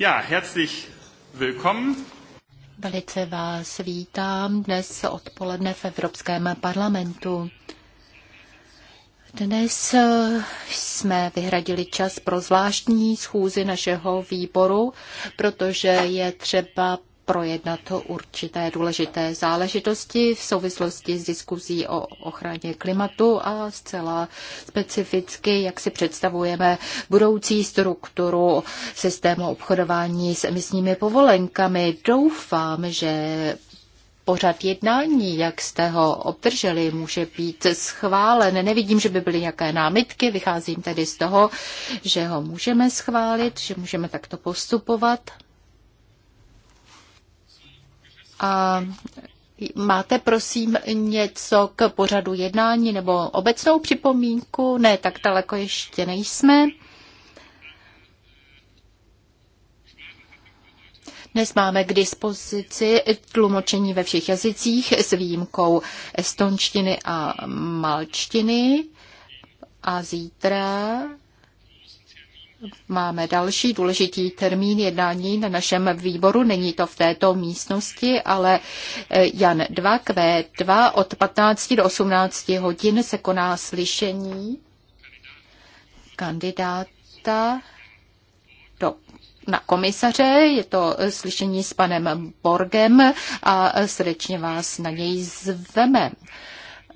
Ja, herzlich willkommen. Velice vás vítám dnes odpoledne v Evropském parlamentu. Dnes eh, jsme vyhradili čas pro zvláštní schůzi našeho výboru, protože je třeba projednat určité důležité záležitosti v souvislosti s diskuzí o ochraně klimatu a zcela specificky, jak si představujeme budoucí strukturu systému obchodování s emisními povolenkami. Doufám, že pořad jednání, jak jste ho obdrželi, může být schválen. Nevidím, že by byly nějaké námitky, vycházím tedy z toho, že ho můžeme schválit, že můžeme takto postupovat. A máte prosím něco k pořadu jednání nebo obecnou připomínku? Ne, tak daleko ještě nejsme. Dnes máme k dispozici tlumočení ve všech jazycích s výjimkou estonštiny a malčtiny. A zítra Máme další důležitý termín jednání na našem výboru. Není to v této místnosti, ale eh, Jan 2 Q2 od 15 do 18 hodin se koná slyšení kandidáta do na komisaře, je to eh, slyšení s panem Borgem a eh, srdečně vás na něj zveme.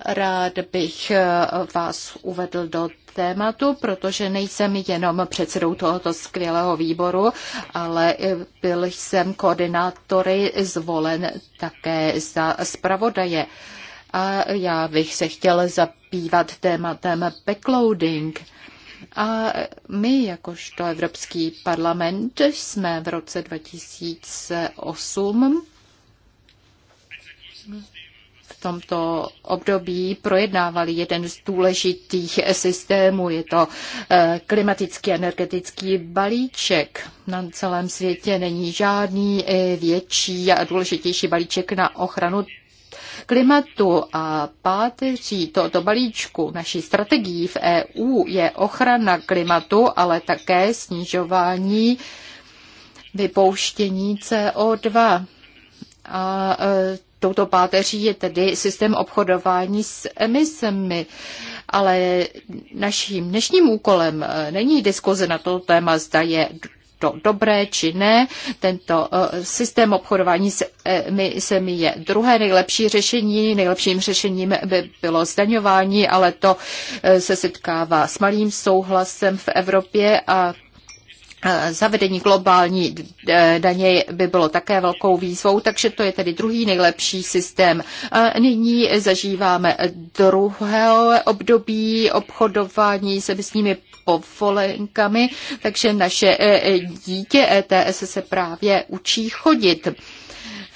Rád bych eh, vás uvedl do tématu, protože nejsem jenom předsedou tohoto skvělého výboru, ale eh, byl jsem koordinátory zvolen také za zpravodaje. A já bych se chtěl zabývat tématem backloading. A my, jakožto Evropský parlament, jsme v roce 2008 tomto období projednávali jeden z důležitých systémů. Je to eh, klimatický energetický balíček. Na celém světě není žádný eh, větší a důležitější balíček na ochranu klimatu a páteří tohoto balíčku naší strategií v EU je ochrana klimatu, ale také snižování vypouštění CO2. A eh, touto páteří je tedy systém obchodování s emisemi. Ale naším dnešním úkolem eh, není diskuze na to téma, zda je to dobré či ne. Tento eh, systém obchodování s emisemi je druhé nejlepší řešení. Nejlepším řešením by bylo zdaňování, ale to eh, se setkává s malým souhlasem v Evropě a Eh, zavedení globální daně by bylo také velkou výzvou, takže to je tedy druhý nejlepší systém. A nyní zažíváme druhé období obchodování se emisními povolenkami, takže naše eh, dítě ETS se právě učí chodit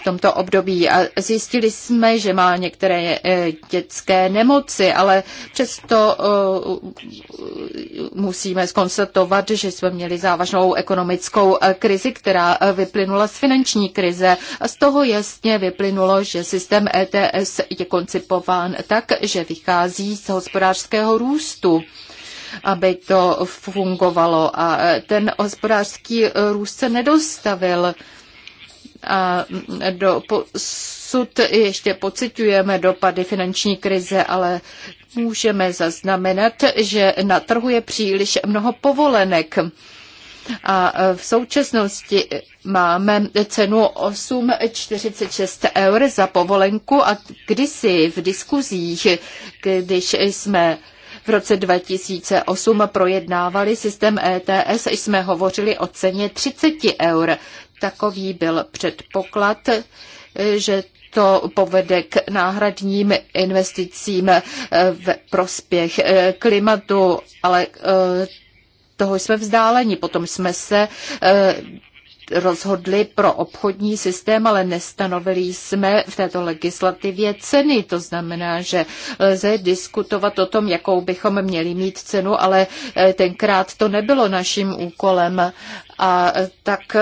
v tomto období a zjistili jsme, že má některé eh, dětské nemoci, ale přesto eh, musíme skonstatovat, že jsme měli závažnou ekonomickou eh, krizi, která vyplynula z finanční krize a z toho jasně vyplynulo, že systém ETS je koncipován tak, že vychází z hospodářského růstu aby to fungovalo. A ten hospodářský růst se nedostavil do posud ještě pocitujeme dopady finanční krize, ale můžeme zaznamenat, že na trhu je příliš mnoho povolenek. A v současnosti máme cenu 8,46 eur za povolenku a kdysi v diskuzích, když jsme v roce 2008 projednávali systém ETS, jsme hovořili o ceně 30 eur. Takový byl předpoklad, že to povede k náhradním investicím v prospěch eh, klimatu, ale eh, toho jsme vzdáleni. Potom jsme se eh, rozhodli pro obchodní systém, ale nestanovili jsme v této legislativě ceny. To znamená, že lze diskutovat o tom, jakou bychom měli mít cenu, ale tenkrát to nebylo naším úkolem. A tak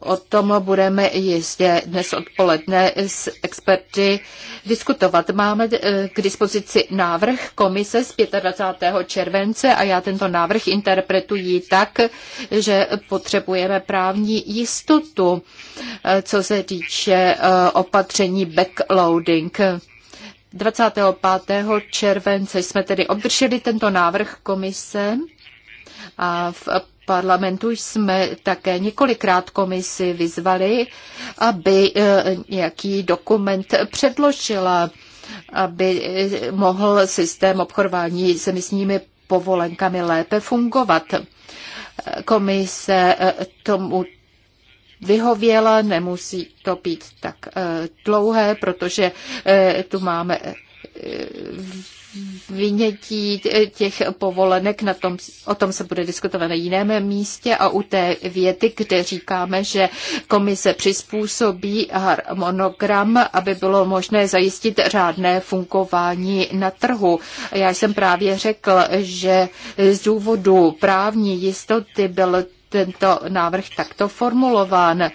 O tom budeme jistě dnes odpoledne s experty diskutovat. Máme eh, k dispozici návrh komise z 25. července a já tento návrh interpretuji tak, že potřebujeme právní jistotu, eh, co se týče eh, opatření backloading. 25. července jsme tedy obdrželi tento návrh komise a v parlamentu jsme také několikrát komisi vyzvali, aby e, nějaký dokument předložila, aby e, mohl systém obchodování s emisními povolenkami lépe fungovat. Komise e, tomu vyhověla, nemusí to být tak dlouhé, protože tu máme vynětí těch povolenek, na tom, o tom se bude diskutovat na jiném místě a u té věty, kde říkáme, že komise přizpůsobí harmonogram, aby bylo možné zajistit řádné fungování na trhu. Já jsem právě řekl, že z důvodu právní jistoty byl tento návrh takto formulován.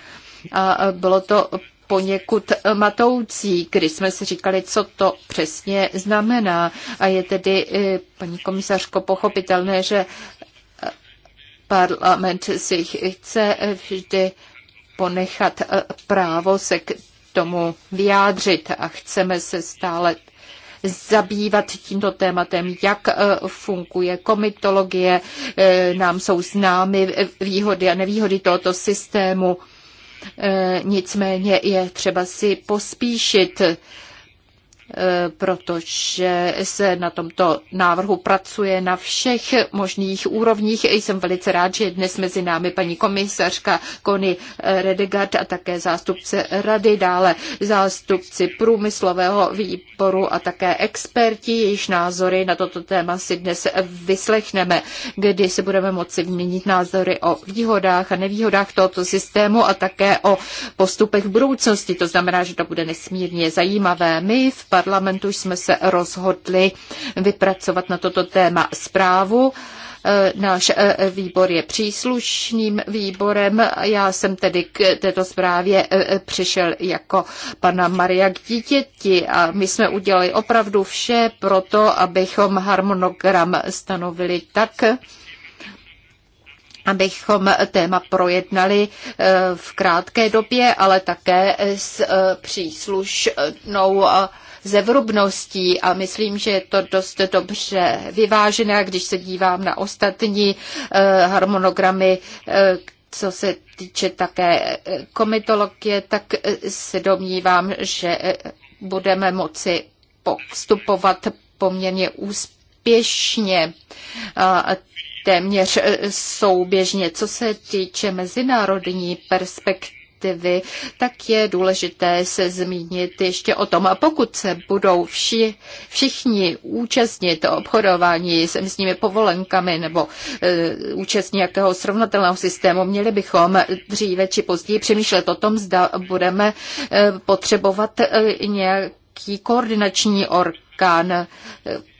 A bylo to poněkud matoucí, když jsme si říkali, co to přesně znamená. A je tedy, eh, paní komisařko, pochopitelné, že eh, parlament si chce vždy ponechat eh, právo se k tomu vyjádřit a chceme se stále zabývat tímto tématem, jak funguje komitologie, nám jsou známy výhody a nevýhody tohoto systému Eh, nicméně je třeba si pospíšit protože se na tomto návrhu pracuje na všech možných úrovních. Jsem velice rád, že dnes mezi námi paní komisařka Kony Redegard a také zástupce rady, dále zástupci průmyslového výboru a také experti, jejichž názory na toto téma si dnes vyslechneme, kdy se budeme moci vyměnit názory o výhodách a nevýhodách tohoto systému a také o postupech v budoucnosti. To znamená, že to bude nesmírně zajímavé. My v parlamentu jsme se rozhodli vypracovat na toto téma zprávu. E, náš e, výbor je příslušným výborem. Já jsem tedy k této zprávě e, přišel jako pana Maria k dítěti a my jsme udělali opravdu vše pro to, abychom harmonogram stanovili tak, abychom téma projednali v krátké době, ale také s příslušnou zevrubností a myslím, že je to dost dobře vyvážené, když se dívám na ostatní eh, harmonogramy, eh, co se týče také eh, komitologie, tak se domnívám, že budeme moci postupovat poměrně úspěšně téměř souběžně. Co se týče mezinárodní perspektivy, legislativy, tak je důležité se zmínit ještě o tom. A pokud se budou vši, všichni účastnit obchodování s emisními povolenkami nebo e, účastní jakého srovnatelného systému, měli bychom dříve či později přemýšlet o tom, zda budeme e, potřebovat e, nějaký koordinační orgán, e,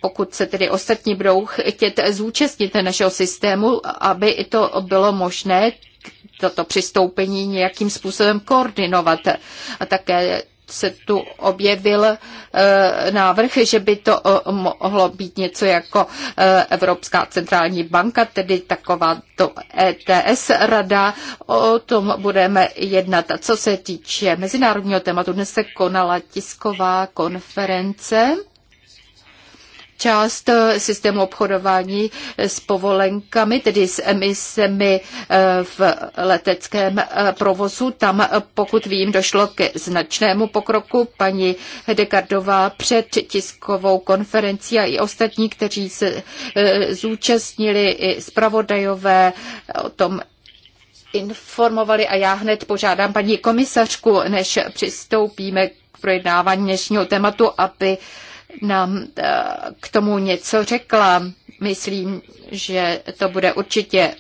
pokud se tedy ostatní budou chtět zúčastnit našeho systému, aby to bylo možné, toto přistoupení nějakým způsobem koordinovat. A také se tu objevil eh, návrh, že by to eh, mohlo být něco jako eh, Evropská centrální banka, tedy taková to ETS rada. O tom budeme jednat. A co se týče mezinárodního tématu, dnes se konala tisková konference část eh, systému obchodování s povolenkami, tedy s emisemi eh, v leteckém eh, provozu. Tam, pokud vím, došlo ke značnému pokroku. Paní Hedekardová před tiskovou konferencí a i ostatní, kteří se zúčastnili, i zpravodajové o tom informovali a já hned požádám paní komisařku, než přistoupíme k projednávání dnešního tématu, aby uh, nám eh, k tomu něco řekla. Myslím, že to bude určitě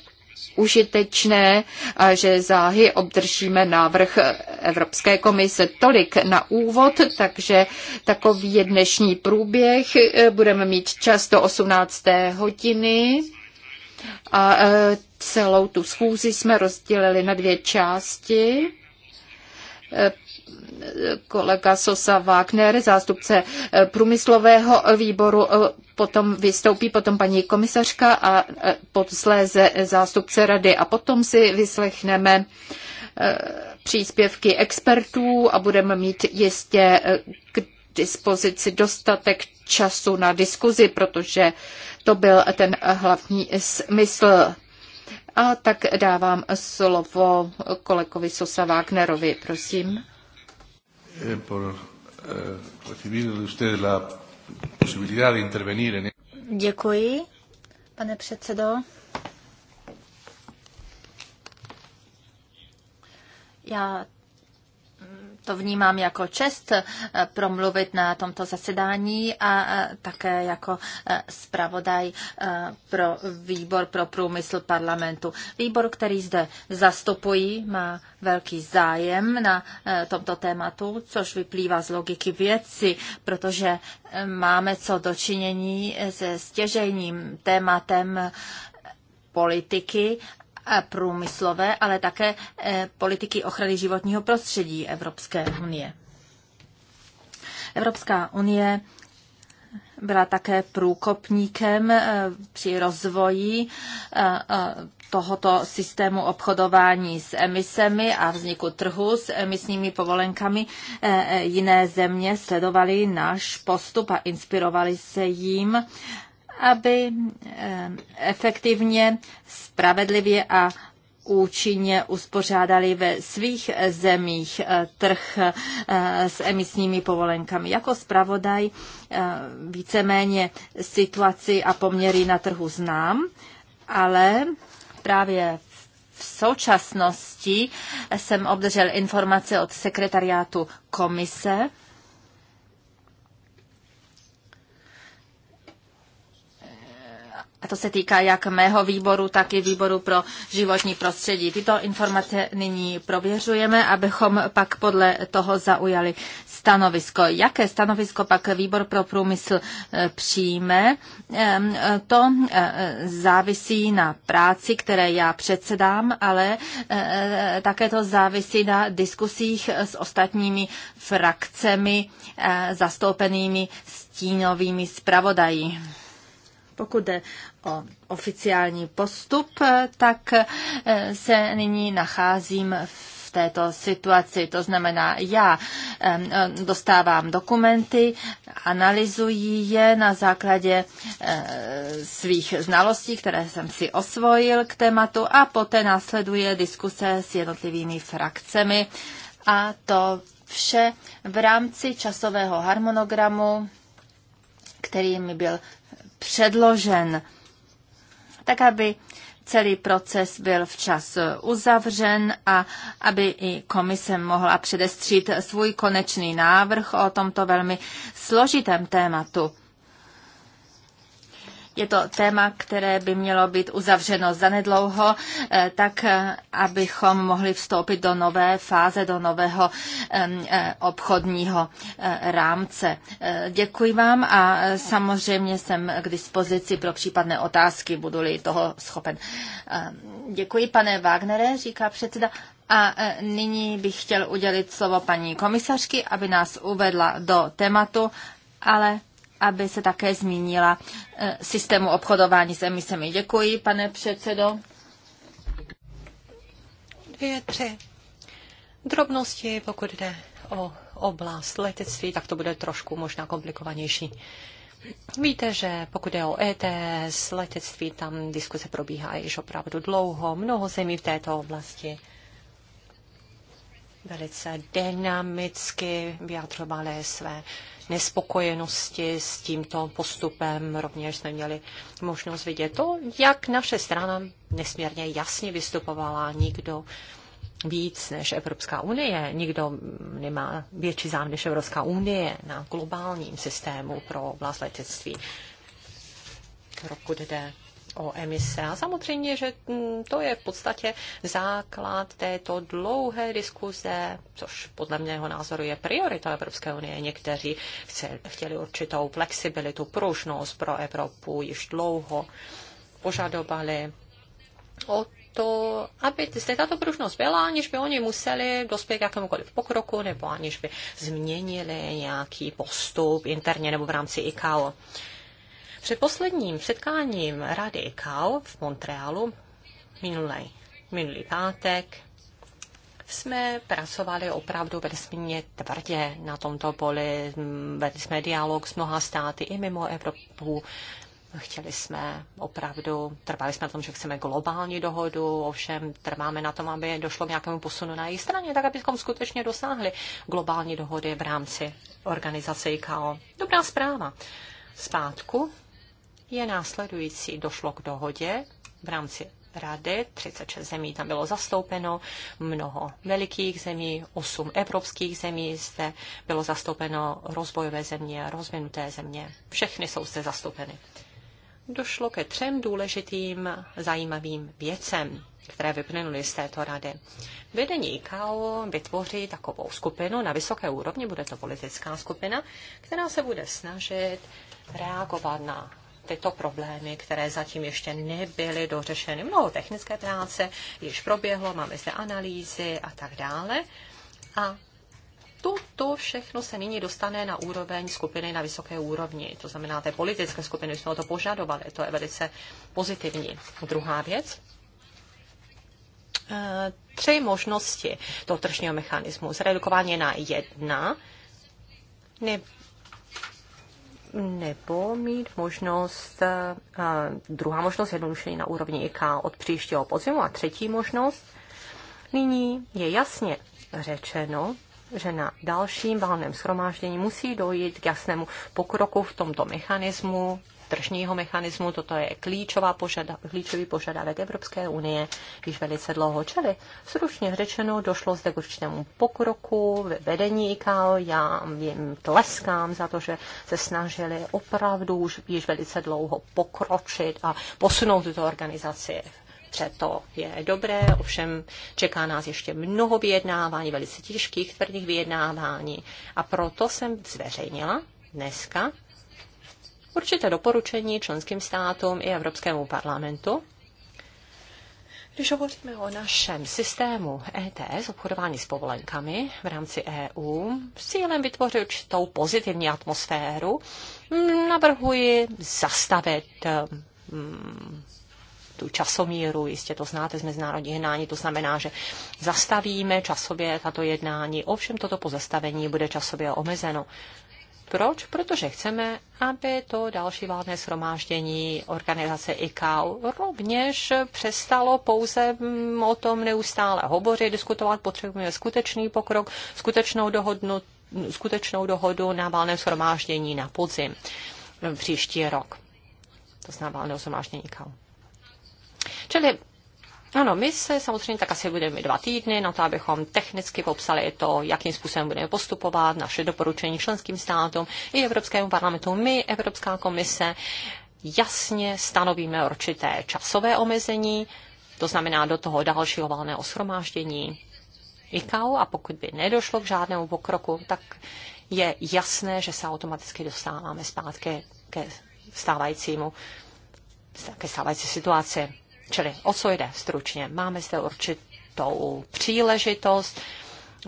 užitečné a že záhy obdržíme návrh Evropské komise. Tolik na úvod, takže takový je dnešní průběh. Eh, budeme mít čas do 18. hodiny a eh, celou tu schůzi jsme rozdělili na dvě části kolega Sosa Wagner, zástupce eh, průmyslového výboru, eh, potom vystoupí potom paní komisařka a eh, posléze zástupce rady a potom si vyslechneme příspěvky expertů a budeme mít jistě k dispozici dostatek času na diskuzi, protože to byl ten hlavní smysl. A tak dávám slovo kolegovi Sosa Wagnerovi, prosím eh, por eh, recibir de ustedes la posibilidad de intervenir en... Děkuji, pane předsedo. Já to vnímám jako čest eh, promluvit na tomto zasedání a eh, také jako eh, zpravodaj pro výbor pro průmysl parlamentu. Výbor, který zde zastupují, má velký zájem na tomto tématu, což vyplývá z logiky věci, protože máme co dočinění se stěžejním tématem politiky průmyslové, ale také eh, politiky ochrany životního prostředí Evropské unie. Evropská unie byla také průkopníkem eh, při rozvoji eh, tohoto systému obchodování s emisemi a vzniku trhu s emisními povolenkami. Jiné země sledovaly náš postup a inspirovali se jím aby eh, efektivně, spravedlivě a účinně uspořádali ve svých eh, zemích eh, trh s emisními povolenkami. Jako zpravodaj víceméně situaci a poměry na trhu znám, ale právě v současnosti jsem obdržel informace od sekretariátu komise, A to se týká jak mého výboru, tak i výboru pro životní prostředí. Tyto informace nyní prověřujeme, abychom pak podle toho zaujali stanovisko. Jaké stanovisko pak výbor pro průmysl eh, přijme, eh, to eh, závisí na práci, které já předsedám, ale také to závisí na diskusích s ostatními frakcemi zastoupenými stínovými zpravodají. Pokud jde o oficiální postup, tak eh, se nyní nacházím v této situaci. To znamená, já eh, dostávám dokumenty, analyzuji je na základě eh, svých znalostí, které jsem si osvojil k tématu a poté následuje diskuse s jednotlivými frakcemi a to vše v rámci časového harmonogramu, který mi byl předložen tak aby celý proces byl včas uzavřen a aby i komise mohla předestřít svůj konečný návrh o tomto velmi složitém tématu. Je to téma, které by mělo být uzavřeno zanedlouho, eh, tak eh, abychom mohli vstoupit do nové fáze, do nového eh, obchodního rámce. Děkuji vám a samozřejmě jsem k dispozici pro případné otázky, budu-li toho schopen. Děkuji, pane Wagnere, říká předseda. A nyní bych chtěl udělit slovo paní komisařky, aby nás uvedla do tématu, ale aby se také zmínila eh, systému obchodování s emisemi. Děkuji, pane předsedo. Dvě, tři drobnosti, pokud jde o oblast letectví, tak to bude trošku možná komplikovanější. Víte, že pokud je o ETS, letectví, tam diskuse probíhá již opravdu dlouho. Mnoho zemí v této oblasti velice dynamicky vyjadřovaly své nespokojenosti s tímto postupem. Rovněž jsme měli možnost vidět to, jak naše strana nesmírně jasně vystupovala. Nikdo víc než Evropská unie. Nikdo nemá větší zájem než Evropská unie na globálním systému pro oblast letectví. Roku jde o emise. A samozřejmě, že mm, to je v podstatě základ této dlouhé diskuze, což podle mého názoru je priorita Evropské unie. Někteří chtěli určitou flexibilitu, pružnost pro Evropu již dlouho požadovali O to, aby zde tato pružnost byla, aniž by oni museli dospět k jakémukoliv pokroku, nebo aniž by změnili nějaký postup interně nebo v rámci ICAO. Při posledním setkáním Rady ICAO v Montrealu minulý, minulý pátek jsme pracovali opravdu velmi tvrdě na tomto poli. Vedli jsme dialog s mnoha státy i mimo Evropu. Chtěli jsme opravdu, trvali jsme na tom, že chceme globální dohodu, ovšem trváme na tom, aby došlo k nějakému posunu na její straně, tak abychom skutečně dosáhli globální dohody v rámci organizace ICAO. Dobrá zpráva. Zpátku je následující. Došlo k dohodě v rámci rady, 36 zemí tam bylo zastoupeno, mnoho velikých zemí, 8 evropských zemí zde bylo zastoupeno, rozvojové země, rozvinuté země, všechny jsou zde zastoupeny. Došlo ke třem důležitým zajímavým věcem, které vyplynuly z této rady. Vedení ICAO vytvoří takovou skupinu na vysoké úrovni, bude to politická skupina, která se bude snažit reagovat na tyto problémy, které zatím ještě nebyly dořešeny. Mnoho technické práce již proběhlo, máme zde analýzy a tak dále. A to, všechno se nyní dostane na úroveň skupiny na vysoké úrovni. To znamená, té politické skupiny jsme o to požadovali. To je velice pozitivní. Druhá věc. Eh, tři možnosti toho tržního mechanismu. Zredukování na jedna, ne, nebo mít možnost, eh, eh, druhá možnost jednodušení na úrovni IK od příštího podzimu a třetí možnost. Nyní je jasně řečeno, že na dalším valném schromáždění musí dojít k jasnému pokroku v tomto mechanismu, tržního mechanismu. Toto je klíčová požada, klíčový požadavek Evropské unie již velice dlouho. čeli. Sručně řečeno, došlo zde k určitému pokroku ve vedení IKAO. Já jim tleskám za to, že se snažili opravdu už již velice dlouho pokročit a posunout tuto organizaci Petře, to je dobré, ovšem čeká nás ještě mnoho vyjednávání, velice těžkých, tvrdých vyjednávání. A proto jsem zveřejnila dneska určité doporučení členským státům i Evropskému parlamentu, když hovoříme o našem systému ETS, obchodování s povolenkami v rámci EU, s cílem vytvořit určitou pozitivní atmosféru, navrhuji zastavit mm, tu časomíru, jistě to znáte z mezinárodní jednání, to znamená, že zastavíme časově tato jednání, ovšem toto pozastavení bude časově omezeno. Proč? Protože chceme, aby to další válné shromáždění organizace ICAO rovněž přestalo pouze mm, o tom neustále hovořit, diskutovat. Potřebujeme skutečný pokrok, skutečnou, dohodnu, skutečnou dohodu na válném shromáždění na podzim mm, příští rok. To znamená válného shromáždění ICAO. Čili ano, my se samozřejmě tak asi budeme dva týdny na to, abychom technicky popsali to, jakým způsobem budeme postupovat, naše doporučení členským státům i Evropskému parlamentu. My, Evropská komise, jasně stanovíme určité časové omezení, to znamená do toho dalšího valného shromáždění ICAO a pokud by nedošlo k žádnému pokroku, tak je jasné, že se automaticky dostáváme zpátky ke stávajícímu, ke stávající situaci. Čili o co jde stručně? Máme zde určitou příležitost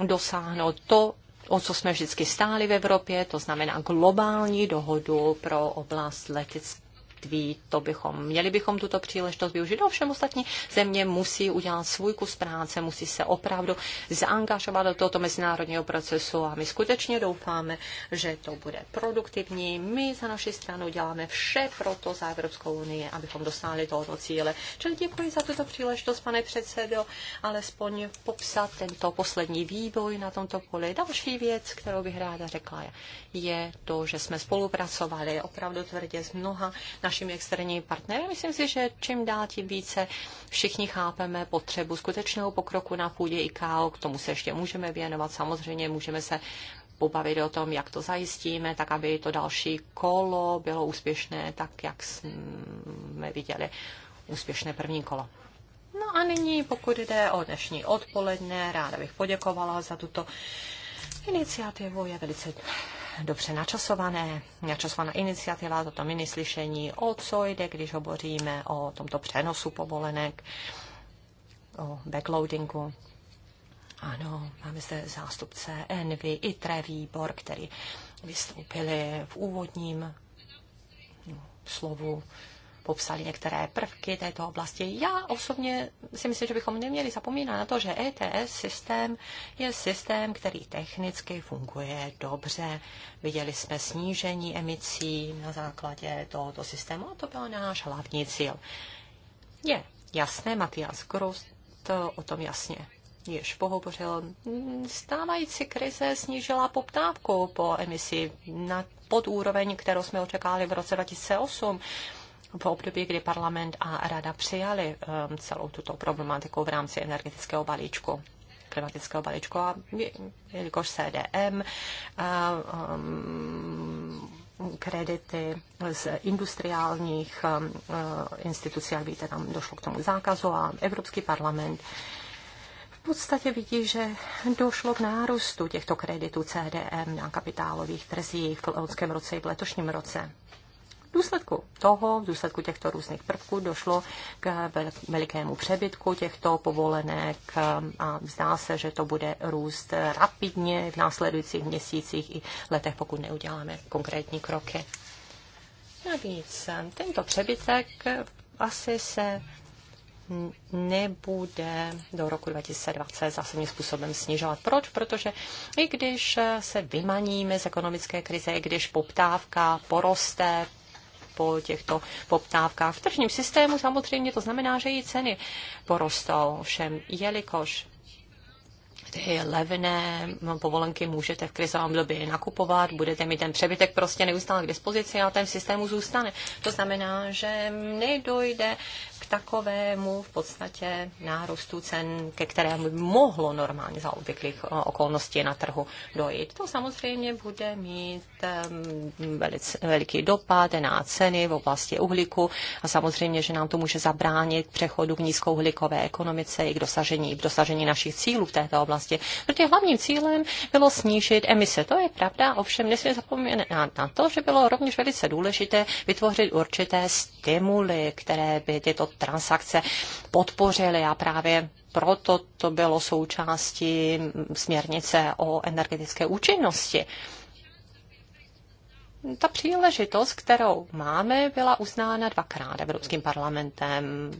dosáhnout to, o co jsme vždycky stáli v Evropě, to znamená globální dohodu pro oblast letecké odvětví, to bychom, měli bychom tuto příležitost využít. No, všem ostatní země musí udělat svůj kus práce, musí se opravdu zaangažovat do tohoto mezinárodního procesu a my skutečně doufáme, že to bude produktivní. My za naši stranu děláme vše pro to za Evropskou unii, abychom dosáhli tohoto cíle. Čili děkuji za tuto příležitost, pane předsedo, alespoň popsat tento poslední vývoj na tomto poli. Další věc, kterou bych ráda řekla, je to, že jsme spolupracovali opravdu tvrdě s mnoha našimi externími partnery. Myslím si, že čím dál tím více všichni chápeme potřebu skutečného pokroku na půdě IKO, k tomu se ještě můžeme věnovat, samozřejmě můžeme se pobavit o tom, jak to zajistíme, tak aby to další kolo bylo úspěšné, tak jak jsme viděli úspěšné první kolo. No a nyní, pokud jde o dnešní odpoledne, ráda bych poděkovala za tuto iniciativu. Je velice dobře načasované, načasovaná iniciativa, toto slyšení, o co jde, když hovoříme o tomto přenosu povolenek, o backloadingu. Ano, máme zde zástupce Envy, i Trevýbor, který vystoupili v úvodním slovu popsali některé prvky této oblasti. Já osobně si myslím, že bychom neměli zapomínat na to, že ETS systém je systém, který technicky funguje dobře. Viděli jsme snížení emisí na základě tohoto systému a to byl náš hlavní cíl. Je jasné, Matias Gross to o tom jasně již pohovořil. Stávající krize snížila poptávku po emisi na pod úroveň, kterou jsme očekávali v roce 2008 v období, kdy parlament a rada přijali eh, celou tuto problematiku v rámci energetického balíčku klimatického balíčku a jelikož CDM, a, eh, um, eh, kredity z industriálních um, institucí, jak víte, tam došlo k tomu zákazu a Evropský parlament v podstatě vidí, že došlo k nárůstu těchto kreditů CDM na kapitálových trzích v loňském roce i v letošním roce důsledku toho, v důsledku těchto různých prvků došlo k velikému přebytku těchto povolenek um, a zdá se, že to bude růst rapidně v následujících měsících i letech, pokud neuděláme konkrétní kroky. Navíc um, tento přebytek asi se nebude do roku 2020 zásadním způsobem snižovat. Proč? Protože i když se vymaníme z ekonomické krize, i když poptávka poroste po těchto poptávkách. V tržním systému samozřejmě to znamená, že i ceny porostou. Všem, jelikož ty levné povolenky můžete v krizovém době nakupovat, budete mít ten přebytek prostě neustále k dispozici a ten systému zůstane. To znamená, že nedojde takovému v podstatě nárůstu cen, ke kterému by mohlo normálně za obvyklých eh, okolností na trhu dojít. To samozřejmě bude mít ehm, velice, veliký dopad na ceny v oblasti uhlíku a samozřejmě, že nám to může zabránit přechodu k nízkouhlíkové ekonomice i k dosažení, k dosažení našich cílů v této oblasti. Protože hlavním cílem bylo snížit emise. To je pravda, ovšem nesmí zapomínat na to, že bylo rovněž velice důležité vytvořit určité stimuly, které by tyto transakce podpořili a právě proto to bylo součástí směrnice o energetické účinnosti. Ta příležitost, kterou máme, byla uznána dvakrát Evropským parlamentem.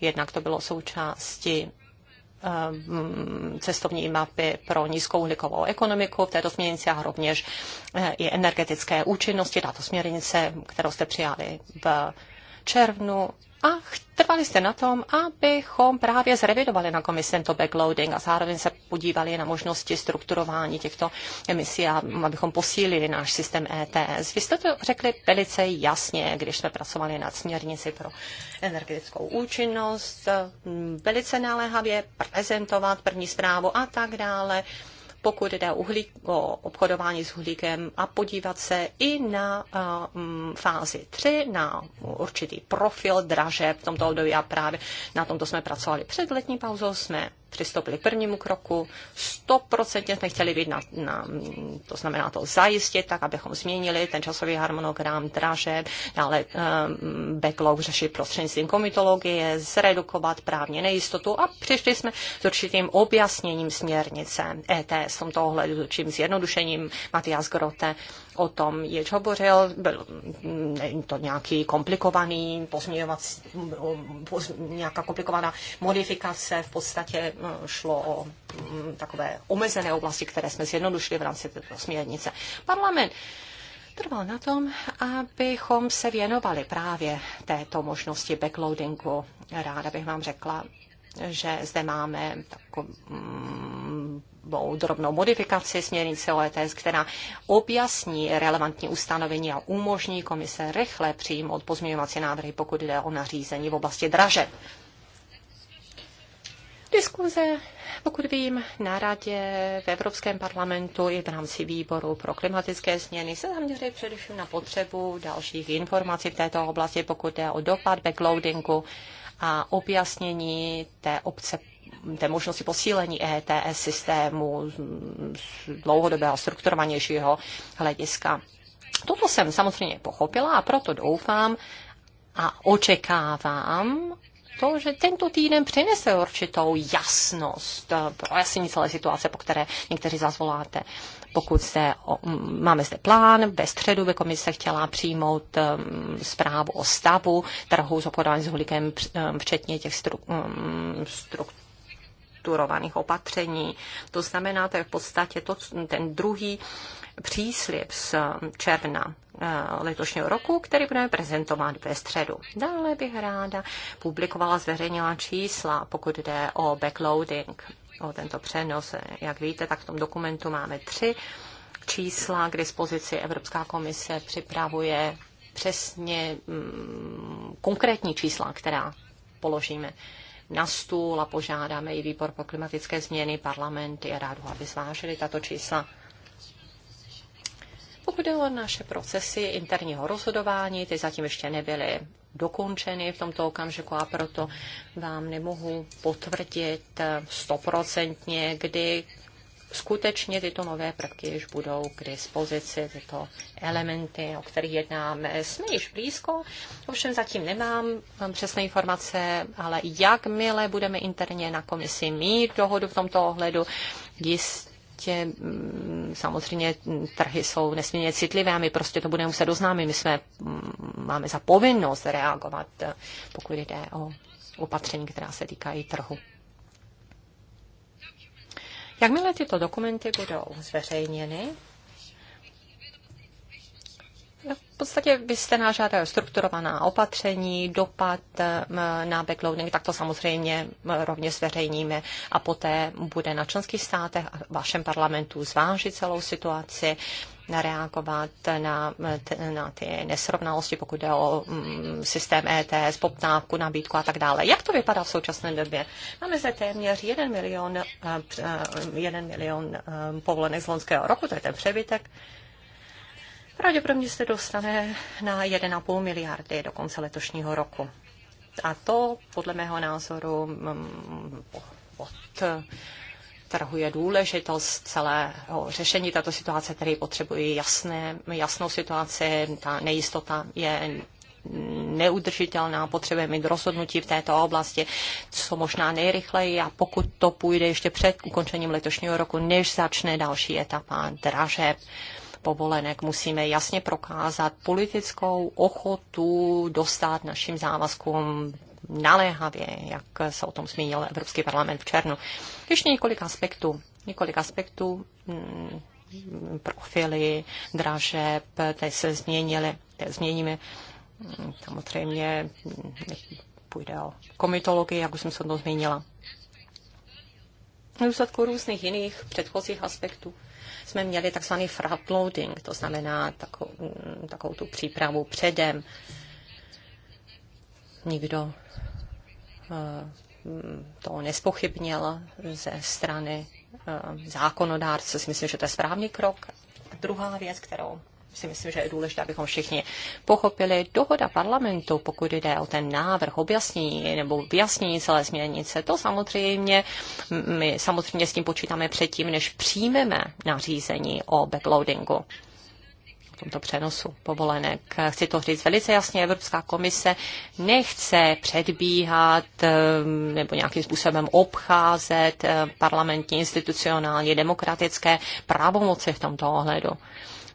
Jednak to bylo součástí ehm, cestovní mapy pro nízkouhlíkovou ekonomiku v této směrnici a rovněž eh, i energetické účinnosti, tato směrnice, kterou jste přijali v červnu a trvali jste na tom, abychom právě zrevidovali na komisi tento backloading a zároveň se podívali na možnosti strukturování těchto emisí a abychom posílili náš systém ETS. Vy jste to řekli velice jasně, když jsme pracovali nad směrnici pro energetickou účinnost, velice naléhavě prezentovat první zprávu a tak dále pokud jde o, uhlík, o obchodování s uhlíkem a podívat se i na um, fázi 3, na určitý profil draže v tomto období a právě na tomto jsme pracovali před letní pauzou, jsme přistoupili k prvnímu kroku. 100% jsme chtěli být na, na, to znamená to zajistit, tak abychom změnili ten časový harmonogram dražeb, dále um, backlog řešit prostřednictvím komitologie, zredukovat právně nejistotu a přišli jsme s určitým objasněním směrnice ETS v tomto ohledu, s určitým zjednodušením Matias Grote o tom již hovořil, byl to nějaký komplikovaný nějaká komplikovaná modifikace, v podstatě eh, šlo o mm, takové omezené oblasti, které jsme zjednodušili v rámci této směrnice. Parlament trval na tom, abychom se věnovali právě této možnosti backloadingu. Ráda bych vám řekla, že zde máme takovou mm, drobnou modifikaci směrnice OETS, která objasní relevantní ustanovení a umožní komise rychle přijmout pozměňovací návrhy, pokud jde o nařízení v oblasti dražeb. Diskuze, pokud vím, na radě v Evropském parlamentu i v rámci výboru pro klimatické změny se zaměřují především na potřebu dalších informací v této oblasti, pokud jde o dopad backloadingu a objasnění té obce té možnosti posílení ETS systému z dlouhodobého strukturovanějšího hlediska. Toto jsem samozřejmě pochopila a proto doufám a očekávám, to, že tento týden přinese určitou jasnost, pro projasnění celé situace, po které někteří zazvoláte. Pokud se, máme zde plán, ve středu by komise chtěla přijmout um, zprávu o stavu trhu s obchodováním s hulikem, um, včetně těch stru, um, struktur strukturovaných opatření. To znamená, to je v podstatě to, ten druhý příslip z června eh, letošního roku, který budeme prezentovat ve středu. Dále bych ráda publikovala, zveřejnila čísla, pokud jde o backloading, o tento přenos. Jak víte, tak v tom dokumentu máme tři čísla k dispozici. Evropská komise připravuje přesně mm, konkrétní čísla, která položíme na stůl a požádáme i výbor pro klimatické změny, parlamenty a rádu, aby zvážili tato čísla. Pokud jde o naše procesy interního rozhodování, ty zatím ještě nebyly dokončeny v tomto okamžiku a proto vám nemohu potvrdit stoprocentně, kdy skutečně tyto nové prvky již budou k dispozici, tyto elementy, o kterých jednáme. Jsme již blízko, ovšem zatím nemám um, přesné informace, ale jakmile budeme interně na komisi mít dohodu v tomto ohledu, jistě mm, samozřejmě trhy jsou nesmírně citlivé a my prostě to budeme muset oznámit. My jsme, mm, máme za povinnost reagovat, pokud jde o opatření, která se týkají trhu. Jakmile tyto dokumenty budou zveřejněny, V podstatě vy jste nás strukturovaná opatření, dopad na backloading, tak to samozřejmě rovně zveřejníme a poté bude na členských státech a vašem parlamentu zvážit celou situaci reagovat na, na ty nesrovnalosti, pokud jde o systém ETS, poptávku, nabídku a tak dále. Jak to vypadá v současné době? Máme zde téměř 1 milion, 1 milion povolenek z loňského roku, to je ten přebytek pravděpodobně se dostane na 1,5 miliardy do konce letošního roku. A to podle mého názoru mm, od trhuje důležitost celého řešení této situace, který potřebují jasné, jasnou situaci. Ta nejistota je neudržitelná, potřebuje mít rozhodnutí v této oblasti, co možná nejrychleji a pokud to půjde ještě před ukončením letošního roku, než začne další etapa dražeb povolenek. Musíme jasně prokázat politickou ochotu dostat našim závazkům naléhavě, jak se o tom zmínil Evropský parlament v černu. Ještě několik aspektů. Několik aspektů mm, profily dražeb, ty se změnily, ty změníme. Samozřejmě mm, půjde o komitologii, jak už jsem se o tom zmínila v důsledku různých jiných předchozích aspektů jsme měli takzvaný frontloading, to znamená takovou, mm, takovou tu přípravu předem. Nikdo eh, mm, to nespochybnil ze strany eh, zákonodárce, myslím, že to je správný krok. A druhá věc, kterou si myslím, že je důležité, abychom všichni pochopili. Dohoda parlamentu, pokud jde o ten návrh objasnění nebo vyjasnění celé směrnice, to samozřejmě, my samozřejmě s tím počítáme předtím, než přijmeme nařízení o backloadingu tomto přenosu povolenek. Chci to říct velice jasně, Evropská komise nechce předbíhat ehm, nebo nějakým způsobem obcházet ehm, parlamentní, institucionální, demokratické pravomoci v tomto ohledu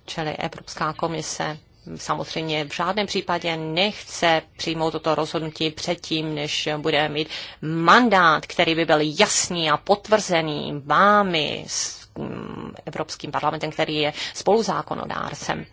čili Evropská komise samozřejmě v žádném případě nechce přijmout toto rozhodnutí předtím, než bude mít mandát, který by byl jasný a potvrzený vámi s mm, Evropským parlamentem, který je spoluzákonodárcem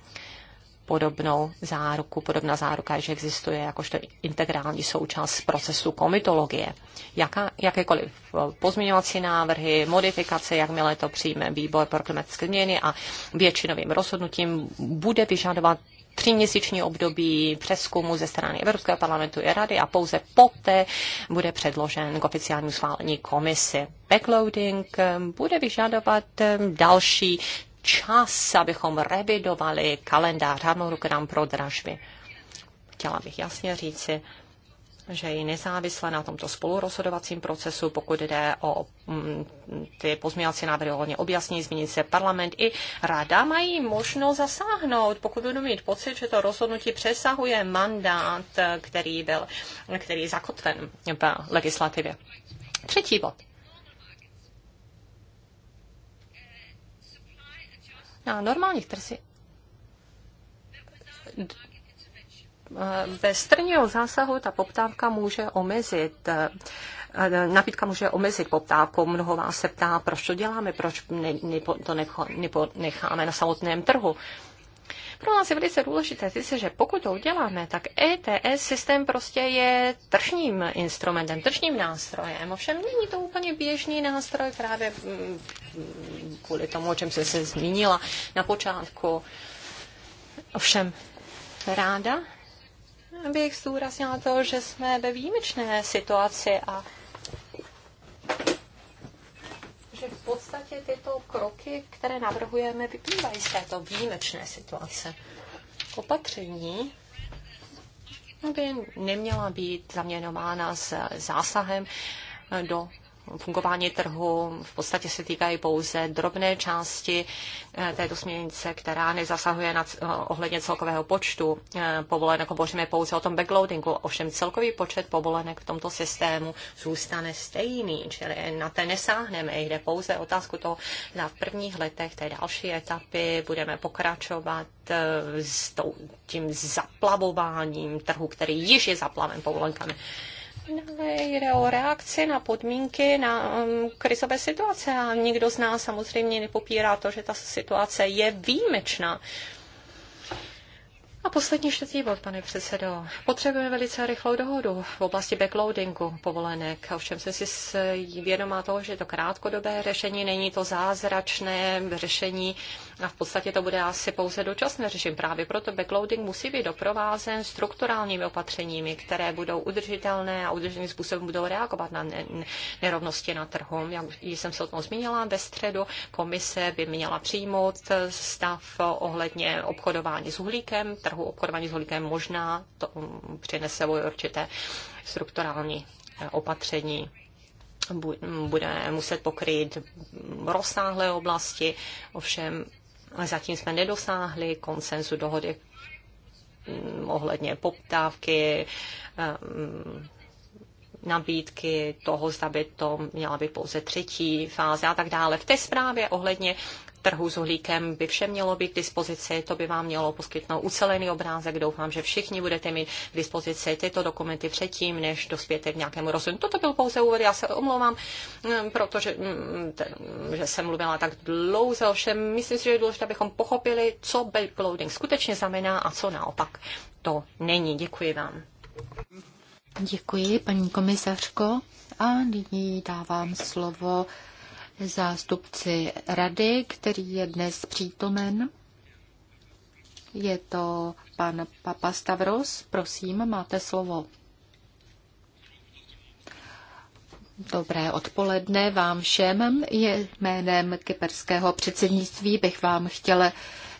podobnou záruku, podobná záruka, že existuje jakožto integrální součást procesu komitologie. Jaká, jakékoliv eh, pozměňovací návrhy, modifikace, jakmile to přijme výbor pro klimatické změny a většinovým rozhodnutím bude vyžadovat tříměsíční období přeskumu ze strany Evropského parlamentu i rady a pouze poté bude předložen k oficiálnímu schválení komisi. Backloading eh, bude vyžadovat eh, další čas, abychom revidovali kalendář, harmonogram pro dražby. Chtěla bych jasně říci, že je nezávisle na tomto spolurozhodovacím procesu, pokud jde o mm, ty pozměňovací návrhy ohledně objasní, změnit se parlament i rada mají možnost zasáhnout, pokud budou mít pocit, že to rozhodnutí přesahuje mandát, který byl, který je zakotven v legislativě. Třetí bod. na normálních trzích eh, bez strního zásahu ta poptávka může omezit eh, eh, nabídka může omezit poptávku. Mnoho vás se ptá, proč to děláme, proč ne, ne, to necháme na samotném trhu. Pro nás je velice důležité říct, že pokud to uděláme, tak ETS systém prostě je tržním instrumentem, tržním nástrojem. Ovšem není to úplně běžný nástroj právě mm, kvůli tomu, o čem jsem se zmínila na počátku. Ovšem ráda bych zdůraznila to, že jsme ve výjimečné situaci a že v podstatě tyto kroky, které navrhujeme, vyplývají z této výjimečné situace. Opatření by neměla být zaměnována s zásahem do fungování trhu v podstatě se týkají pouze drobné části eh, této směrnice, která nezasahuje na, eh, ohledně celkového počtu eh, povolenek. Hovoříme pouze o tom backloadingu, ovšem celkový počet povolenek v tomto systému zůstane stejný, čili na ten nesáhneme. Jde pouze o otázku toho, na v prvních letech té další etapy budeme pokračovat s tím zaplavováním trhu, který již je zaplaven povolenkami. Ale jde o reakci na podmínky na um, krizové situace a nikdo z nás samozřejmě nepopírá to, že ta situace je výjimečná. A poslední čtvrtý bod, pane předsedo. Potřebujeme velice rychlou dohodu v oblasti backloadingu povolenek. Ovšem jsem si vědomá toho, že to krátkodobé řešení není to zázračné řešení, a v podstatě to bude asi pouze dočasné řešení. Právě proto backloading musí být doprovázen strukturálními opatřeními, které budou udržitelné a udrženým způsobem budou reagovat na nerovnosti na trhu. Jak jsem se o tom zmínila, ve středu komise by měla přijmout stav ohledně obchodování s uhlíkem, trhu obchodování s uhlíkem možná to přinese určité strukturální eh, opatření bude muset pokryt rozsáhlé oblasti, ovšem Zatím jsme nedosáhli konsenzu dohody mm, ohledně poptávky, mm, nabídky toho, zda by to měla být pouze třetí fáze a tak dále. V té zprávě ohledně trhu s uhlíkem by vše mělo být k dispozici, to by vám mělo poskytnout ucelený obrázek. Doufám, že všichni budete mít k dispozici tyto dokumenty předtím, než dospěte k nějakému rozhodnutí. Toto byl pouze úvod, já se omlouvám, mm, protože mm, že jsem mluvila tak dlouze, ovšem myslím si, že je důležité, abychom pochopili, co backloading skutečně znamená a co naopak to není. Děkuji vám. Děkuji, paní komisařko. A nyní dávám slovo zástupci rady, který je dnes přítomen. Je to pan Papa Stavros. Prosím, máte slovo. Dobré odpoledne vám všem. Je jménem kyperského předsednictví bych vám chtěla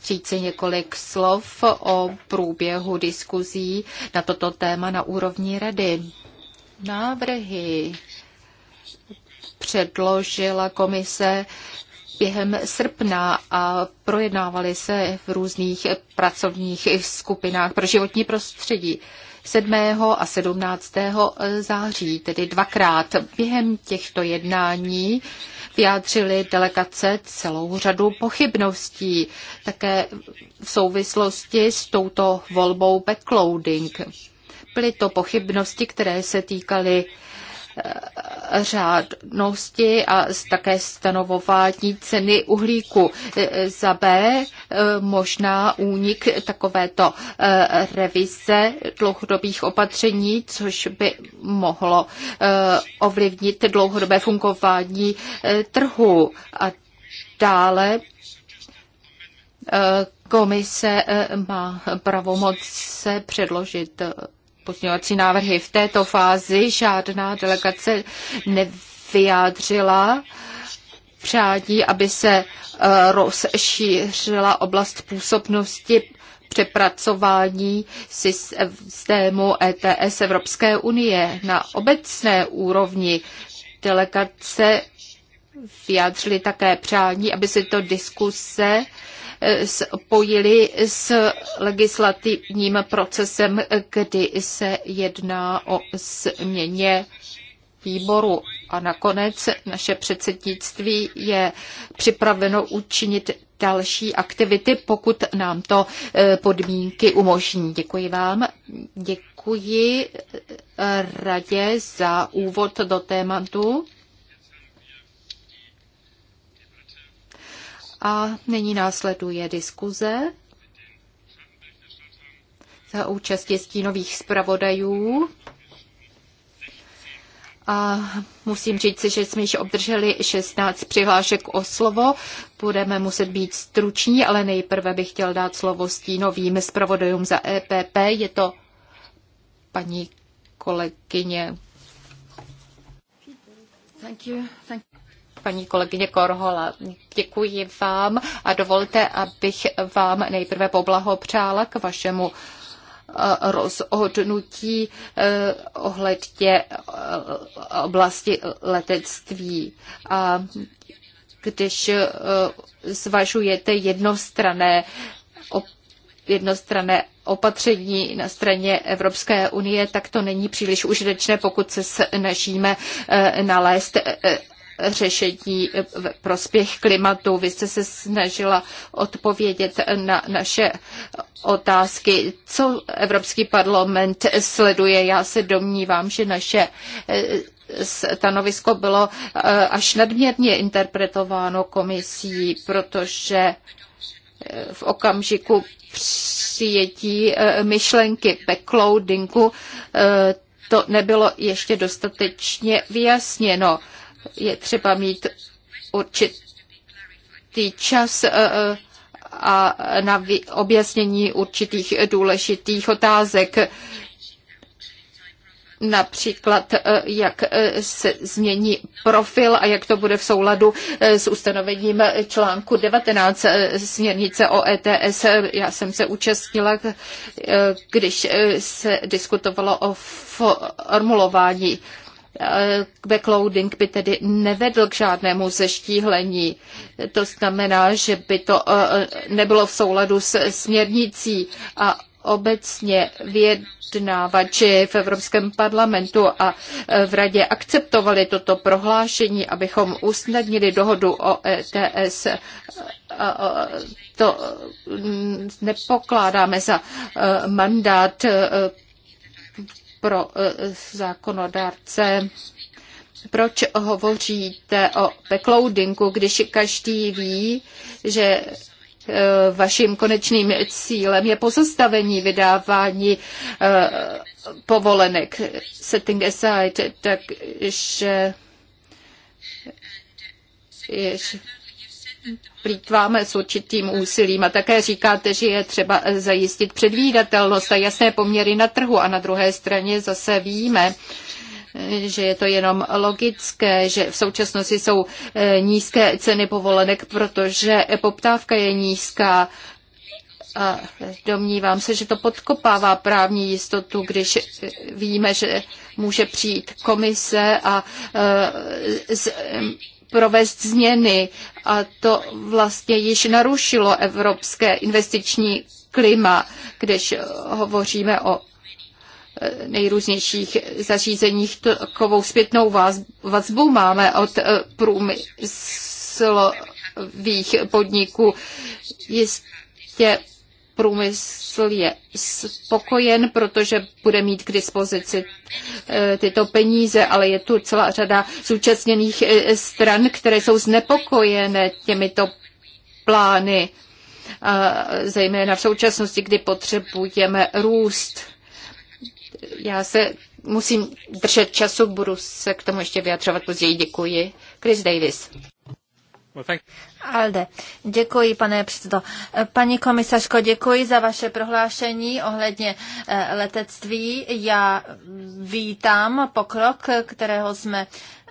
říci několik slov o průběhu diskuzí na toto téma na úrovni rady. Návrhy předložila komise během srpna a projednávaly se v různých pracovních skupinách pro životní prostředí. 7. a 17. září, tedy dvakrát. Během těchto jednání vyjádřili delegace celou řadu pochybností, také v souvislosti s touto volbou backloading. Byly to pochybnosti, které se týkaly řádnosti a také stanovování ceny uhlíku. Za B eh, možná únik takovéto eh, revize dlouhodobých opatření, což by mohlo eh, ovlivnit dlouhodobé fungování trhu. A dále komise má pravomoc se předložit pozměňovací návrhy. V této fázi žádná delegace nevyjádřila přádí, aby se eh, rozšířila oblast působnosti přepracování systému ETS Evropské unie na obecné úrovni. Delegace vyjádřili také přání, aby se to diskuse spojili s legislativním procesem, kdy se jedná o změně výboru. A nakonec naše předsednictví je připraveno učinit další aktivity, pokud nám to eh, podmínky umožní. Děkuji vám. Děkuji eh, radě za úvod do tématu. A nyní následuje diskuze za účastí stínových zpravodajů. A musím říct, že jsme již obdrželi 16 přihlášek o slovo. Budeme muset být struční, ale nejprve bych chtěl dát slovo stínovým zpravodajům za EPP. Je to paní kolegyně. Thank you. Thank paní kolegyně Korhola. Děkuji vám a dovolte, abych vám nejprve poblahopřála k vašemu eh, rozhodnutí eh, ohledně eh, oblasti letectví. A když zvažujete jednostrané jednostranné opatření na straně Evropské unie, tak to není příliš užitečné, pokud se snažíme nalézt řešení v prospěch klimatu. Vy jste se snažila odpovědět na naše otázky, co Evropský parlament sleduje. Já se domnívám, že naše eh, stanovisko bylo eh, až nadměrně interpretováno komisí, protože eh, v okamžiku přijetí myšlenky backloadingu to nebylo ještě dostatečně vyjasněno je třeba mít určitý čas eh, eh, a na objasnění určitých důležitých otázek. Například, eh, jak se změní profil a jak to bude v souladu s ustanovením článku 19 směrnice o ETS. Já jsem se účastnila, když se diskutovalo o formulování Eh, backloading by tedy nevedl k žádnému zeštíhlení. To znamená, že by to eh, eh, nebylo v souladu s směrnicí a obecně vyjednávači v Evropském parlamentu a v Radě akceptovali toto prohlášení, abychom usnadnili dohodu o ETS. To mm, nepokládáme za mandát pro eh, zákonodárce. Proč hovoříte o backloadingu, když každý ví, že eh, vaším konečným cílem je pozastavení vydávání eh, povolenek, setting aside, takže plítváme s určitým úsilím a také říkáte, že je třeba eh, zajistit předvídatelnost a jasné poměry na trhu a na druhé straně zase víme, eh, že je to jenom logické, že v současnosti jsou eh, nízké ceny povolenek, protože poptávka je nízká. A domnívám se, že to podkopává právní jistotu, když víme, že může přijít komise a provést změny a to vlastně již narušilo evropské investiční klima, když hovoříme o eh, nejrůznějších zařízeních. Takovou zpětnou vazbu máme od eh, průmyslových podniků. Jistě průmysl je spokojen, protože bude mít k dispozici eh, tyto peníze, ale je tu celá řada zúčastněných eh, stran, které jsou znepokojené těmito plány, zejména v současnosti, kdy potřebujeme růst. Já se musím držet času, budu se k tomu ještě vyjadřovat později. Děkuji. Chris Davis. Alde, děkuji, pane předsedo. Paní komisařko, děkuji za vaše prohlášení ohledně eh, letectví. Já vítám pokrok, kterého jsme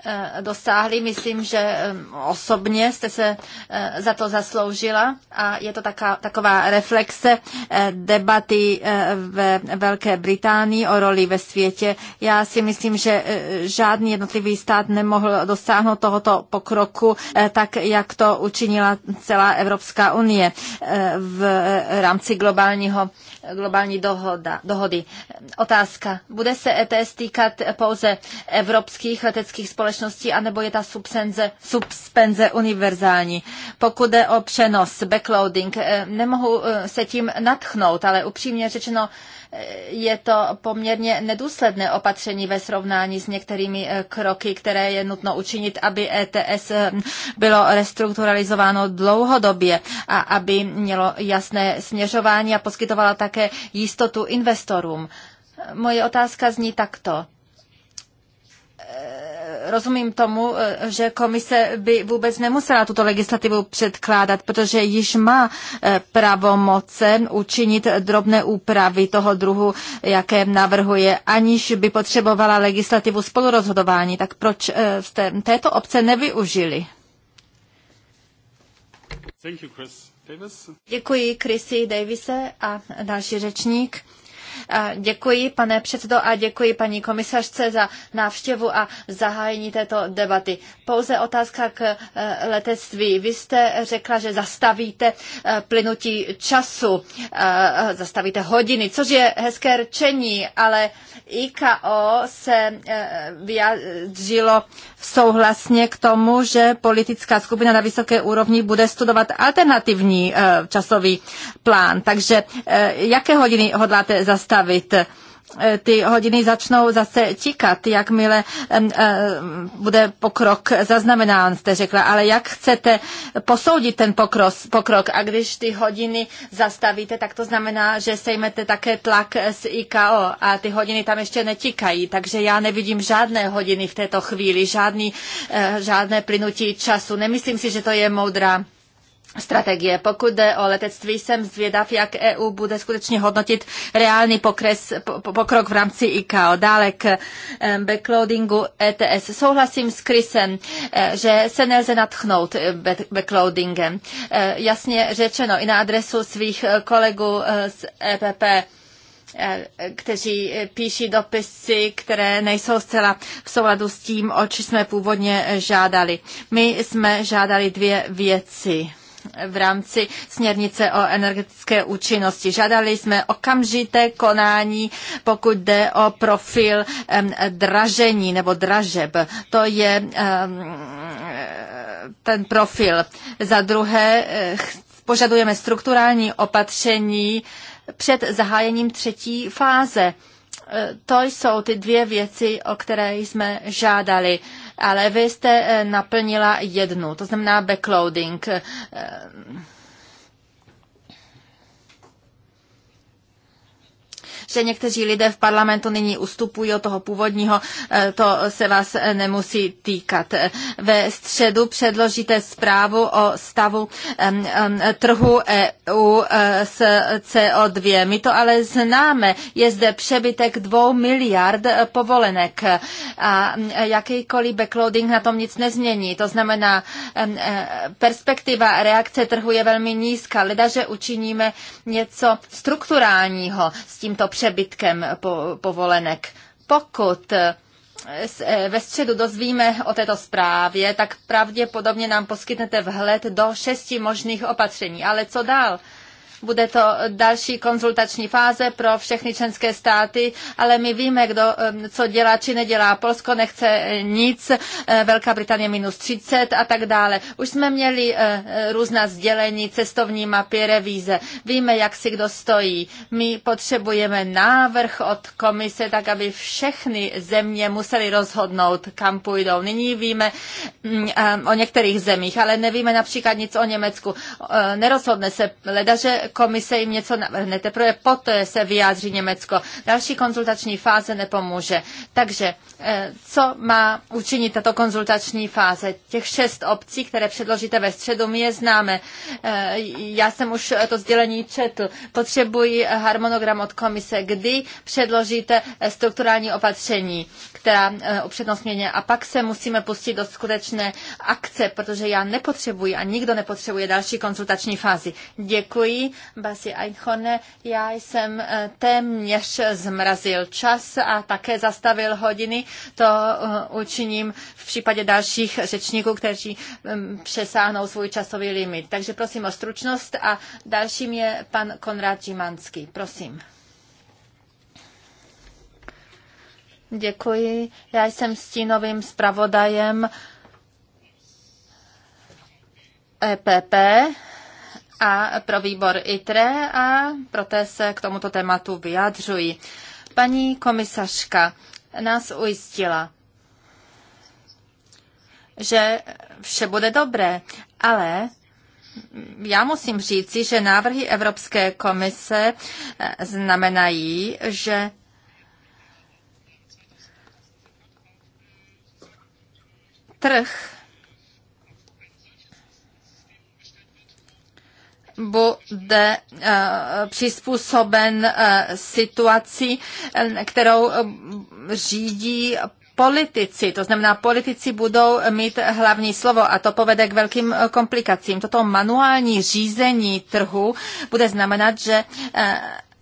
Eh, dosáhli. Myslím, že osobně jste se eh, za to zasloužila a je to taká, taková reflexe eh, debaty ve Velké Británii o roli ve světě. Já si myslím, že žádný jednotlivý stát nemohl dosáhnout tohoto pokroku tak, jak to učinila celá Evropská unie v rámci globálního globální dohoda, dohody. Otázka. Bude se ETS týkat pouze evropských leteckých společností? společnosti, anebo je ta subsenze, subspenze univerzální. Pokud je o přenos, backloading, eh, nemohu eh, se tím natchnout, ale upřímně řečeno, eh, je to poměrně nedůsledné opatření ve srovnání s některými kroky, které je nutno učinit, aby ETS bylo restrukturalizováno dlouhodobě a aby mělo jasné směřování a poskytovala také jistotu investorům. Moje otázka zní takto rozumím tomu, eh, že komise by vůbec nemusela tuto legislativu předkládat, protože již má eh, pravomoce učinit drobné úpravy toho druhu, jaké navrhuje, aniž by potřebovala legislativu spolurozhodování. Tak proč jste eh, této obce nevyužili? Thank you, Chris Davis. Děkuji Chrisi Davise a další řečník. Děkuji, pane předsedo, a děkuji paní komisařce za návštěvu a zahájení této debaty. Pouze otázka k e, letectví. Vy jste řekla, že zastavíte e, plynutí času, e, zastavíte hodiny, což je hezké řečení, ale IKO se vyjádřilo souhlasně k tomu, že politická skupina na vysoké úrovni bude studovat alternativní časový plán. Takže jaké hodiny hodláte zastavit? zastavit e, ty hodiny začnou zase tikat, jakmile e, bude pokrok zaznamenán, jste řekla, ale jak chcete posoudit ten pokros, pokrok a když ty hodiny zastavíte, tak to znamená, že sejmete také tlak z IKO a ty hodiny tam ještě netikají, takže já nevidím žádné hodiny v této chvíli, žádný, e, žádné plynutí času. Nemyslím si, že to je moudrá strategie. Pokud jde o letectví, jsem zvědav, jak EU bude skutečně hodnotit reálný pokres, pokrok v rámci ICAO. Dále k backloadingu ETS. Souhlasím s Chrisem, e, že se nelze natchnout e, backloadingem. E, jasně řečeno i na adresu svých kolegů z EPP kteří píší dopisy, které nejsou zcela v souladu s tím, o jsme původně žádali. My jsme žádali dvě věci v rámci směrnice o energetické účinnosti. Žádali jsme okamžité konání, pokud jde o profil dražení nebo dražeb. To je ten profil. Za druhé, eh, požadujeme strukturální opatření před zahájením třetí fáze. Eh, to jsou ty dvě věci, o které jsme žádali ale vy jste eh, naplnila jednu, to znamená backloading eh, že někteří lidé v parlamentu nyní ustupují od toho původního, eh, to se vás eh, nemusí týkat. Eh, ve středu předložíte zprávu o stavu trhu EU s CO2. My to ale známe. Je zde přebytek dvou miliard povolenek a mm, jakýkoliv backloading na tom nic nezmění. To znamená, perspektiva reakce trhu je velmi nízká. Leda, že učiníme něco strukturálního s tímto přebytkem přebytkem po, povolenek. Pokud eh, eh, ve středu dozvíme o této zprávě, tak pravděpodobně nám poskytnete vhled do šesti možných opatření. Ale co dál? Bude to další konzultační fáze pro všechny členské státy, ale my víme, kdo eh, co dělá či nedělá. Polsko nechce nic, eh, Velká Británie minus 30 a tak dále. Už jsme měli eh, různá sdělení, cestovní mapy, revíze. Víme, jak si kdo stojí. My potřebujeme návrh od komise, tak aby všechny země museli rozhodnout, kam půjdou. Nyní víme mm, o některých zemích, ale nevíme například nic o Německu. Nerozhodne se ledaže komise jim něco navrhne. Teprve poté se vyjádří Německo. Další konzultační fáze nepomůže. Takže eh, co má učinit tato konzultační fáze? Těch šest obcí, které předložíte ve středu, my je známe. Eh, já jsem už to sdělení četl. Potřebuji harmonogram od komise, kdy předložíte strukturální opatření, která upřednostněně. Eh, a pak se musíme pustit do skutečné akce, protože já nepotřebuji a nikdo nepotřebuje další konzultační fázi. Děkuji, Basi Eichhorne. Já jsem eh, téměř zmrazil čas a také zastavil hodiny. To eh, učiním v případě dalších řečníků, kteří mm, přesáhnou svůj časový limit. Takže prosím o stručnost a dalším je pan Konrad Žimanský. Prosím. Děkuji. Já jsem stínovým zpravodajem EPP a pro výbor ITRE a proto se k tomuto tématu vyjadřuji. Paní komisařka nás ujistila, že vše bude dobré, ale já musím říci, že návrhy Evropské komise znamenají, že trh bude eh, přizpůsoben eh, situaci, eh, kterou řídí politici, to znamená politici budou mít hlavní slovo a to povede k velkým komplikacím. Toto manuální řízení trhu bude znamenat, že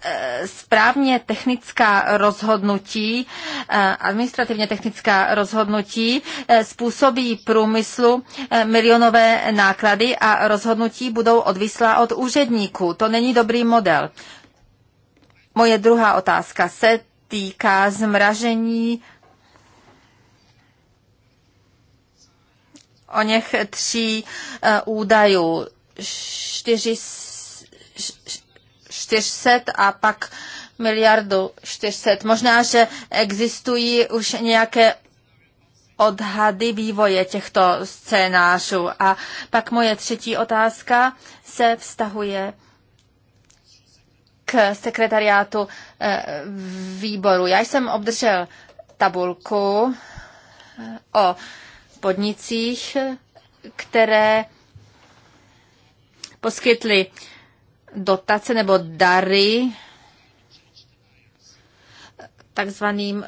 Eh, správně technická rozhodnutí, eh, administrativně technická rozhodnutí eh, způsobí průmyslu milionové náklady a rozhodnutí budou odvislá od úředníků. To není dobrý model. Moje druhá otázka se týká zmražení o něch tří údajů. 4, 400 a pak miliardu 400. Možná, že existují už nějaké odhady vývoje těchto scénářů. A pak moje třetí otázka se vztahuje k sekretariátu eh, výboru. Já jsem obdržel tabulku eh, o podnicích, které poskytly dotace nebo dary takzvaným eh,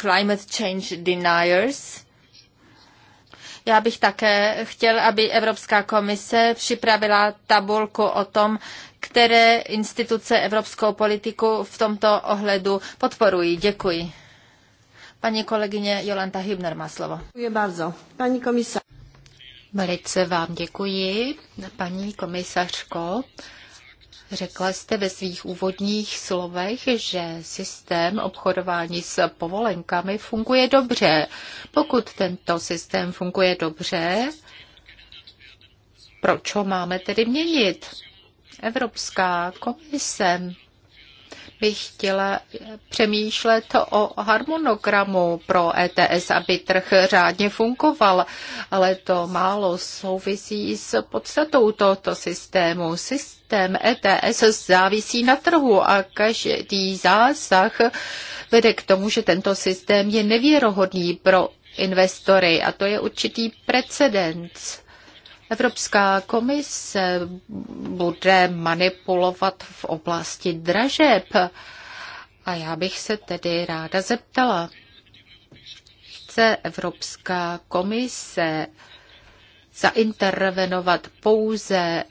climate change deniers. Já bych také chtěl, aby Evropská komise připravila tabulku o tom, které instituce evropskou politiku v tomto ohledu podporují. Děkuji. Paní kolegyně Jolanta Hybner má slovo. Děkuji bardzo. Paní komisař. Velice vám děkuji, paní komisařko. Řekla jste ve svých úvodních slovech, že systém obchodování s povolenkami funguje dobře. Pokud tento systém funguje dobře, proč ho máme tedy měnit? Evropská komise bych chtěla přemýšlet o harmonogramu pro ETS, aby trh řádně fungoval, ale to málo souvisí s podstatou tohoto systému. Systém ETS závisí na trhu a každý zásah vede k tomu, že tento systém je nevěrohodný pro investory a to je určitý precedens Evropská komise bude manipulovat v oblasti dražeb. A já bych se tedy ráda zeptala, chce Evropská komise zaintervenovat pouze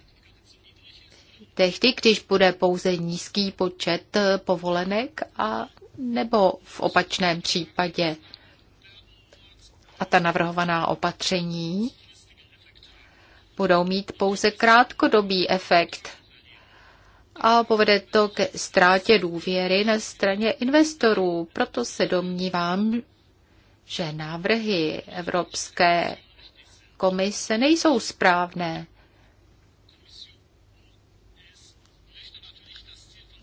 tehdy, když bude pouze nízký počet povolenek a nebo v opačném případě. A ta navrhovaná opatření budou mít pouze krátkodobý efekt a povede to ke ztrátě důvěry na straně investorů. Proto se domnívám, že návrhy Evropské komise nejsou správné.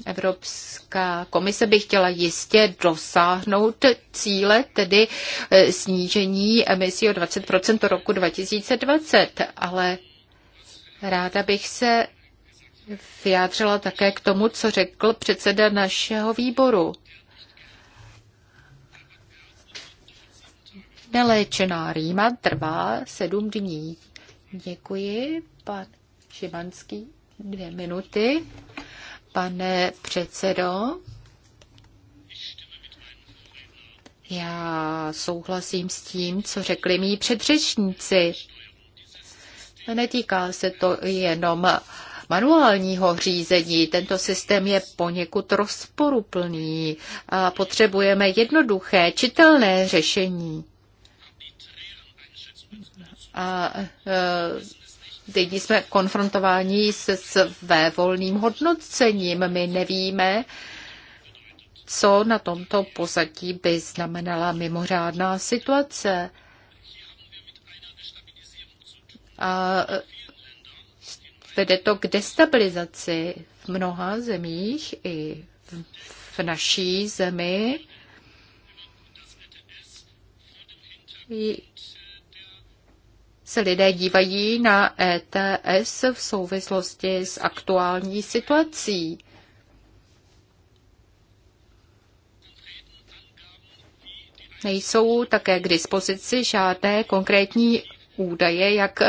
Evropská komise by chtěla jistě dosáhnout cíle, tedy e, snížení emisí o 20 do roku 2020, ale ráda bych se vyjádřila také k tomu, co řekl předseda našeho výboru. Neléčená rýma trvá sedm dní. Děkuji, pan Šimanský, dvě minuty pane předsedo. Já souhlasím s tím, co řekli mý předřečníci. Netýká se to jenom manuálního řízení. Tento systém je poněkud rozporuplný a potřebujeme jednoduché, čitelné řešení. A e, Teď jsme konfrontováni se svévolným hodnocením. My nevíme, co na tomto pozadí by znamenala mimořádná situace. A eh, vede to k destabilizaci v mnoha zemích i v naší zemi se lidé dívají na ETS v souvislosti s aktuální situací. Nejsou také k dispozici žádné konkrétní údaje, jak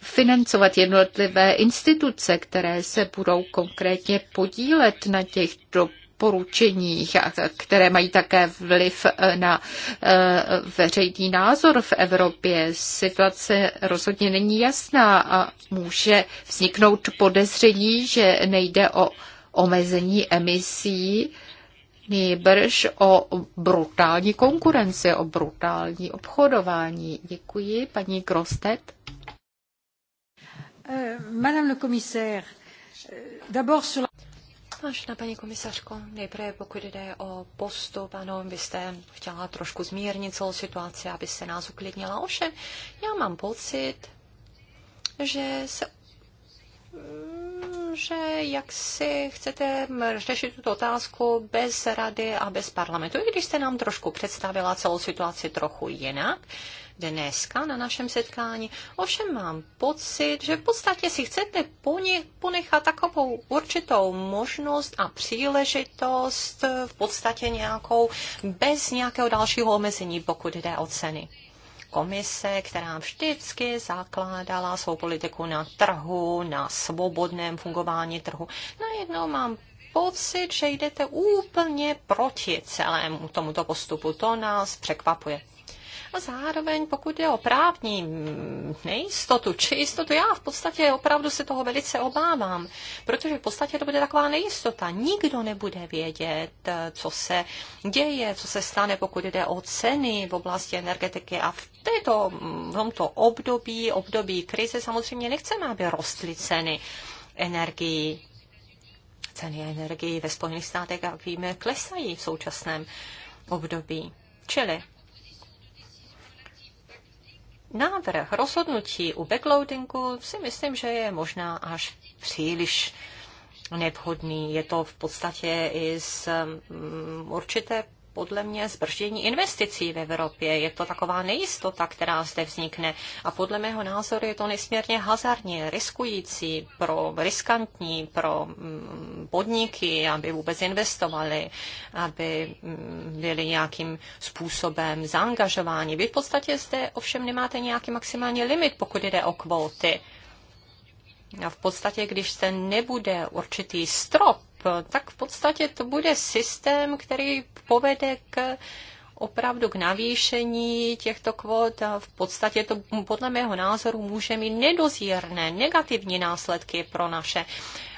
financovat jednotlivé instituce, které se budou konkrétně podílet na těch dopadech doporučeních, které mají také vliv na e, veřejný názor v Evropě. Situace rozhodně není jasná a může vzniknout podezření, že nejde o omezení emisí, nejbrž o brutální konkurenci, o brutální obchodování. Děkuji, paní Krostet. Eh, madame le commissaire, eh, d'abord sur Vážená paní komisařko, nejprve pokud jde o postup, ano, byste chtěla trošku zmírnit celou situaci, aby se nás uklidnila. Ovšem, já mám pocit, že se mm, že jak si chcete řešit tuto otázku bez rady a bez parlamentu, i když jste nám trošku představila celou situaci trochu jinak, dneska na našem setkání. Ovšem mám pocit, že v podstatě si chcete ponechat takovou určitou možnost a příležitost, v podstatě nějakou, bez nějakého dalšího omezení, pokud jde o ceny komise, která vždycky zakládala svou politiku na trhu, na svobodném fungování trhu. Najednou mám pocit, že jdete úplně proti celému tomuto postupu. To nás překvapuje. A zároveň, pokud je o právní nejistotu či jistotu, já v podstatě opravdu se toho velice obávám, protože v podstatě to bude taková nejistota. Nikdo nebude vědět, co se děje, co se stane, pokud jde o ceny v oblasti energetiky a v této, v tomto období, období krize samozřejmě nechceme, aby rostly ceny energií ceny energii ve Spojených státech, jak víme, klesají v současném období. Čili návrh rozhodnutí u backloadingu si myslím, že je možná až příliš nevhodný. Je to v podstatě i z um, určité podle mě zbržení investicí v Evropě. Je to taková nejistota, která zde vznikne. A podle mého názoru je to nesmírně hazardně, riskující, pro riskantní, pro mm, podniky, aby vůbec investovali, aby mm, byli nějakým způsobem zaangažováni. Vy v podstatě zde ovšem nemáte nějaký maximální limit, pokud jde o kvóty. A v podstatě, když se nebude určitý strop tak v podstatě to bude systém, který povede k opravdu k navýšení těchto kvot a v podstatě to podle mého názoru může mít nedozírné negativní následky pro naše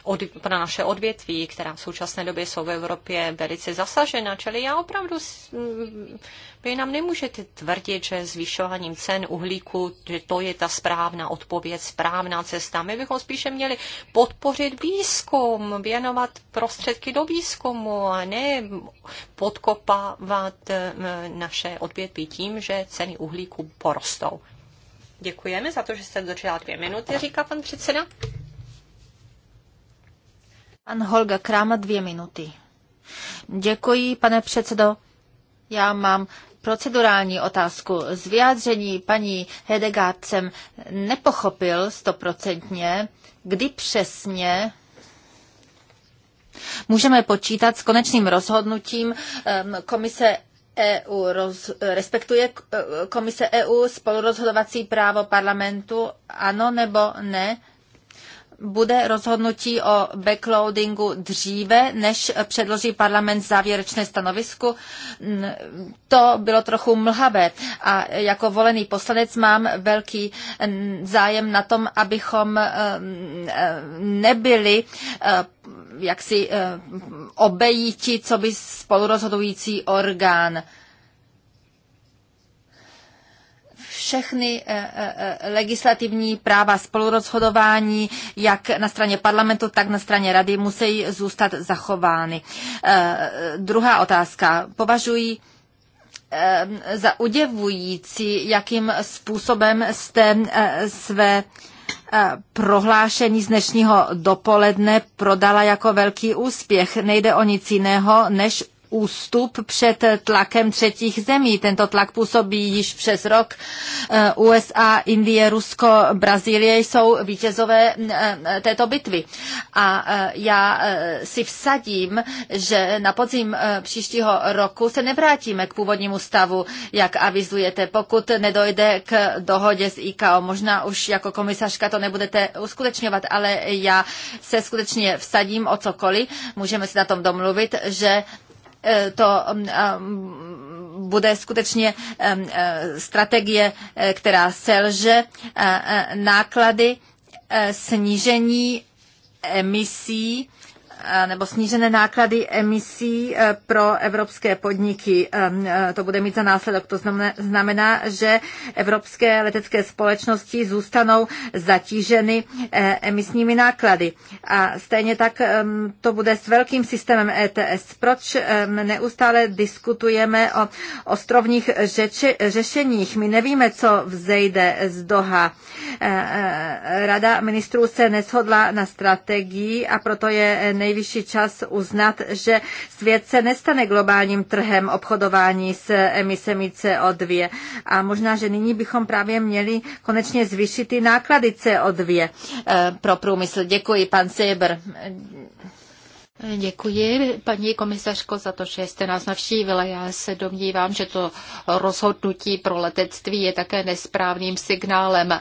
od, pro naše odvětví, která v současné době jsou v Evropě velice zasažena. Čili já opravdu, mm, vy nám nemůžete tvrdit, že zvyšováním cen uhlíku, že to je ta správná odpověď, správná cesta. My bychom spíše měli podpořit výzkum, věnovat prostředky do výzkumu a ne podkopávat mm, naše odvětví tím, že ceny uhlíku porostou. Děkujeme za to, že jste dodržela dvě minuty, říká pan předseda. Pan Holga Kráma, dvě minuty. Děkuji, pane předsedo. Já mám procedurální otázku. Z vyjádření paní Hedegaard jsem nepochopil stoprocentně, kdy přesně můžeme počítat s konečným rozhodnutím ehm, komise EU roz, eh, respektuje eh, komise EU spolurozhodovací právo parlamentu, ano nebo ne? bude rozhodnutí o backloadingu dříve, než předloží parlament závěrečné stanovisku. To bylo trochu mlhavé a jako volený poslanec mám velký zájem na tom, abychom e, e, nebyli e, jaksi obejíti, co by spolurozhodující orgán. všechny eh, eh, eh, legislativní práva spolurozhodování, jak na straně parlamentu, tak na straně rady, musí zůstat zachovány. Druhá otázka. Považuji za udivující, jakým způsobem jste své prohlášení z dnešního dopoledne prodala jako velký úspěch. Nejde o nic jiného než ústup před tlakem třetích zemí. Tento tlak působí již přes rok. Eh, USA, Indie, Rusko, Brazílie jsou vítězové eh, této bitvy. A eh, já si vsadím, že na podzim příštího roku se nevrátíme k původnímu stavu, jak avizujete, pokud nedojde k dohodě s IKO. Možná už jako komisařka to nebudete uskutečňovat, ale já se skutečně vsadím o cokoliv. Můžeme si na tom domluvit, že Eh, to mm, mm, bude skutečně eh, strategie, eh, která selže náklady snížení emisí Eh, nebo snížené náklady emisí eh, pro evropské podniky. Eh, to bude mít za následek. To znamená, že evropské letecké společnosti zůstanou zatíženy emisními náklady. A stejně tak to bude s velkým systémem ETS. Proč neustále diskutujeme o ostrovních řeči, řešeních? My nevíme, co vzejde z Doha. Rada ministrů se neshodla na strategii a proto je nej nejvyšší čas uznat, že svět se nestane globálním trhem obchodování s emisemi CO2. A možná, že nyní bychom právě měli konečně zvýšit ty náklady CO2 eh, pro průmysl. Děkuji, pan Seber. Děkuji, paní komisařko, za to, že jste nás navštívila. Já se domnívám, že to rozhodnutí pro letectví je také nesprávným signálem. Eh,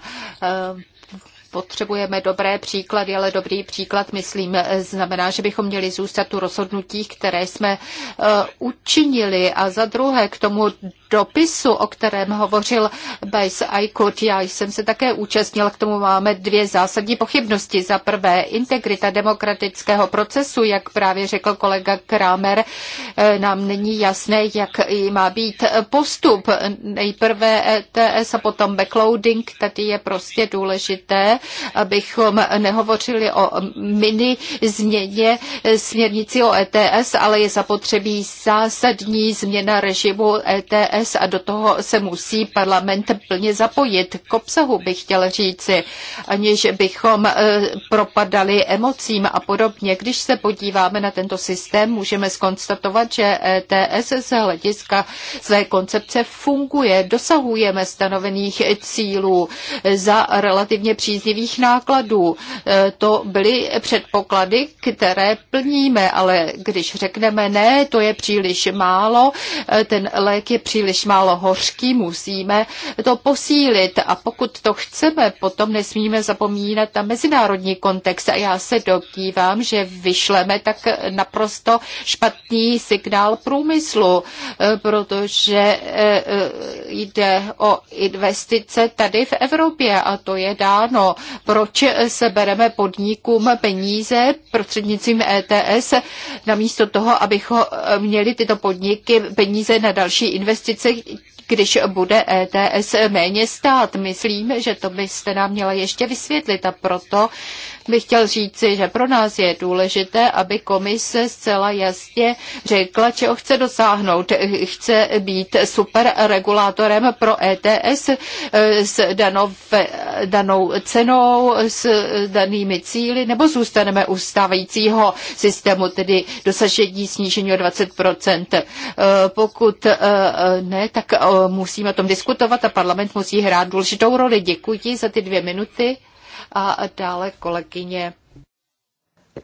potřebujeme dobré příklady, ale dobrý příklad, myslím, znamená, že bychom měli zůstat u rozhodnutí, které jsme eh, učinili. A za druhé k tomu dopisu, o kterém hovořil Bejs Aykut, já jsem se také účastnil, k tomu máme dvě zásadní pochybnosti. Za prvé, integrita demokratického procesu, jak právě řekl kolega Kramer, eh, nám není jasné, jak má být postup. Nejprve ETS a potom backloading, tady je prostě důležité, abychom nehovořili o mini změně směrnici o ETS, ale je zapotřebí zásadní změna režimu ETS a do toho se musí parlament plně zapojit. K obsahu bych chtěl říci, aniž bychom eh, propadali emocím a podobně. Když se podíváme na tento systém, můžeme skonstatovat, že ETS z hlediska své koncepce funguje, dosahujeme stanovených cílů za relativně příznivé nepříznivých nákladů. E, to byly předpoklady, které plníme, ale když řekneme ne, to je příliš málo, e, ten lék je příliš málo hořký, musíme to posílit a pokud to chceme, potom nesmíme zapomínat na mezinárodní kontext a já se dokývám, že vyšleme tak naprosto špatný signál průmyslu, e, protože jde o investice tady v Evropě a to je dáno proč se bereme podnikům peníze prostřednictvím ETS, namísto toho, abychom měli tyto podniky peníze na další investice když bude ETS méně stát. Myslím, že to byste nám měla ještě vysvětlit a proto bych chtěl říci, že pro nás je důležité, aby komise zcela jasně řekla, čeho chce dosáhnout. Chce být superregulátorem pro ETS s eh, danov, danou cenou, s danými cíly, nebo zůstaneme u stávajícího systému, tedy dosažení snížení o 20%. Eh, pokud eh, ne, tak musíme o tom diskutovat a parlament musí hrát důležitou roli. Děkuji za ty dvě minuty a dále kolegyně.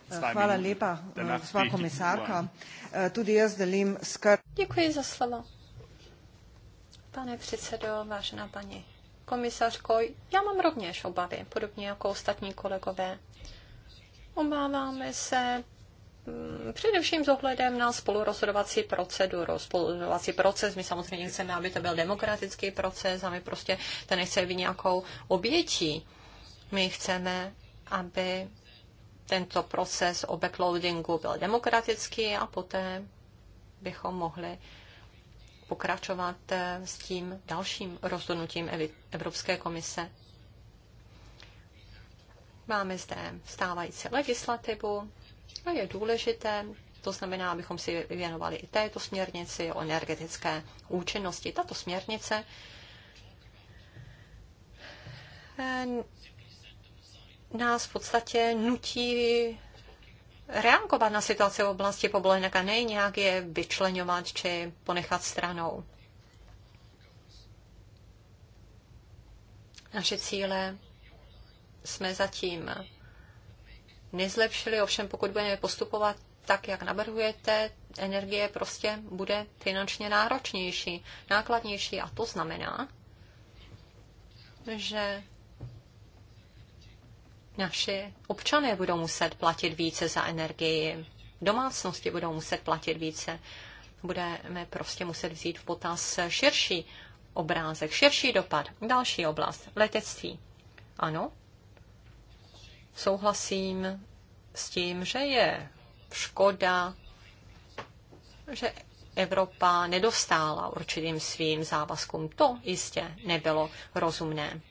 Hvala lepa, gospa komisárka. Tudy jaz delím skr. Děkuji za slovo. Pane předsedo, vážená paní komisařko, já mám rovněž obavy, podobně jako ostatní kolegové. Obáváme se Mm, především s ohledem na spolurozhodovací proceduru. Spolurozhodovací proces, my samozřejmě chceme, aby to byl demokratický proces a my prostě to nechceme být nějakou obětí. My chceme, aby tento proces o backloadingu byl demokratický a poté bychom mohli pokračovat eh, s tím dalším rozhodnutím Evropské komise. Máme zde stávající legislativu, a je důležité, to znamená, abychom si věnovali i této směrnici o energetické účinnosti. Tato směrnice eh, nás v podstatě nutí reagovat na situaci v oblasti povolenek a ne nějak je vyčlenovat či ponechat stranou. Naše cíle jsme zatím nezlepšily. ovšem pokud budeme postupovat tak, jak navrhujete, energie prostě bude finančně náročnější, nákladnější a to znamená, že naši občané budou muset platit více za energii, domácnosti budou muset platit více, budeme prostě muset vzít v potaz širší obrázek, širší dopad. Další oblast, letectví. Ano, souhlasím s tím, že je škoda, že Evropa nedostála určitým svým závazkům. To jistě nebylo rozumné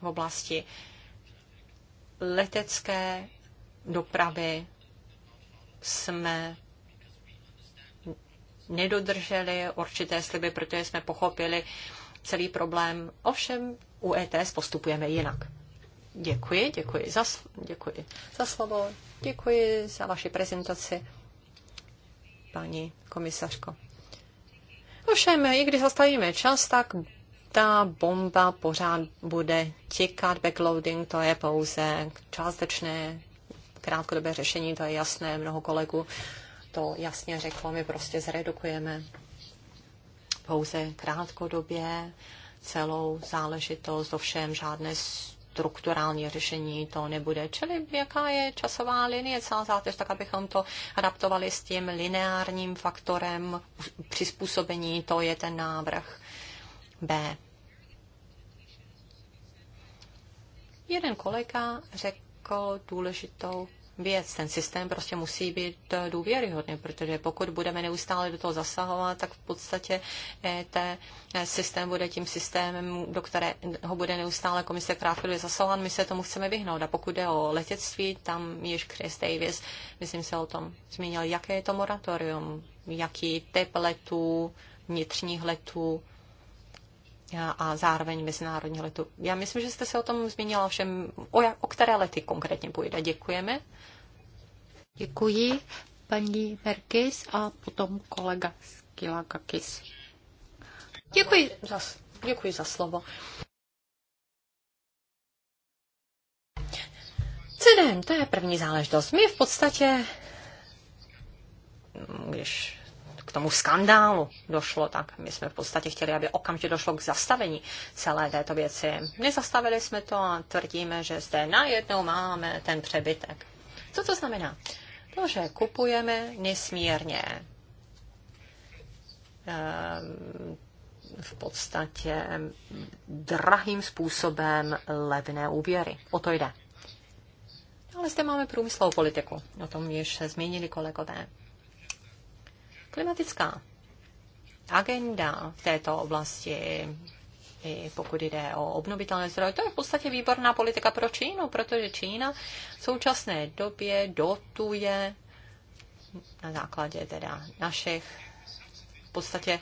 v oblasti letecké dopravy jsme nedodrželi určité sliby, protože jsme pochopili celý problém. Ovšem u ETS postupujeme jinak. Děkuji, děkuji za, děkuji za slovo, děkuji za vaši prezentaci, paní komisařko. Ovšem, i když zastavíme čas, tak ta bomba pořád bude tikat. Backloading to je pouze částečné krátkodobé řešení, to je jasné, mnoho kolegů to jasně řeklo, my prostě zredukujeme pouze krátkodobě celou záležitost, ovšem žádné strukturální řešení to nebude. Čili jaká je časová linie celá zátěž, tak abychom to adaptovali s tím lineárním faktorem přizpůsobení, to je ten návrh B. Jeden kolega řekl důležitou věc. Ten systém prostě musí být eh, důvěryhodný, protože pokud budeme neustále do toho zasahovat, tak v podstatě eh, ten eh, systém bude tím systémem, do kterého bude neustále komise krátkodobě zasahovat. My se tomu chceme vyhnout. A pokud jde o letectví, tam již Chris Davis, myslím se o tom zmínil, jaké je to moratorium, jaký typ letů, vnitřních letů, a zároveň mezinárodní letu. Já myslím, že jste se o tom zmínila všem, o, jak, o které lety konkrétně půjde. Děkujeme. Děkuji paní Merkis a potom kolega Skilakakis. Děkuji za, děkuji za slovo. CDM, to je první záležitost. My v podstatě, když tomu skandálu došlo, tak my jsme v podstatě chtěli, aby okamžitě došlo k zastavení celé této věci. Nezastavili jsme to a tvrdíme, že zde najednou máme ten přebytek. Co to znamená? To, že kupujeme nesmírně ehm, v podstatě drahým způsobem levné úvěry. O to jde. Ale zde máme průmyslovou politiku. O tom již se zmínili kolegové. Klimatická agenda v této oblasti, i pokud jde o obnovitelné zdroje, to je v podstatě výborná politika pro Čínu, protože Čína v současné době dotuje na základě teda našich v podstatě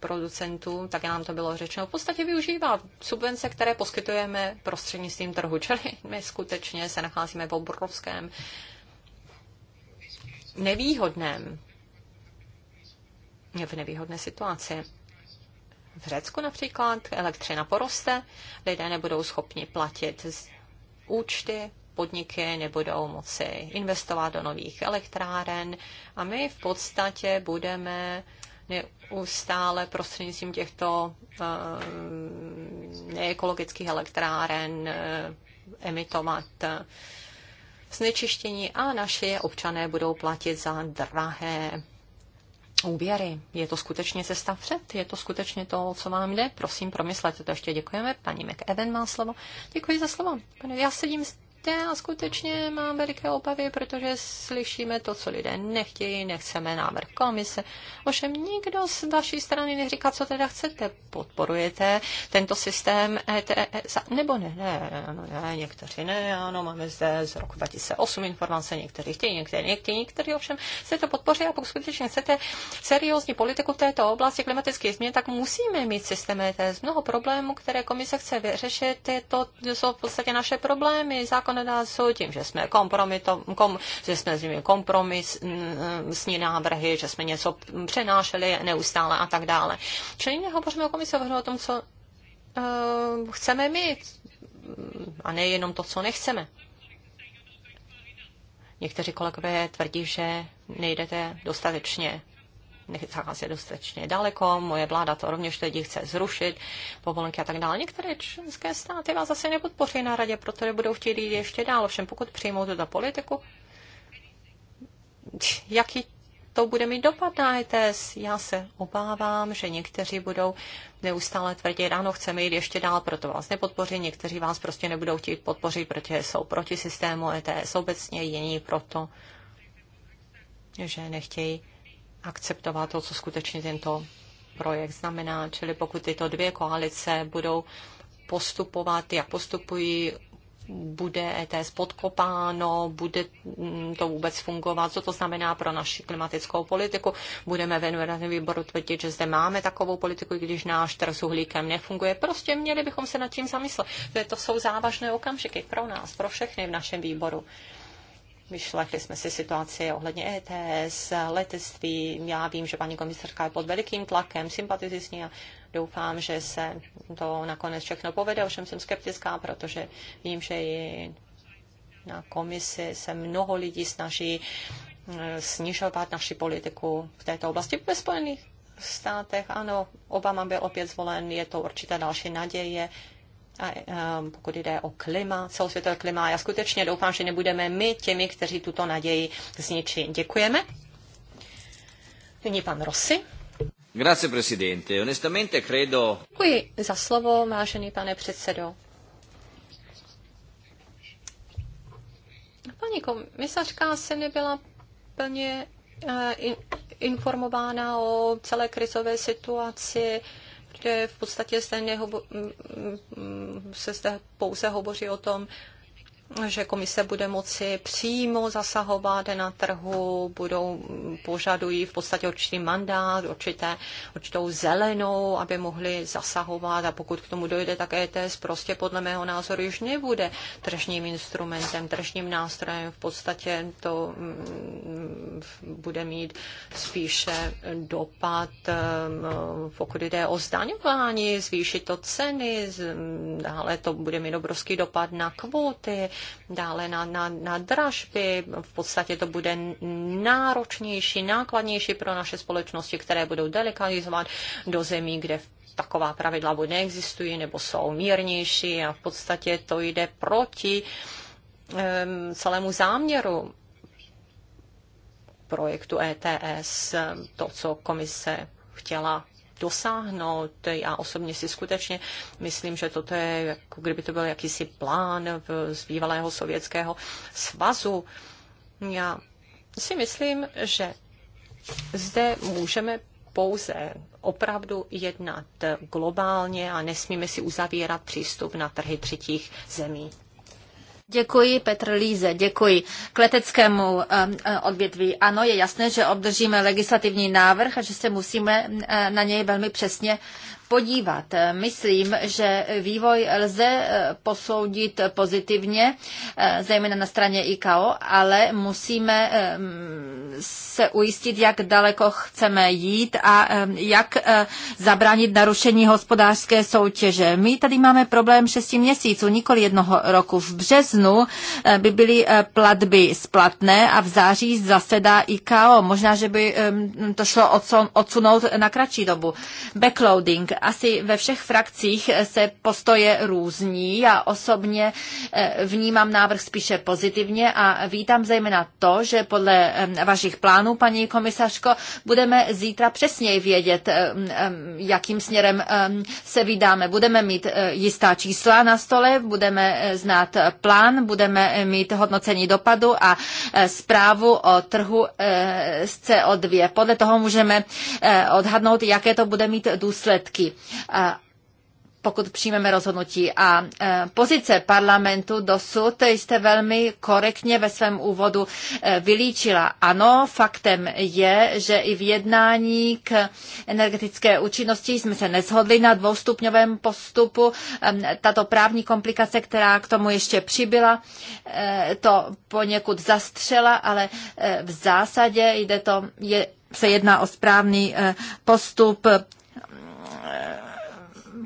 producentů, tak nám to bylo řečeno, v podstatě využívá subvence, které poskytujeme prostřednictvím trhu. Čili my skutečně se nacházíme v obrovském nevýhodném v nevýhodné situaci. V Řecku například elektřina poroste, lidé nebudou schopni platit účty, podniky nebudou moci investovat do nových elektráren a my v podstatě budeme neustále prostřednictvím těchto ehm, neekologických elektráren eh, emitovat eh, znečištění a naše občané budou platit za drahé úvěry. Je to skutečně cesta vpřed? Je to skutečně to, co vám jde? Prosím, promyslete to ještě. Děkujeme. Paní McEwen má slovo. Děkuji za slovo. Já sedím a skutečně mám veliké obavy, protože slyšíme to, co lidé nechtějí, nechceme návrh komise. Ovšem nikdo z vaší strany neříká, co teda chcete. Podporujete tento systém ETS, e nebo ne, ne, ano, ne, někteří ne, ano, máme zde z roku 2008 informace, někteří chtějí, někteří nechtějí, někteří ovšem se to podpoří a pokud skutečně chcete seriózní politiku v této oblasti klimatických změn, tak musíme mít systém ETS. E Mnoho problémů, které komise chce vyřešit, je to, jsou v podstatě naše problémy, zákon zákonodárců tím, že jsme, kompromito, kom, že jsme s nimi kompromisní návrhy, že jsme něco přenášeli neustále a tak dále. Čili nehovoříme o komisi, o tom, co uh, chceme mít a nejenom to, co nechceme. Někteří kolegové tvrdí, že nejdete dostatečně se dostatečně daleko, moje vláda to rovněž teď chce zrušit, povolenky a tak dále. Některé členské státy vás zase nepodpoří na radě, protože budou chtít jít ještě dál. Ovšem, pokud přijmou tuto politiku, jaký to bude mít dopad na ETS. Já se obávám, že někteří budou neustále tvrdit, ano, chceme jít ještě dál, proto vás nepodpoří, někteří vás prostě nebudou chtít podpořit, protože jsou proti systému ETS obecně, jiní proto, že nechtějí akceptovat to, co skutečně tento projekt znamená. Čili pokud tyto dvě koalice budou postupovat, jak postupují, bude ETS podkopáno, bude mm, to vůbec fungovat, co to znamená pro naši klimatickou politiku. Budeme ve numerálním výboru tvrdit, že zde máme takovou politiku, i když náš trh s uhlíkem nefunguje. Prostě měli bychom se nad tím zamyslet. to jsou závažné okamžiky pro nás, pro všechny v našem výboru. Vyšlechli jsme si situaci ohledně ETS, letectví. Já vím, že paní komisarka je pod velikým tlakem, sympatizuji s ní a doufám, že se to nakonec všechno povede. Ovšem jsem skeptická, protože vím, že i na komisi se mnoho lidí snaží eh, snižovat naši politiku v této oblasti ve Spojených státech. Ano, Obama byl opět zvolen, je to určitá další naděje, a, ehm, pokud jde o klima, celosvětové klima. Já skutečně doufám, že nebudeme my těmi, kteří tuto naději zničí. Děkujeme. Nyní pan Rossi. Grazie, presidente. Onestamente credo... Děkuji za slovo, vážený pane předsedo. Paní komisařka se nebyla plně eh, informována o celé krizové situaci, kde v podstatě zde nehovo, se zde pouze hovoří o tom, že komise bude moci přímo zasahovat na trhu, budou, požadují v podstatě určitý mandát, určité, určitou zelenou, aby mohli zasahovat a pokud k tomu dojde, tak ETS prostě podle mého názoru již nebude tržním instrumentem, tržním nástrojem, v podstatě to mm, bude mít spíše dopad, mm, pokud jde o zdaňování, zvýšit to ceny, dále to bude mít obrovský dopad na kvóty, dále na, na, na dražby. V podstatě to bude náročnější, nákladnější pro naše společnosti, které budou delikalizovat do zemí, kde taková pravidla buď neexistují, nebo jsou mírnější a v podstatě to jde proti um, celému záměru projektu ETS, to, co komise chtěla dosáhnout. Já osobně si skutečně myslím, že toto je, jako kdyby to byl jakýsi plán z bývalého sovětského svazu. Já si myslím, že zde můžeme pouze opravdu jednat globálně a nesmíme si uzavírat přístup na trhy třetích zemí. Děkuji, Petr Líze, děkuji. K leteckému um, eh, odvětví. Ano, je jasné, že obdržíme legislativní návrh a že se musíme eh, na něj velmi přesně podívat. Myslím, že vývoj lze eh, posoudit pozitivně, eh, zejména na straně ICAO, ale musíme eh, se ujistit, jak daleko chceme jít a jak zabránit narušení hospodářské soutěže. My tady máme problém 6 měsíců, nikoli jednoho roku. V březnu by byly platby splatné a v září zasedá ICAO. Možná, že by to šlo odsunout na kratší dobu. Backloading asi ve všech frakcích se postoje různí. Já osobně eh, vnímám návrh spíše pozitivně a vítám zejména to, že podle eh, vašich plánů, paní komisařko, budeme zítra přesněji vědět, eh, jakým směrem se vydáme. Budeme mít jistá čísla na stole, budeme znát plán, budeme mít hodnocení dopadu a zprávu o trhu z CO2. Podle toho můžeme odhadnout, jaké to bude mít důsledky pokud přijmeme rozhodnutí. A e, pozice parlamentu dosud jste velmi korektně ve svém úvodu e, vylíčila. Ano, faktem je, že i v jednání k energetické účinnosti jsme se neshodli na dvoustupňovém postupu. E, tato právní komplikace, která k tomu ještě přibyla, to poněkud zastřela, ale v zásadě jde to, je, se jedná o správný postup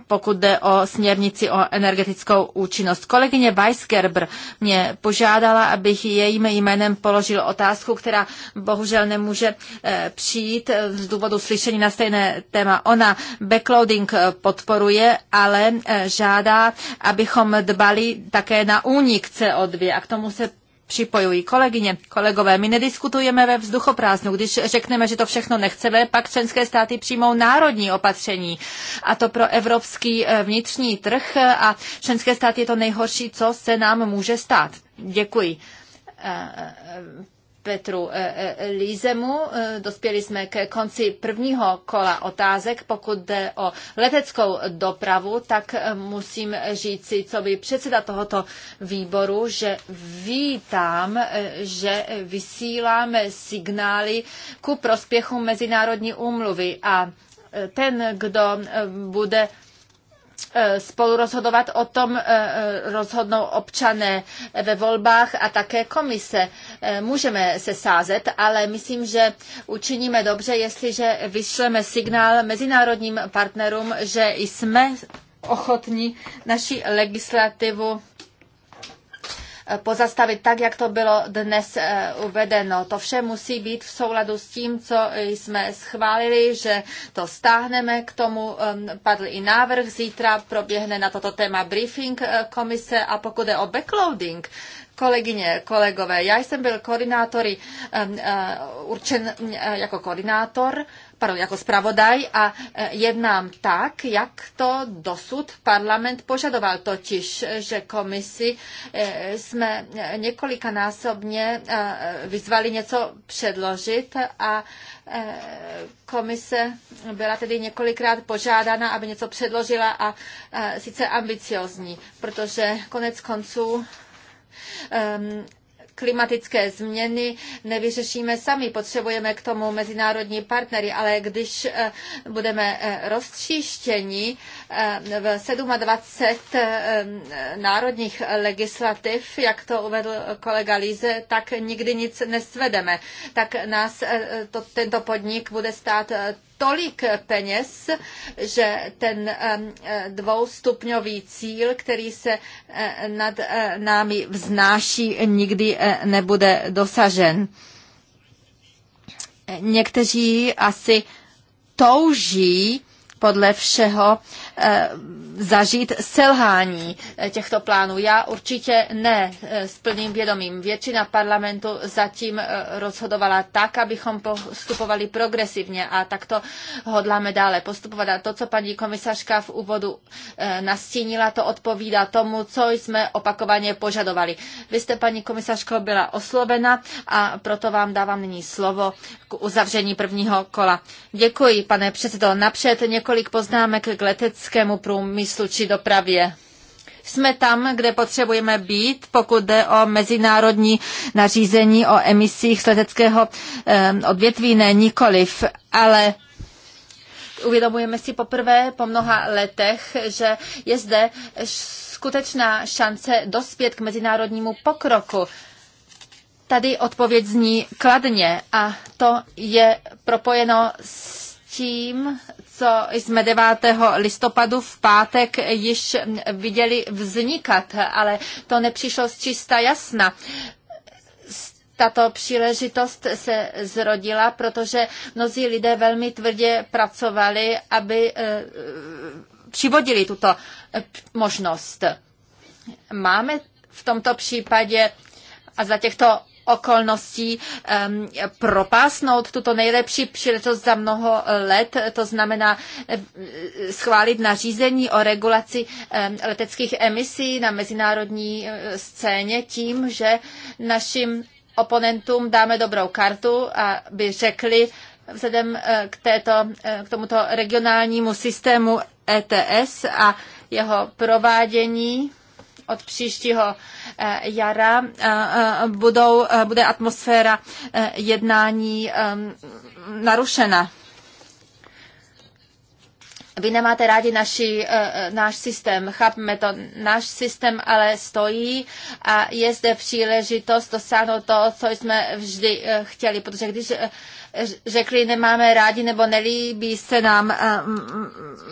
pokud jde o směrnici o energetickou účinnost. Kolegyně Weisgerber mě požádala, abych jejím jménem položil otázku, která bohužel nemůže eh, přijít eh, z důvodu slyšení na stejné téma. Ona backloading eh, podporuje, ale žádá, abychom dbali také na únik CO2 a k tomu se připojují. Kolegyně, kolegové, my nediskutujeme ve vzduchoprázdnu. Když řekneme, že to všechno nechceme, pak členské státy přijmou národní opatření. A to pro evropský eh, vnitřní trh a členské státy je to nejhorší, co se nám může stát. Děkuji eh, Petru eh, eh, Lízemu. Eh, dospěli jsme ke konci prvního kola otázek. Pokud jde o leteckou dopravu, tak musím říci, co by předseda tohoto výboru, že vítám, že vysíláme signály ku prospěchu Mezinárodní úmluvy a ten, kdo bude Eh, spolurozhodovat o tom eh, eh, rozhodnou občané ve volbách a také komise. Můžeme se sázet, ale myslím, že učiníme dobře, jestliže vyšleme signál mezinárodním partnerům, že jsme ochotní naši legislativu pozastavit tak, jak to bylo dnes eh, uvedeno. To vše musí být v souladu s tím, co jsme schválili, že to stáhneme. K tomu padl i návrh. Zítra proběhne na toto téma briefing eh, komise a pokud je o backloading, kolegyně, kolegové, já jsem byl koordinátory eh, určen jako koordinátor pardon, jako zpravodaj a e, jednám tak, jak to dosud parlament požadoval, totiž, že komisi e, jsme několikanásobně e, vyzvali něco předložit a komise byla tedy několikrát požádána, aby něco předložila a sice ambiciozní, protože konec konců klimatické změny nevyřešíme sami. Potřebujeme k tomu mezinárodní partnery, ale když eh, budeme eh, roztříštěni, v 27 národních legislativ, jak to uvedl kolega Líze, tak nikdy nic nesvedeme. Tak nás e, to, tento podnik bude stát e, tolik peněz, že ten e, dvoustupňový cíl, který se nad námi vznáší, nikdy nebude dosažen. Někteří asi touží podle všeho eh, zažít selhání eh, těchto plánů. Já určitě ne eh, s plným vědomím. Většina parlamentu zatím rozhodovala tak, abychom postupovali progresivně a takto hodláme dále postupovat. A to, co paní komisařka v úvodu nastínila, to odpovídá tomu, co jsme opakovaně požadovali. Vy jste, paní komisařko, byla oslovena a proto vám dávám nyní slovo k uzavření prvního kola. Děkuji, pane předsedo. Napřed několik několik poznámek k leteckému průmyslu či dopravě jsme tam, kde potřebujeme být, pokud jde o mezinárodní nařízení o emisích z leteckého odvětví, ne nikoliv, ale uvědomujeme si poprvé po mnoha letech, že je zde skutečná šance dospět k mezinárodnímu pokroku. Tady odpověď zní kladně a to je propojeno s tím, co jsme 9. listopadu v pátek již viděli vznikat, ale to nepřišlo z čista jasna tato příležitost se zrodila, protože mnozí lidé velmi tvrdě pracovali, aby eh, přivodili tuto eh, možnost. Máme v tomto případě a za těchto okolností um, propásnout tuto nejlepší příležitost za mnoho let, to znamená eh, schválit nařízení o regulaci um, leteckých emisí na mezinárodní eh, scéně tím, že našim oponentům dáme dobrou kartu, aby řekli, vzhledem eh, k, této, k tomuto regionálnímu systému ETS a jeho provádění od příštího eh, jara eh, eh, budou, bude atmosféra jednání narušena. Vy nemáte rádi naši, náš systém, chápeme to, náš systém ale stojí a je zde příležitost dosáhnout to, co jsme vždy chtěli, protože když řekli, nemáme rádi nebo nelíbí se nám eh,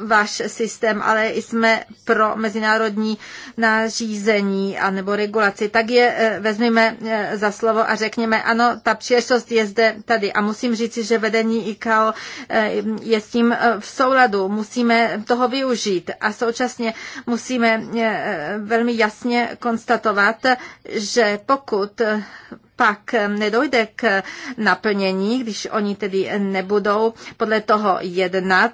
váš systém, ale jsme pro mezinárodní nařízení a nebo regulaci, tak je eh, vezmeme eh, za slovo a řekněme, ano, ta příležitost je zde tady. A musím říci, že vedení ICAO je s tím v souladu. Musíme toho využít a současně musíme velmi jasně konstatovat, že pokud pak nedojde k naplnění, když oni tedy nebudou podle toho jednat,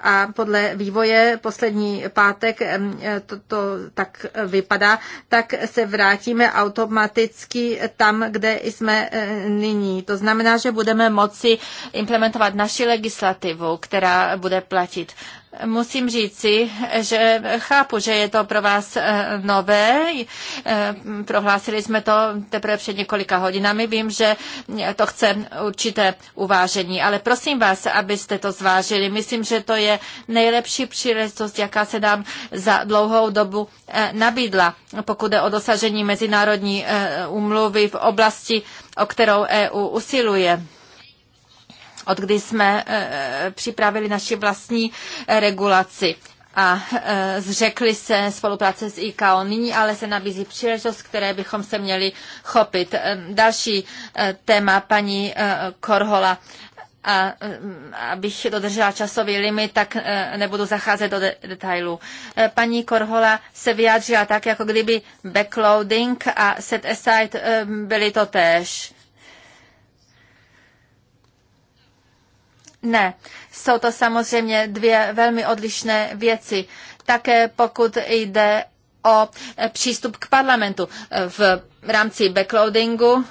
a podle vývoje poslední pátek to, to tak vypadá, tak se vrátíme automaticky tam, kde jsme e, nyní. To znamená, že budeme moci implementovat naši legislativu, která bude platit. Musím říci, že chápu, že je to pro vás eh, nové. Eh, prohlásili jsme to teprve před několika hodinami. Vím, že to chce určité uvážení, ale prosím vás, abyste to zvážili. Myslím, že to je nejlepší příležitost, jaká se nám za dlouhou dobu eh, nabídla, pokud je o dosažení mezinárodní úmluvy v oblasti, o kterou EU usiluje od kdy jsme eh, připravili naši vlastní eh, regulaci a eh, zřekli se spolupráce s IKO. Nyní ale se nabízí příležitost, které bychom se měli chopit. Další téma paní Korhola a abych dodržela časový limit, tak nebudu zacházet do de- detailů. Paní Korhola se vyjádřila tak, jako kdyby backloading a set aside byly to též. Ne, jsou to samozřejmě dvě velmi odlišné věci. Také pokud jde o eh, přístup k parlamentu. Eh, v rámci backloadingu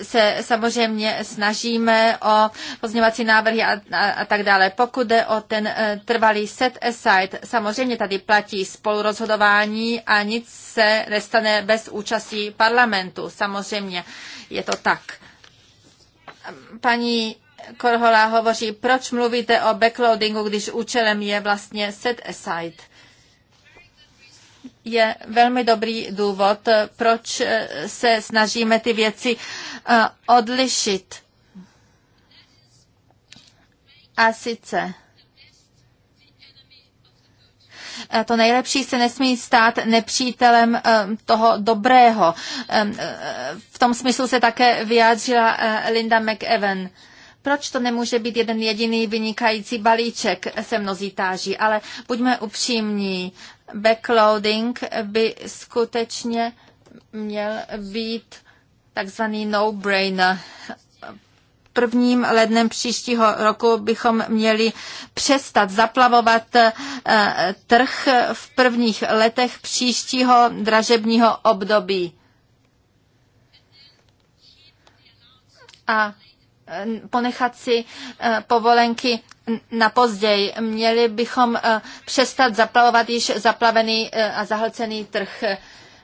eh, se samozřejmě snažíme o pozměňovací návrhy a, a, a tak dále. Pokud jde o ten e, trvalý set aside, samozřejmě tady platí spolurozhodování a nic se nestane bez účastí parlamentu. Samozřejmě je to tak paní Korhola hovoří, proč mluvíte o backloadingu, když účelem je vlastně set aside. Je velmi dobrý důvod, proč eh, se snažíme ty věci eh, odlišit. A sice to nejlepší se nesmí stát nepřítelem eh, toho dobrého. Eh, v tom smyslu se také vyjádřila eh, Linda McEwen proč to nemůže být jeden jediný vynikající balíček, se mnozí táží, ale buďme upřímní, backloading by skutečně měl být takzvaný no-brainer prvním lednem příštího roku bychom měli přestat zaplavovat eh, trh v prvních letech příštího dražebního období. A eh, ponechat si eh, povolenky na později. Měli bychom přestat zaplavovat již zaplavený a zahlcený trh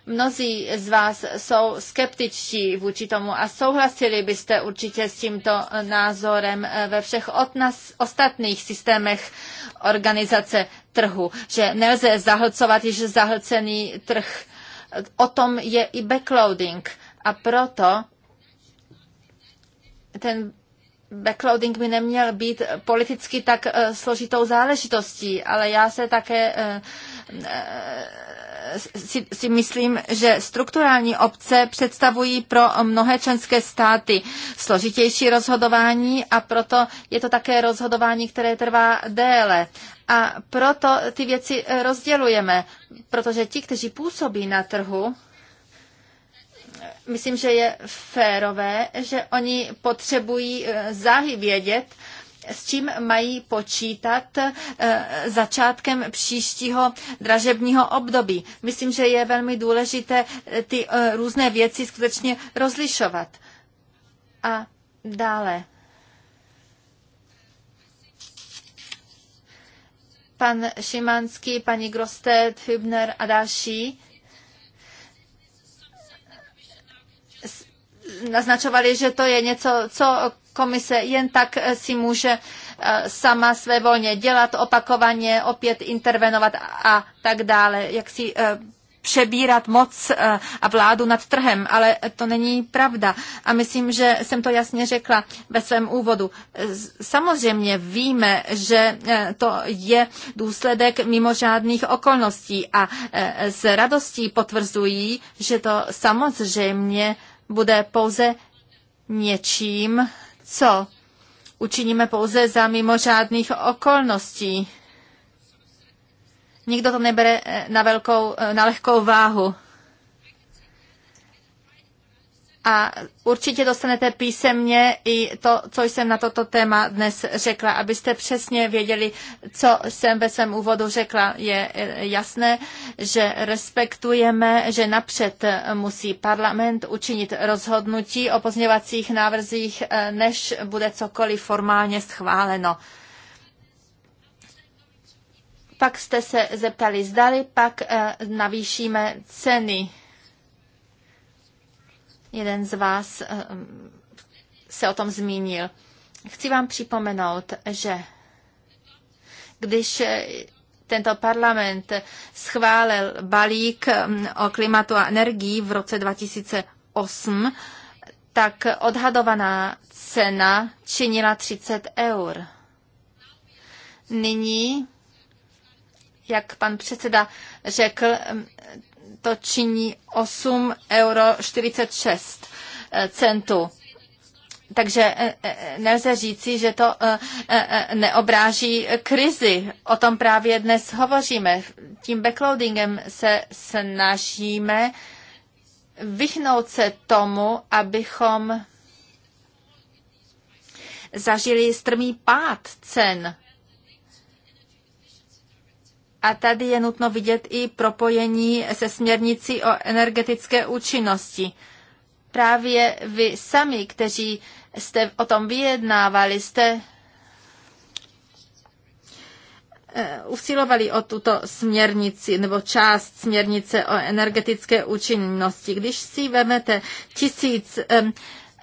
Mnozí z vás jsou skeptičtí vůči tomu a souhlasili byste určitě s tímto názorem eh, ve všech odnas, ostatních systémech organizace trhu, že nelze zahlcovat již zahlcený trh. O tom je i backloading a proto ten backloading by neměl být politicky tak eh, složitou záležitostí, ale já se také eh, si, si myslím, že strukturální obce představují pro mnohé členské státy složitější rozhodování a proto je to také rozhodování, které trvá déle. A proto ty věci rozdělujeme, protože ti, kteří působí na trhu, myslím, že je férové, že oni potřebují eh, záhy vědět, s čím mají počítat eh, začátkem příštího dražebního období. Myslím, že je velmi důležité eh, ty eh, různé věci skutečně rozlišovat. A dále. Pan Šimanský, paní Grostet, Hübner a další. naznačovali, že to je něco, co komise jen tak eh, si může eh, sama své volně dělat, opakovaně opět intervenovat a tak dále, jak si eh, přebírat moc a vládu nad trhem, ale to není pravda. A myslím, že jsem to jasně řekla ve svém úvodu. Samozřejmě víme, že to je důsledek mimořádných okolností a s radostí potvrzují, že to samozřejmě bude pouze něčím, co učiníme pouze za mimořádných okolností. Nikdo to nebere eh, na, velkou, eh, na lehkou váhu a určitě dostanete písemně i to, co jsem na toto téma dnes řekla, abyste přesně věděli, co jsem ve svém úvodu řekla. Je e, jasné, že respektujeme, že napřed musí parlament učinit rozhodnutí o pozměvacích návrzích, e, než bude cokoliv formálně schváleno. Pak jste se zeptali, zdali pak e, navýšíme ceny Jeden z vás eh, mm, se o tom zmínil. Chci vám připomenout, že když eh, tento parlament schválil balík mm, o klimatu a energii v roce 2008, tak odhadovaná cena činila 30 eur. Nyní, jak pan předseda řekl, mm, to činí 8,46 euro eh, centů. Takže eh, eh, nelze říci, že to neobráží krizi. O tom právě dnes hovoříme. Tím backloadingem se snažíme vyhnout se tomu, abychom zažili strmý pád cen a tady je nutno vidět i propojení se směrnicí o energetické účinnosti. Právě vy sami, kteří jste o tom vyjednávali, jste eh, usilovali o tuto směrnici nebo část směrnice o energetické účinnosti. Když si vemete tisíc eh,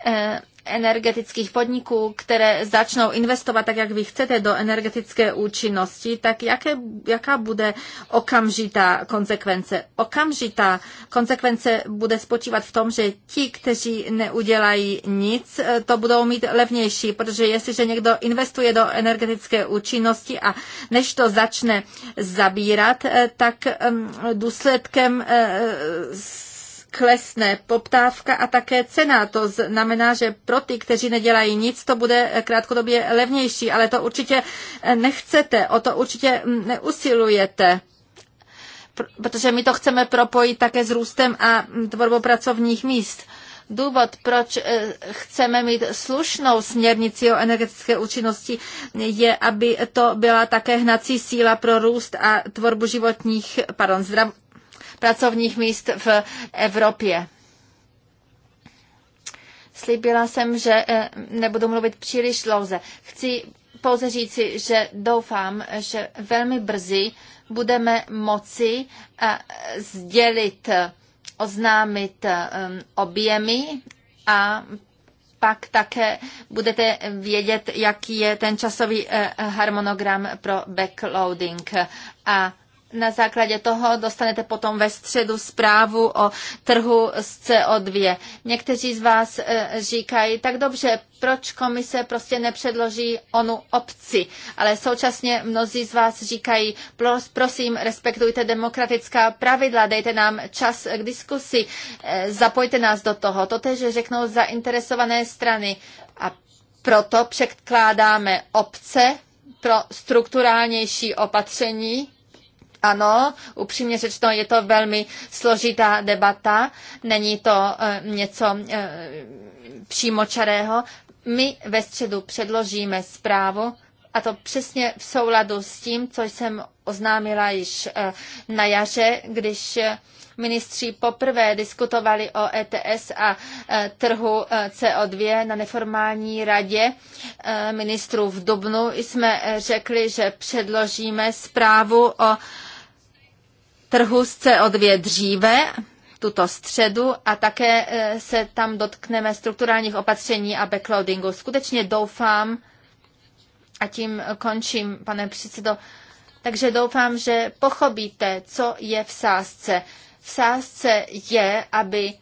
eh, energetických podniků, které začnou investovat tak, jak vy chcete, do energetické účinnosti, tak jaké, jaká bude okamžitá konsekvence? Okamžitá konsekvence bude spočívat v tom, že ti, kteří neudělají nic, to budou mít levnější, protože jestliže někdo investuje do energetické účinnosti a než to začne zabírat, eh, tak ehm, důsledkem eh, klesne poptávka a také cena. To znamená, že pro ty, kteří nedělají nic, to bude krátkodobě levnější, ale to určitě nechcete, o to určitě neusilujete protože my to chceme propojit také s růstem a tvorbou pracovních míst. Důvod, proč eh, chceme mít slušnou směrnici o energetické účinnosti, je, aby to byla také hnací síla pro růst a tvorbu životních, pardon, zdrav, pracovních míst v Evropě. Slíbila jsem, že eh, nebudu mluvit příliš dlouze. Chci pouze říci, že doufám, že velmi brzy budeme moci eh, sdělit, eh, oznámit mm, objemy a pak také budete vědět, jaký je ten časový harmonogram pro backloading. A na základě toho dostanete potom ve středu zprávu o trhu s CO2. Někteří z vás eh, říkají, tak dobře, proč komise prostě nepředloží onu obci, ale současně mnozí z vás říkají, prosím, respektujte demokratická pravidla, dejte nám čas k diskusi, eh, zapojte nás do toho. To tež řeknou zainteresované strany a proto překládáme obce pro strukturálnější opatření, ano, upřímně řečeno, je to velmi složitá debata, není to e, něco e, přímočarého. My ve středu předložíme zprávu, a to přesně v souladu s tím, co jsem oznámila již e, na jaře, když ministři poprvé diskutovali o ETS a trhu CO2 na neformální radě ministrů v Dubnu. Jsme řekli, že předložíme zprávu o trhu z co dříve, tuto středu a také eh, se tam dotkneme strukturálních opatření a backloadingu. Skutečně doufám, a tím končím, pane předsedo, takže doufám, že pochopíte, co je v sázce. V sázce je, aby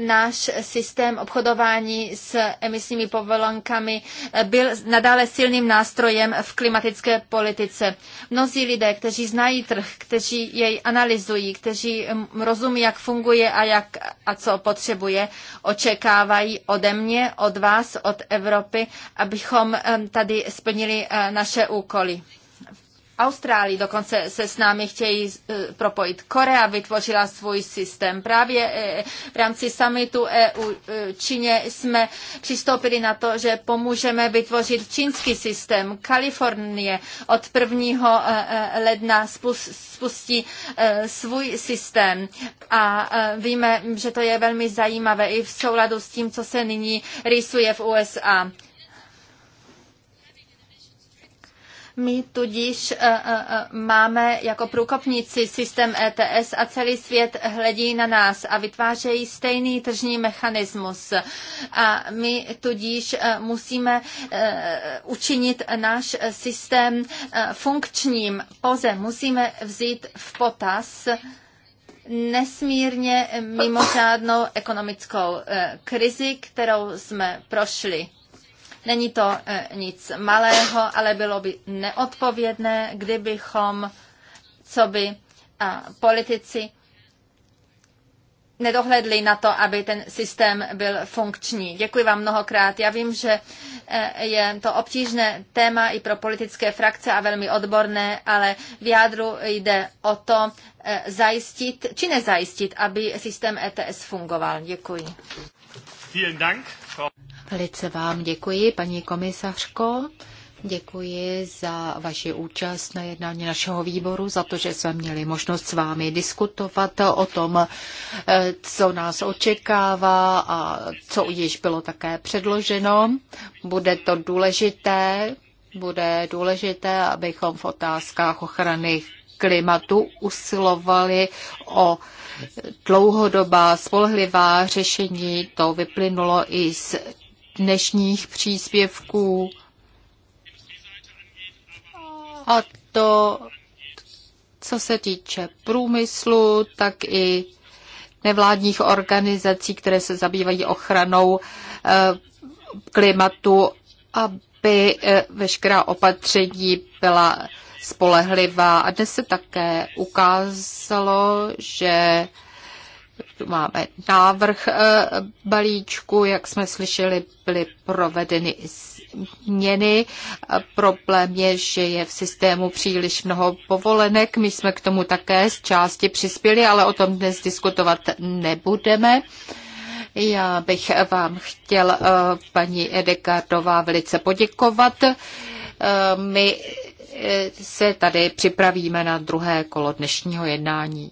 náš systém obchodování s emisními povolenkami byl nadále silným nástrojem v klimatické politice. Mnozí lidé, kteří znají trh, kteří jej analyzují, kteří rozumí, jak funguje a jak a co potřebuje, očekávají ode mě, od vás, od Evropy, abychom tady splnili e, naše úkoly. Austrálii dokonce se s námi chtějí eh, propojit. Korea vytvořila svůj systém. Právě eh, v rámci summitu EU eh, Číně jsme přistoupili na to, že pomůžeme vytvořit čínský systém. Kalifornie od 1. ledna spustí svůj systém a víme, že to je velmi zajímavé i v souladu s tím, co se nyní rýsuje v USA. My tudíž eh, eh, eh, máme jako průkopníci systém ETS a celý svět hledí na nás a vytvářejí stejný tržní mechanismus. A my tudíž musíme učinit náš systém funkčním. Poze musíme vzít v potaz nesmírně mimořádnou ekonomickou krizi, kterou jsme prošli. Není to eh, nic malého, ale bylo by neodpovědné, kdybychom, co by eh, politici nedohledli na to, aby ten systém byl funkční. Děkuji vám mnohokrát. Já vím, že eh, je to obtížné téma i pro politické frakce a velmi odborné, ale v jádru jde o to zajistit či nezajistit, aby systém ETS fungoval. Děkuji. Vielen Dank. Velice vám děkuji, paní komisařko. Děkuji za vaši účast na jednání našeho výboru, za to, že jsme měli možnost s vámi diskutovat o tom, eh, co nás očekává a co již bylo také předloženo. Bude to důležité, bude důležité, abychom v otázkách ochrany klimatu usilovali o dlouhodobá spolehlivá řešení. To vyplynulo i z dnešních příspěvků. A to, co se týče průmyslu, tak i nevládních organizací, které se zabývají ochranou eh, klimatu, aby eh, veškerá opatření byla spolehlivá. A dnes se také ukázalo, že tu máme návrh eh, balíčku, jak jsme slyšeli, byly provedeny změny. Eh, problém je, že je v systému příliš mnoho povolenek. My jsme k tomu také z části přispěli, ale o tom dnes diskutovat nebudeme. Já bych vám chtěl, eh, paní Edekardová, velice poděkovat. My se tady připravíme na druhé kolo dnešního jednání.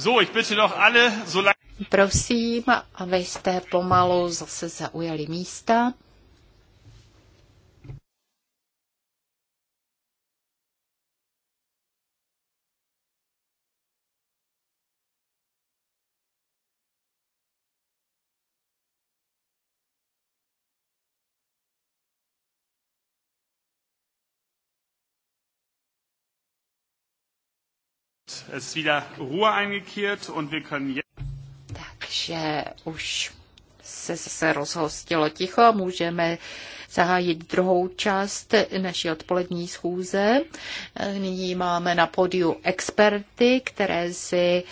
So, ich bitte doch alle, so Prosím, abyste pomalu zase zaujali místa. Es ist wieder Ruhe eingekehrt und wir können jetzt... Takže už se zase rozhostilo ticho a můžeme zahájit druhou část naší odpolední schůze. Nyní máme na podiu experty, které si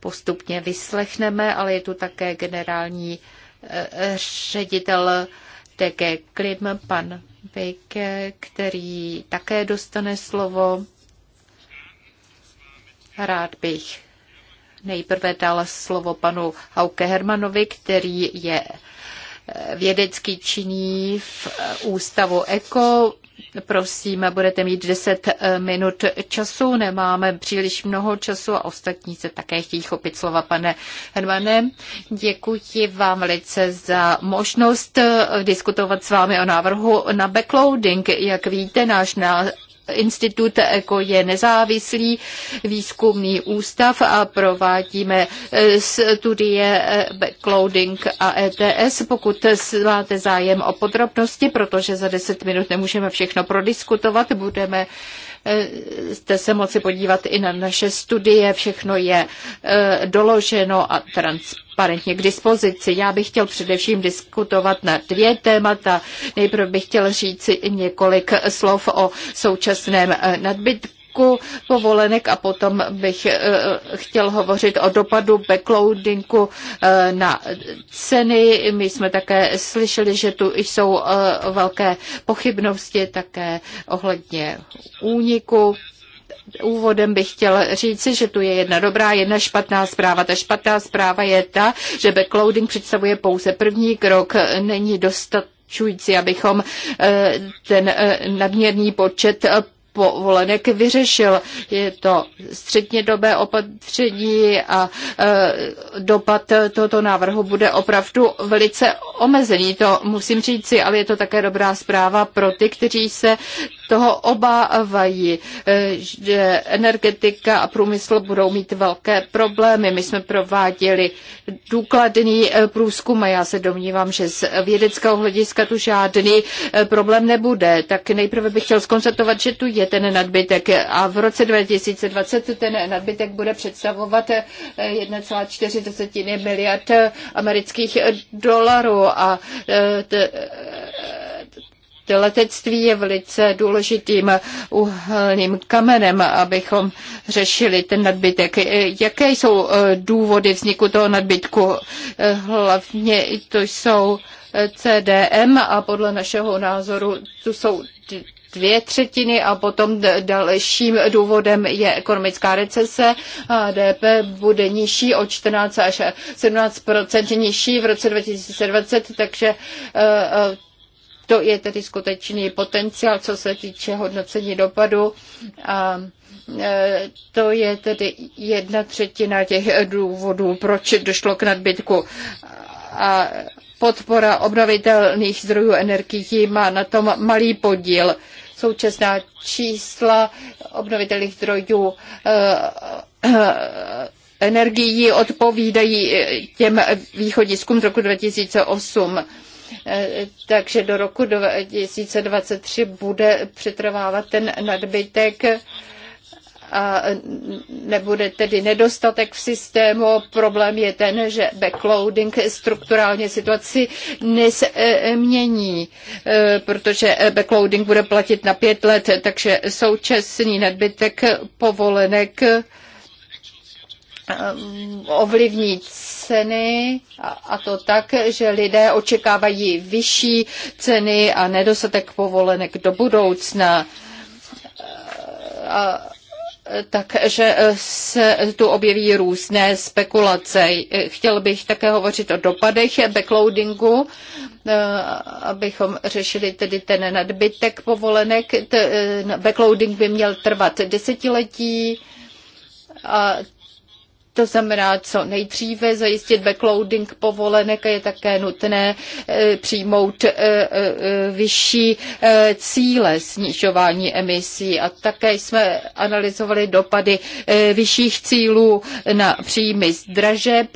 postupně vyslechneme, ale je tu také generální eh, ředitel TG Klim, pan Bejke, který také dostane slovo. Rád bych nejprve dal slovo panu Hauke Hermanovi, který je eh, vědecký činí v eh, ústavu ECO. Prosím, budete mít 10 eh, minut času, nemáme příliš mnoho času a ostatní se také chtějí chopit slova, pane Hermane. Děkuji vám velice za možnost diskutovat s vámi o návrhu na backloading. Jak víte, náš návrh institut ECO jako je nezávislý výzkumný ústav a provádíme e, studie e, clouding a ETS. Pokud máte zájem o podrobnosti, protože za 10 minut nemůžeme všechno prodiskutovat, budeme jste se moci podívat i na naše studie, všechno je eh, doloženo a transparentně k dispozici. Já bych chtěl především diskutovat na dvě témata. Nejprve bych chtěl říct několik slov o současném eh, nadbytku balíčku povolenek a potom bych eh, chtěl hovořit o dopadu backloadingu eh, na ceny. My jsme také slyšeli, že tu jsou eh, velké pochybnosti také ohledně úniku úvodem bych chtěl říci, že tu je jedna dobrá, jedna špatná zpráva. Ta špatná zpráva je ta, že backloading představuje pouze první krok, není dostat abychom ten nadměrný počet povolenek vyřešil. Je to střednědobé opatření a e, dopad tohoto návrhu bude opravdu velice omezený, to musím říci, ale je to také dobrá zpráva pro ty, kteří se toho obávají, eh, že energetika a průmysl budou mít velké problémy. My jsme prováděli důkladný eh, průzkum a já se domnívám, že z vědeckého hlediska tu žádný eh, problém nebude. Tak nejprve bych chtěl skonstatovat, že tu je ten nadbytek a v roce 2020 ten nadbytek bude představovat 1,4 miliard amerických dolarů a letectví je velice důležitým uhelným kamenem, abychom řešili ten nadbytek. Jaké jsou eh, důvody vzniku toho nadbytku? Eh, hlavně to jsou eh, CDM a podle našeho názoru tu jsou dvě třetiny a potom dalším důvodem je ekonomická recese. HDP bude nižší o 14 až 17 nižší v roce 2020, takže to je tedy skutečný potenciál, co se týče hodnocení dopadu. A e, to je tedy jedna třetina těch důvodů, proč došlo k nadbytku. A podpora obnovitelných zdrojů energií má na tom malý podíl. Současná čísla obnovitelných zdrojů e, e, energií odpovídají těm východiskům z roku 2008. Eh, takže do roku 2023 bude přetrvávat ten nadbytek a nebude tedy nedostatek v systému. Problém je ten, že backloading strukturálně situaci nezmění, eh, protože backloading bude platit na pět let, takže současný nadbytek povolenek Eh, ovlivní ceny a to tak, že lidé očekávají vyšší ceny a nedostatek povolenek do budoucna. Eh, a takže se tu objeví různé spekulace. Chtěl bych také hovořit o dopadech backloadingu, eh, abychom řešili tedy ten nadbytek povolenek. Backloading by měl trvat desetiletí a to znamená, co nejdříve zajistit backloading povolenek a je také nutné e, přijmout e, e, vyšší cíle snižování emisí. A také jsme analyzovali dopady vyšších cílů na příjmy z dražeb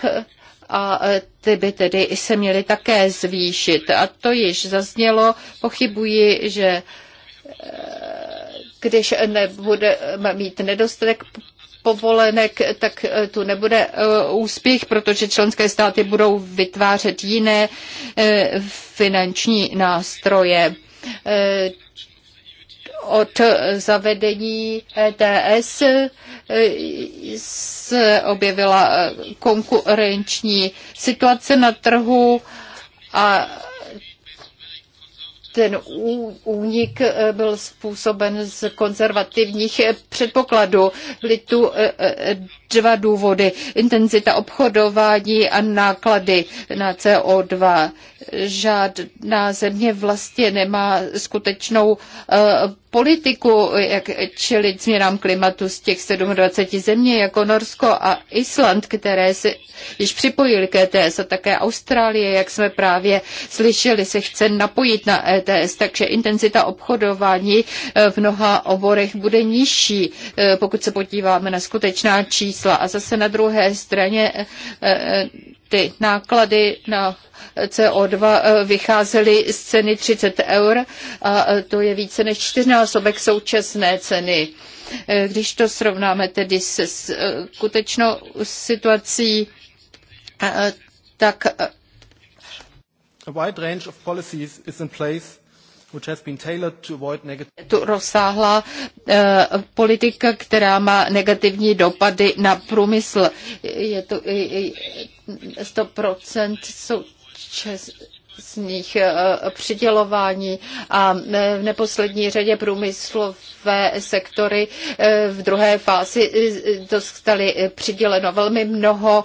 a ty by tedy se měly také zvýšit. A to již zaznělo, pochybuji, že když nebudeme mít nedostatek povolenek, tak eh, tu nebude eh, úspěch, protože členské státy budou vytvářet jiné eh, finanční nástroje. Od zavedení ETS se objevila konkurenční situace na trhu a ten únik eh, byl způsoben z konzervativních eh, předpokladů. Byly tu eh, dva důvody. Intenzita obchodování a náklady na CO2. Žádná země vlastně nemá skutečnou eh, politiku, jak čelit změnám klimatu z těch 27 zemí, jako Norsko a Island, které se již připojili k ETS a také Austrálie, jak jsme právě slyšeli, se chce napojit na ETS, takže intenzita obchodování eh, v mnoha oborech bude nižší, eh, pokud se podíváme na skutečná čísla čísla. A zase na druhé straně eh, eh, ty náklady na CO2 eh, vycházely z ceny 30 eur a to je více než čtyřnásobek současné ceny. Když to srovnáme tedy se skutečnou situací, tak A wide range of policies is in place tu rozsáhlá eh, politika, která má negativní dopady na průmysl. Je to 100% součas, z nich eh, přidělování a eh, v neposlední řadě průmyslové sektory eh, v druhé fázi dostali přiděleno velmi mnoho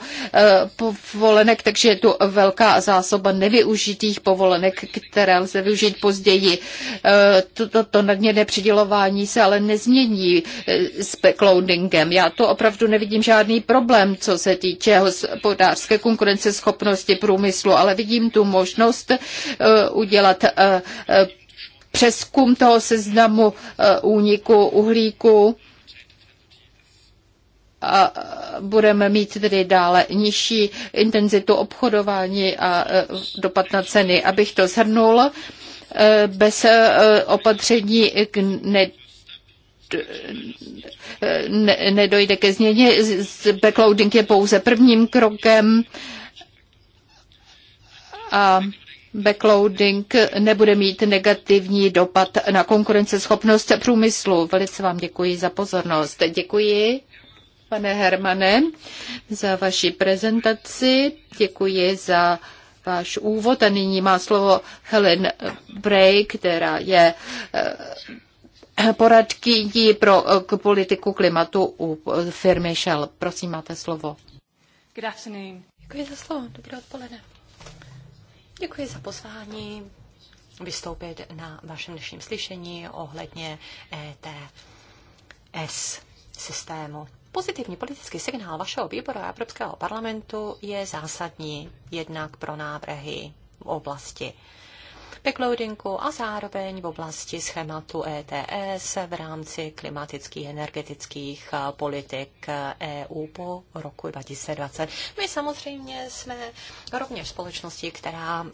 povolenek, takže je tu velká zásoba nevyužitých povolenek, které lze využít později. Toto to nadměrné přidělování se ale nezmění s backloadingem. Já to opravdu nevidím žádný problém, co se týče hospodářské konkurenceschopnosti průmyslu, ale vidím tu možnost, možnost eh, udělat eh, eh, přeskum toho seznamu úniku uhlíku a budeme mít tedy dále nižší intenzitu obchodování a dopad na ceny. Abych to zhrnul, bez opatření k ne nedojde ke změně. Backloading je pouze prvním krokem a backloading nebude mít negativní dopad na konkurenceschopnost průmyslu. Velice vám děkuji za pozornost. Děkuji. Pane Hermane, za vaši prezentaci, děkuji za váš úvod a nyní má slovo Helen Bray, která je eh, poradkyní pro eh, politiku klimatu u firmy Shell. Prosím, máte slovo. Good afternoon. Děkuji za slovo. Dobré odpoledne. Děkuji za pozvání vystoupit na vašem dnešním slyšení ohledně ETS systému. Pozitivní politický signál vašeho výboru a Evropského parlamentu je zásadní jednak pro návrhy v oblasti backloadingu a zároveň v oblasti schématu ETS v rámci klimatických energetických eh, politik EU eh, e po roku 2020. My samozřejmě jsme rovněž společností, která um,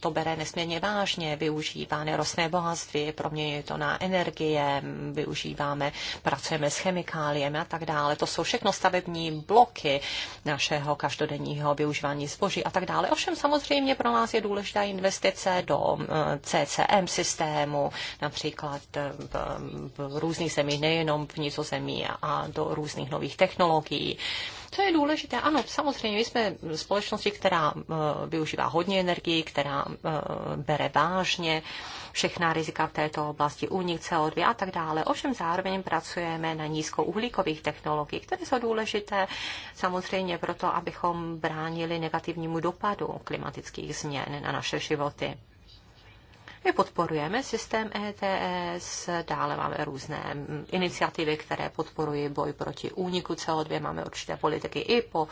to bere nesmírně vážně, využívá nerostné bohatství, proměňuje to na energie, využíváme, pracujeme s chemikáliemi a tak dále. To jsou všechno stavební bloky našeho každodenního využívání zboží a tak dále. Ovšem samozřejmě pro nás je důležitá investice do CCM systému, například eh, v, v různých zemích, nejenom v Nizozemí a do různých nových technologií. Co je důležité? Ano, samozřejmě, my jsme společnosti, která eh, využívá hodně energii, která eh, bere vážně všechna rizika v této oblasti, únik CO2 a tak dále. Ovšem zároveň pracujeme na nízkouhlíkových technologiích, které jsou důležité samozřejmě proto, abychom bránili negativnímu dopadu klimatických změn na naše životy. My podporujeme systém ETS, dále máme různé mm, iniciativy, které podporují boj proti úniku CO2, máme určité politiky i po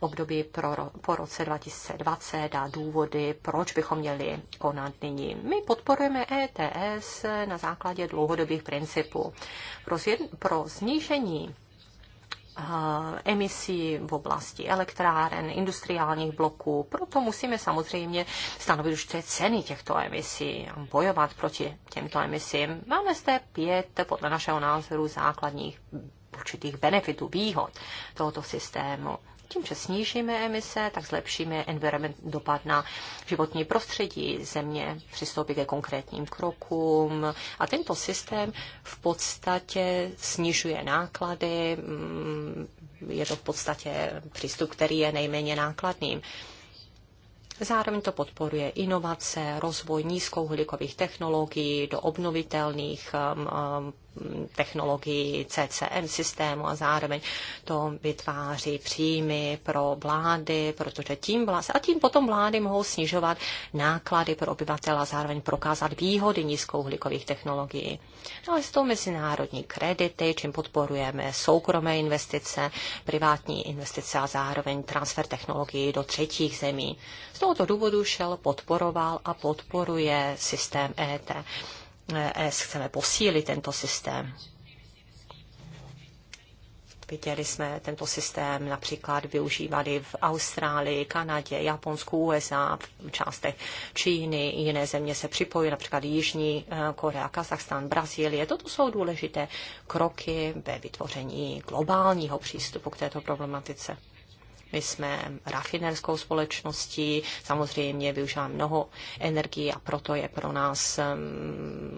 období pro, po roce 2020 a důvody, proč bychom měli konat nyní. My podporujeme ETS na základě dlouhodobých principů. Pro, zjed, pro snížení Eh, emisí v oblasti elektráren, industriálních bloků. Proto musíme samozřejmě stanovit už té ceny těchto emisí a bojovat proti těmto emisím. Máme zde pět, podle našeho názoru, základních určitých benefitů, výhod tohoto systému. Tím, že snížíme emise, tak zlepšíme environment dopad na životní prostředí země, přistoupí ke konkrétním krokům. A tento systém v podstatě snižuje náklady, mm, je to v podstatě přístup, který je nejméně nákladným. Zároveň to podporuje inovace, rozvoj nízkouhlíkových technologií do obnovitelných um, um technologii CCM systému a zároveň to vytváří příjmy pro vlády, protože tím vlády, a tím potom vlády mohou snižovat náklady pro obyvatele a zároveň prokázat výhody nízkouhlíkových technologií. No ale tou mezinárodní kredity, čím podporujeme soukromé investice, privátní investice a zároveň transfer technologií do třetích zemí. Z tohoto důvodu šel podporoval a podporuje systém ET. ES, chceme posílit tento systém. Viděli jsme tento systém například využívali v Austrálii, Kanadě, Japonsku, USA, v částech Číny, jiné země se připojují, například Jižní e, Korea, Kazachstán, Brazílie. Toto jsou důležité kroky ve vytvoření globálního přístupu k této problematice. My jsme rafinerskou společností, samozřejmě využíváme mnoho energie a proto je pro nás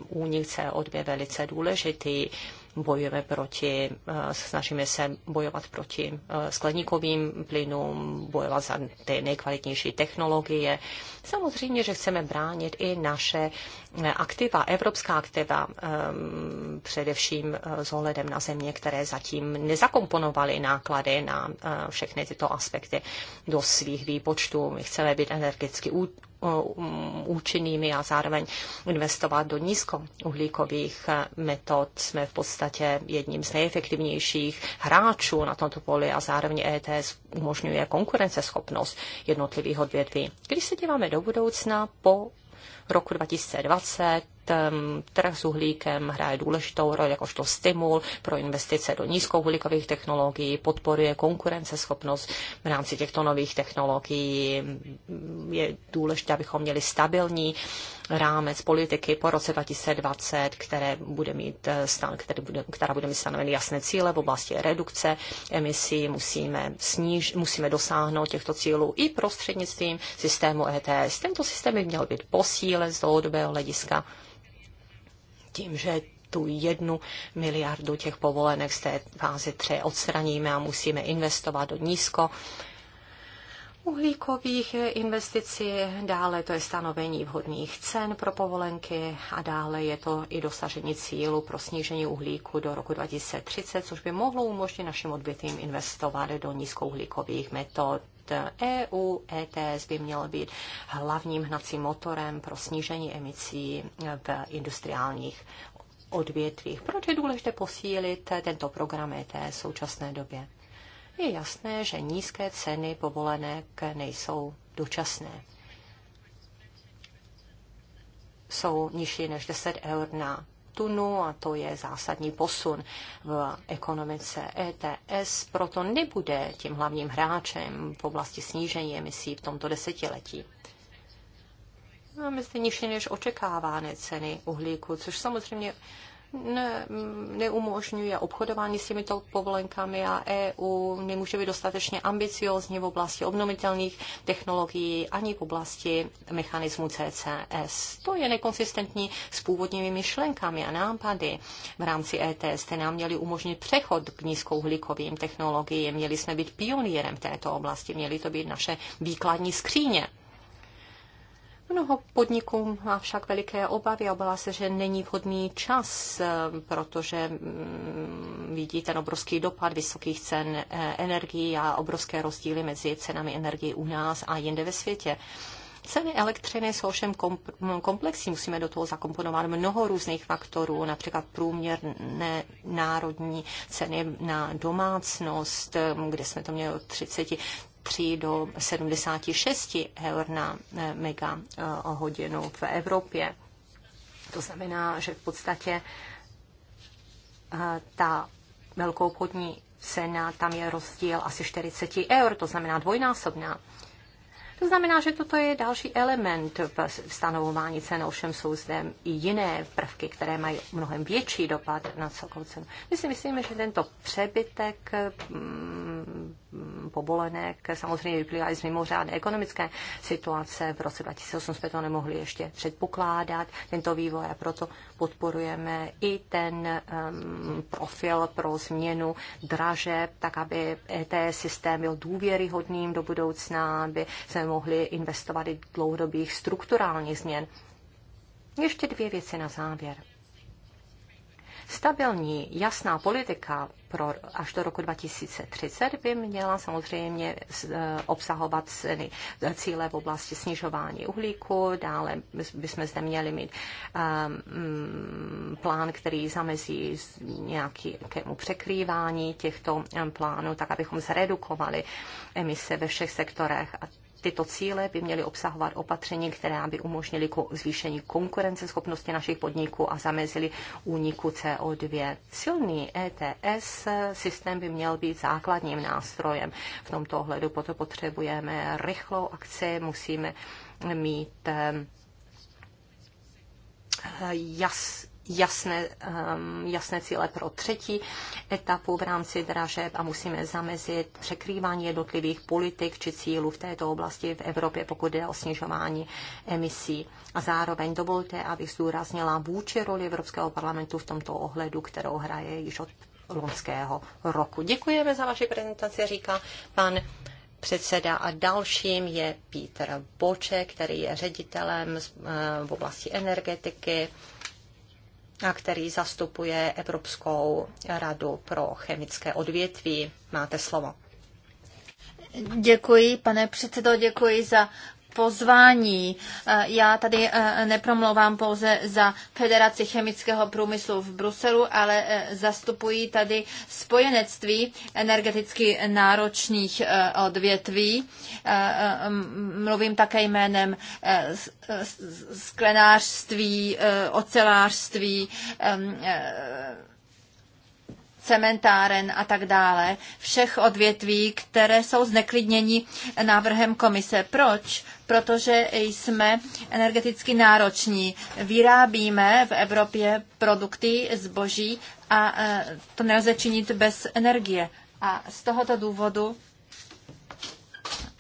únik CO2 velice důležitý bojujeme proti, eh, snažíme se bojovat proti eh, skleníkovým plynům, bojovat za ty nejkvalitnější technologie, Samozřejmě, že chceme bránit i naše eh, aktiva, evropská aktiva, ehm, především eh, s ohledem na země, které zatím nezakomponovaly náklady na eh, všechny tyto aspekty do svých výpočtů. My chceme být energeticky um, účinnými a zároveň investovat do nízkouhlíkových metod. Jsme v podstatě jedním z nejefektivnějších hráčů na tomto poli a zároveň ETS umožňuje konkurenceschopnost jednotlivých odvětví. Když se díváme do budoucna po roku 2020 ehm, trh s uhlíkem hraje důležitou roli jakožto stimul pro investice do nízkouhlíkových technologií, podporuje konkurenceschopnost v rámci těchto nových technologií. Je důležité, abychom měli stabilní rámec politiky po roce 2020, které bude mít eh, stan, který bude, která bude mít stanoveny jasné cíle v oblasti redukce emisí, musíme, sníž, musíme dosáhnout těchto cílů i prostřednictvím systému ETS. Tento systém by měl být posílen z dlouhodobého hlediska tím, že tu jednu miliardu těch povolenek z té fáze 3 odstraníme a musíme investovat do nízko uhlíkových investicí, dále to je stanovení vhodných cen pro povolenky a dále je to i dosažení cílu pro snížení uhlíku do roku 2030, což by mohlo umožnit našim odvětvím investovat do nízkouhlíkových metod. EU ETS by měl být hlavním hnacím motorem pro snížení emisí v industriálních odvětvích. Proč je důležité posílit tento program ETS v současné době? je jasné, že nízké ceny povolenek nejsou dočasné. Jsou nižší než 10 eur na tunu a to je zásadní posun v ekonomice ETS, proto nebude tím hlavním hráčem v oblasti snížení emisí v tomto desetiletí. Máme zde nižší než očekávané ceny uhlíku, což samozřejmě ne, neumožňuje obchodování s těmito povolenkami a EU nemůže být dostatečně ambiciózní v oblasti obnovitelných technologií ani v oblasti mechanismu CCS. To je nekonsistentní s původními myšlenkami a nápady. V rámci ETS jste nám měli umožnit přechod k nízkouhlíkovým technologiím. Měli jsme být pionýrem v této oblasti, měly to být naše výkladní skříně. Mnoho podniků má však veliké obavy a obává se, že není vhodný čas, eh, protože mm, vidí ten obrovský dopad vysokých cen eh, energií a obrovské rozdíly mezi cenami energie u nás a jinde ve světě. Ceny elektřiny jsou ovšem mm, komplexní, musíme do toho zakomponovat mnoho různých faktorů, například průměrné národní ceny na domácnost, eh, kde jsme to měli od 30 3 do 76 eur na eh, mega eh, hodinu v Evropě. To znamená, že v podstatě eh, ta velkou podní cena, tam je rozdíl asi 40 eur, to znamená dvojnásobná. To znamená, že toto je další element v stanovování cen, ovšem jsou zde i jiné prvky, které mají mnohem větší dopad na celkovou cenu. My si myslíme, že tento přebytek mm, Mm, povolenek samozřejmě i z mimořádné ekonomické situace. V roce 2008 jsme to nemohli ještě předpokládat, tento vývoj, a proto podporujeme i ten um, profil pro změnu dražeb, tak aby ETS systém byl důvěryhodným do budoucna, aby jsme mohli investovat i dlouhodobých strukturálních změn. Ještě dvě věci na závěr. Stabilní, jasná politika pro až do roku 2030 by měla samozřejmě eh, obsahovat ceny, eh, cíle v oblasti snižování uhlíku, dále bychom zde měli mít um, plán, který zamezí nějakému překrývání těchto ehm, plánů, tak abychom zredukovali emise ve všech sektorech a tyto cíle by měly obsahovat opatření, která by umožnily zvýšení konkurenceschopnosti našich podniků a zamezily úniku CO2. Silný ETS systém by měl být základním nástrojem. V tomto ohledu proto potřebujeme rychlou akci, musíme mít eh, jas, jasné, ehm, jasné cíle pro třetí etapu v rámci dražeb a musíme zamezit překrývání jednotlivých politik či cílů v této oblasti v Evropě, pokud jde o snižování emisí. A zároveň dovolte, abych zdůraznila vůči roli Evropského parlamentu v tomto ohledu, kterou hraje již od loňského roku. Děkujeme za vaši prezentaci, říká pan předseda a dalším je Pítr Boček, který je ředitelem ehm, v oblasti energetiky a který zastupuje Evropskou radu pro chemické odvětví. Máte slovo. Děkuji, pane předsedo, děkuji za pozvání. Eh, já tady eh, nepromlouvám pouze za Federaci chemického průmyslu v Bruselu, ale eh, zastupuji tady spojenectví energeticky náročných odvětví. Mluvím také jménem sklenářství, ocelářství, cementáren a tak dále, všech odvětví, které jsou zneklidněni návrhem komise. Proč? protože jsme energeticky nároční. Vyrábíme v Evropě produkty, zboží a e, to nelze činit bez energie. A z tohoto důvodu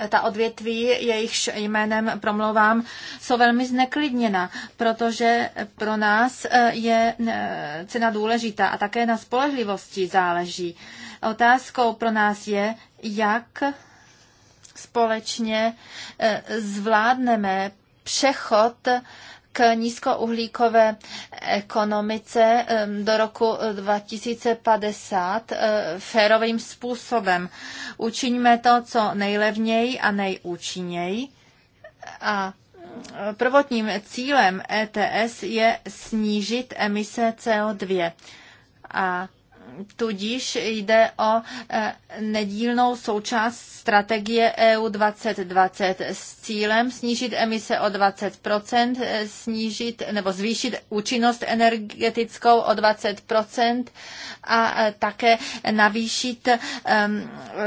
e, ta odvětví, jejichž jménem promlouvám, jsou velmi zneklidněna, protože pro nás e, je cena důležitá a také na spolehlivosti záleží. Otázkou pro nás je, jak společně eh, zvládneme přechod k nízkouhlíkové ekonomice ehm, do roku 2050 eh, eh, férovým způsobem. Učiníme to co nejlevněji a nejúčinněji. A prvotním cílem ETS je snížit emise CO2. A Tudíž jde o e, nedílnou součást strategie EU 2020 s cílem snížit emise o 20 e, snížit nebo zvýšit účinnost energetickou o 20 a e, také navýšit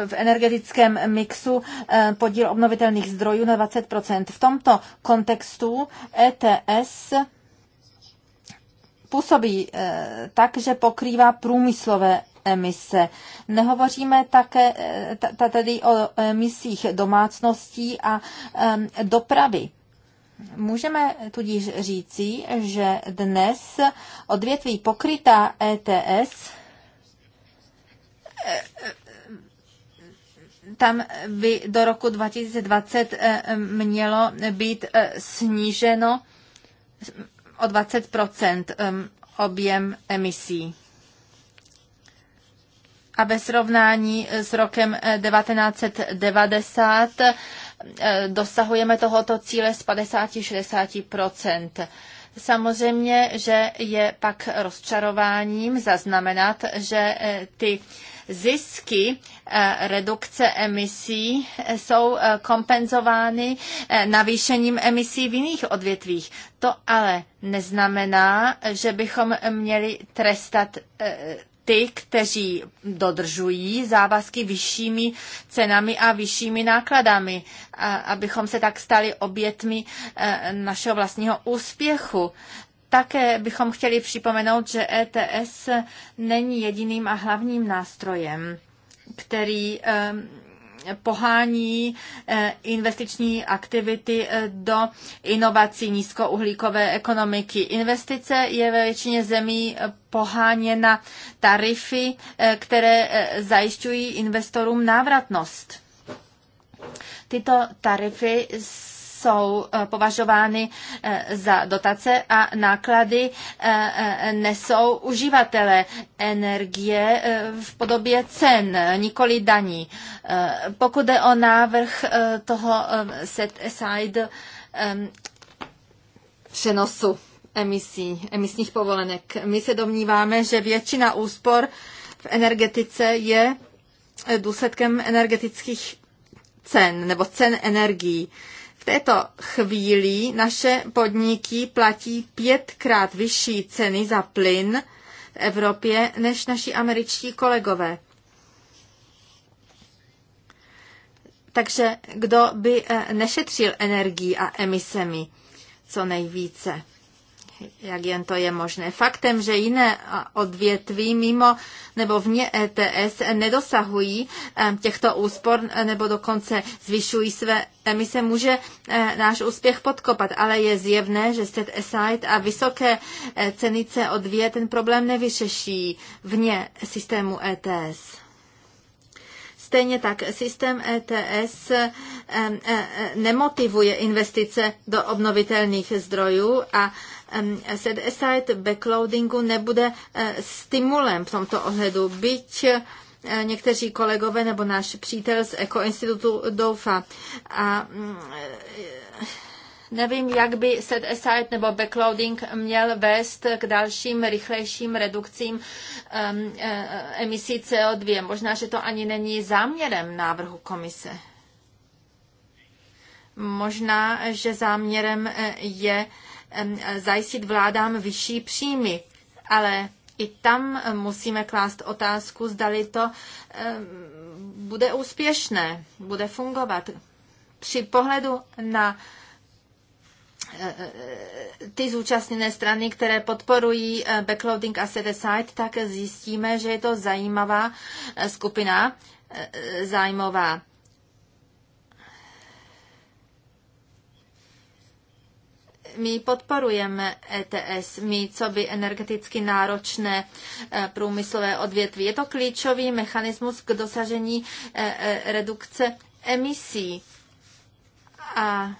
v energetickém mixu podíl obnovitelných zdrojů na 20 V tomto kontextu ETS působí eh, tak, že pokrývá průmyslové emise. Nehovoříme také eh, tady o emisích domácností a eh, dopravy. Můžeme tudíž říci, že dnes odvětví pokrytá ETS tam by do roku 2020 mělo být sníženo o 20 um, objem emisí. A ve srovnání eh, s rokem 1990 eh, eh, dosahujeme tohoto cíle z 50-60 Samozřejmě, že je pak rozčarováním zaznamenat, že ty zisky eh, redukce emisí eh, jsou eh, kompenzovány navýšením emisí v jiných odvětvích. To ale neznamená, že bychom měli trestat ty, kteří dodržují závazky vyššími cenami a vyššími nákladami, abychom se tak stali obětmi našeho vlastního úspěchu. Také bychom chtěli připomenout, že ETS není jediným a hlavním nástrojem, který ehm, pohání e, investiční aktivity e, do inovací nízkouhlíkové ekonomiky. Investice je ve většině zemí e, poháněna tarify, které zajišťují investorům návratnost. Tyto tarify jsou eh, považovány eh, za dotace a náklady eh, nesou uživatelé energie v podobě cen, nikoli daní. Pokud je o návrh toho set aside přenosu emisí, emisních povolenek, my se domníváme, že většina úspor v energetice je důsledkem energetických cen nebo cen energií. V této chvíli naše podniky platí pětkrát vyšší ceny za plyn v Evropě než naši američtí kolegové. Takže kdo by eh, nešetřil energií a emisemi co nejvíce? jak jen to je možné. Faktem, že jiné odvětví mimo nebo vně ETS nedosahují eh, těchto úspor eh, nebo dokonce zvyšují své emise, může eh, náš úspěch podkopat, ale je zjevné, že set aside a vysoké ceny CO2 ten problém nevyřeší vně systému ETS. Stejně tak systém ETS nemotivuje investice do obnovitelných zdrojů a set-aside backloadingu nebude eh, stimulem v tomto ohledu, byť eh, někteří kolegové nebo náš přítel z Ekoinstitutu doufá. A mm, nevím, jak by set aside nebo backloading měl vést k dalším rychlejším redukcím eh, emisí CO2. Možná, že to ani není záměrem návrhu komise. Možná, že záměrem je zajistit vládám vyšší příjmy. Ale i tam musíme klást otázku, zdali to bude úspěšné, bude fungovat. Při pohledu na eh, ty zúčastněné strany, které podporují eh, backloading a set aside, tak zjistíme, že je to zajímavá eh, skupina zájmová. my podporujeme ETS, my co by energeticky náročné e, průmyslové odvětví. Je to klíčový mechanismus k dosažení e, e, redukce emisí. A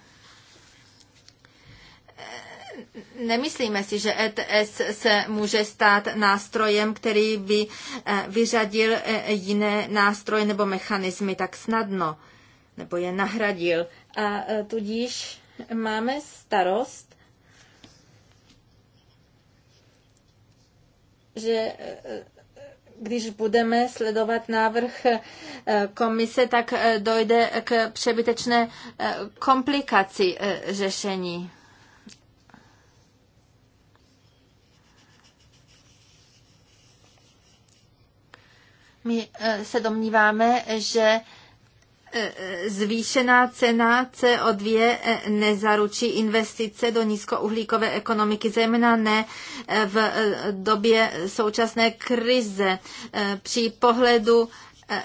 nemyslíme si, že ETS se může stát nástrojem, který by vyřadil jiné nástroje nebo mechanismy tak snadno, nebo je nahradil. A tudíž máme starost, že eh, když budeme sledovat návrh eh, komise, tak eh, dojde k přebytečné komplikaci řešení. My se domníváme, že zvýšená cena CO2 eh, nezaručí investice do nízkouhlíkové ekonomiky, zejména ne eh, v eh, době současné krize. Při pohledu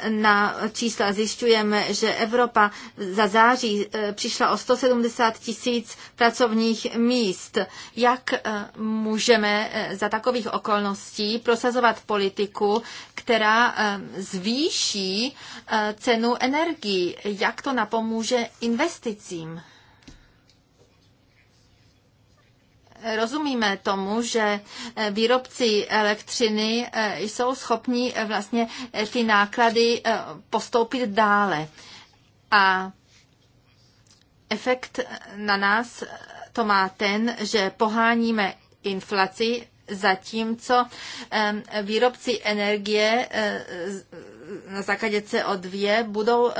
na čísla zjišťujeme, že Evropa za září eh, přišla o 170 tisíc pracovních míst. Jak eh, můžeme eh, za takových okolností prosazovat politiku, která zvýší cenu energii? Jak to napomůže investicím? rozumíme tomu, že eh, výrobci elektřiny eh, jsou schopni eh, vlastně ty náklady postoupit dále. A efekt na nás to má ten, že poháníme inflaci, zatímco výrobci energie na základě CO2 budou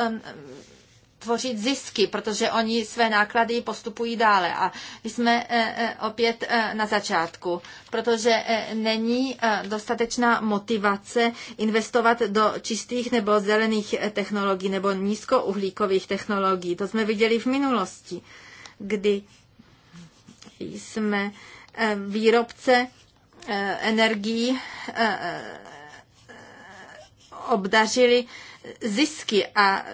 tvořit zisky, protože oni své náklady postupují dále. A jsme eh, eh, opět eh, na začátku, protože není dostatečná motivace investovat do čistých nebo zelených technologií nebo nízkouhlíkových technologií. To jsme viděli v minulosti, kdy jsme výrobce energií obdařili zisky a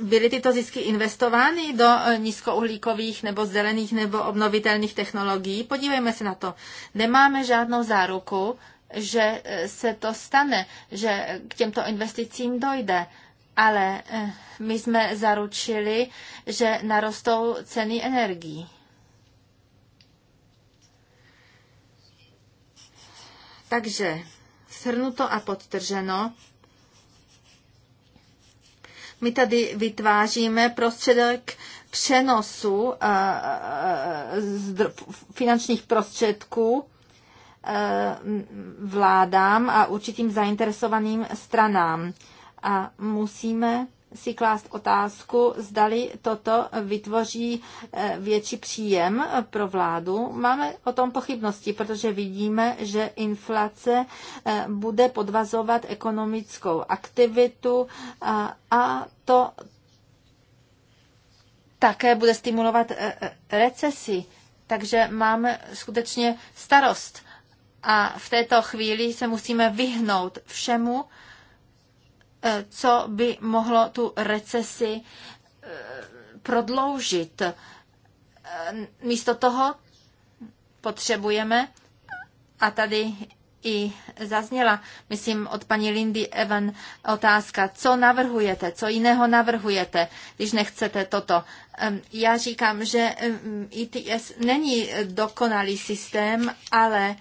byly tyto zisky investovány do e, nízkouhlíkových nebo zelených nebo obnovitelných technologií? Podívejme se na to. Nemáme žádnou záruku, že e, se to stane, že k těmto investicím dojde. Ale e, my jsme zaručili, že narostou ceny energií. Takže shrnuto a podtrženo, my tady vytváříme prostředek přenosu eh, eh, finančních prostředků eh, vládám a určitým zainteresovaným stranám. A musíme si klást otázku, zdali toto vytvoří eh, větší příjem eh, pro vládu. Máme o tom pochybnosti, protože vidíme, že inflace eh, bude podvazovat ekonomickou aktivitu a, a to také bude stimulovat recesi. Takže máme skutečně starost. A v této chvíli se musíme vyhnout všemu, co by mohlo tu recesi eh, prodloužit. Eh, místo toho potřebujeme, a tady i zazněla, myslím, od paní Lindy Evan otázka, co navrhujete, co jiného navrhujete, když nechcete toto. Já říkám, že ETS e není dokonalý systém, ale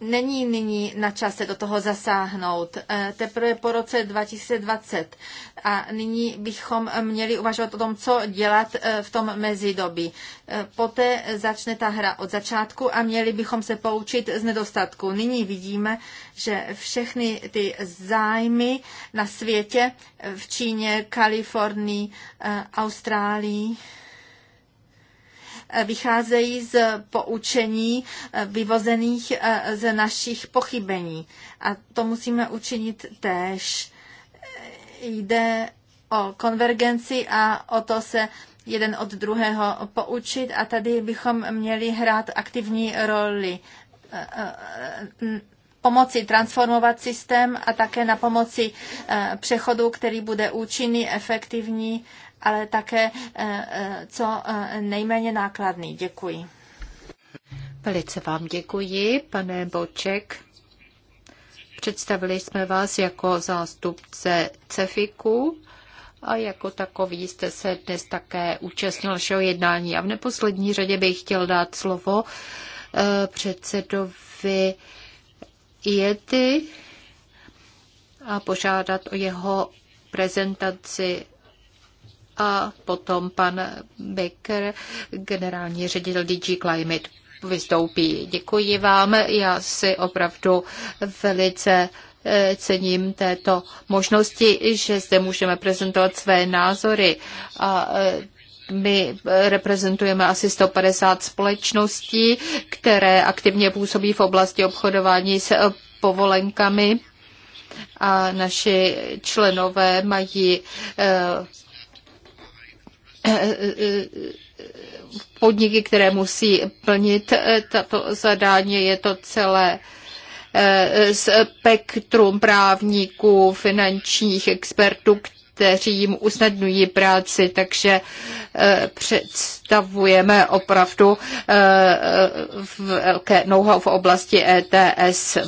není nyní na čase do toho zasáhnout. E, teprve po roce 2020. A nyní bychom měli uvažovat o tom, co dělat e, v tom mezidobí. E, poté začne ta hra od začátku a měli bychom se poučit z nedostatku. Nyní vidíme, že všechny ty zájmy na světě v Číně, Kalifornii, Austrálii, vycházejí z poučení eh, vyvozených eh, z našich pochybení. A to musíme učinit též. Eh, jde o konvergenci a o to se jeden od druhého poučit a tady bychom měli hrát aktivní roli pomoci transformovat systém a také na pomoci přechodu, který bude účinný, efektivní ale také eh, eh, co eh, nejméně nákladný. Děkuji. Velice vám děkuji, pane Boček. Představili jsme vás jako zástupce CEFIKu a jako takový jste se dnes také účastnil našeho jednání. A v neposlední řadě bych chtěl dát slovo předsedovi Jety a požádat o jeho prezentaci a potom pan Becker, generální ředitel DG Climate, vystoupí. Děkuji vám, já si opravdu velice eh, cením této možnosti, že zde můžeme prezentovat své názory a eh, my reprezentujeme asi 150 společností, které aktivně působí v oblasti obchodování s eh, povolenkami a naši členové mají Eh, eh, eh, podniky, které musí plnit tato zadání. Je to celé spektrum právníků, finančních expertů, kteří jim usnadňují práci, takže představujeme opravdu velké know-how v oblasti ETS.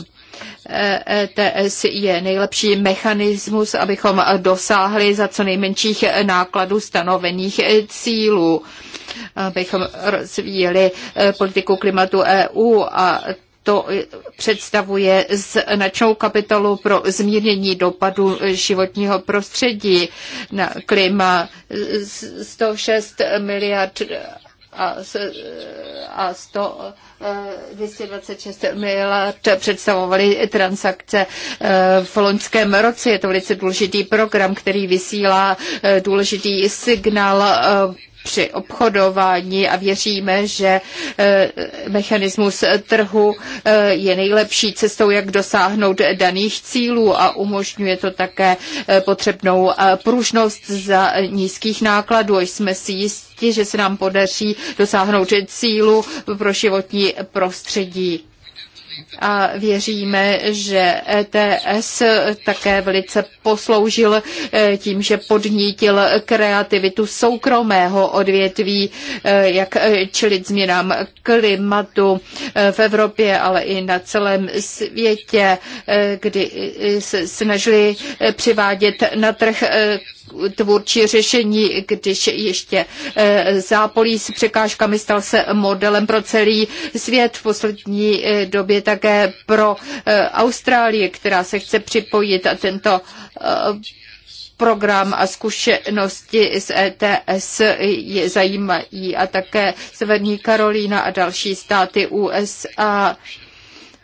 ETS e je nejlepší mechanismus, abychom dosáhli za co nejmenších nákladů stanovených cílů, abychom rozvíjeli e, politiku klimatu EU a to představuje značnou kapitolu pro zmírnění dopadu životního prostředí na klima 106 miliard a, a 100, 226 eh, miliard představovaly transakce eh, v loňském roce. Je to velice důležitý program, který vysílá eh, důležitý signál při obchodování a věříme, že e, mechanismus trhu e, je nejlepší cestou, jak dosáhnout daných cílů a umožňuje to také e, potřebnou pružnost za nízkých nákladů. Jsme si jistí, že se nám podaří dosáhnout cílu pro životní prostředí a věříme, že ETS také velice posloužil eh, tím, že podnítil kreativitu soukromého odvětví, eh, jak eh, čelit změnám klimatu v Evropě, ale i na celém světě, kdy se snažili přivádět na trh tvůrčí řešení, když ještě zápolí s překážkami stal se modelem pro celý svět. V poslední době také pro eh, Austrálii, která se chce připojit a tento eh, program a zkušenosti z ETS je zajímají a také Severní Karolína a další státy USA,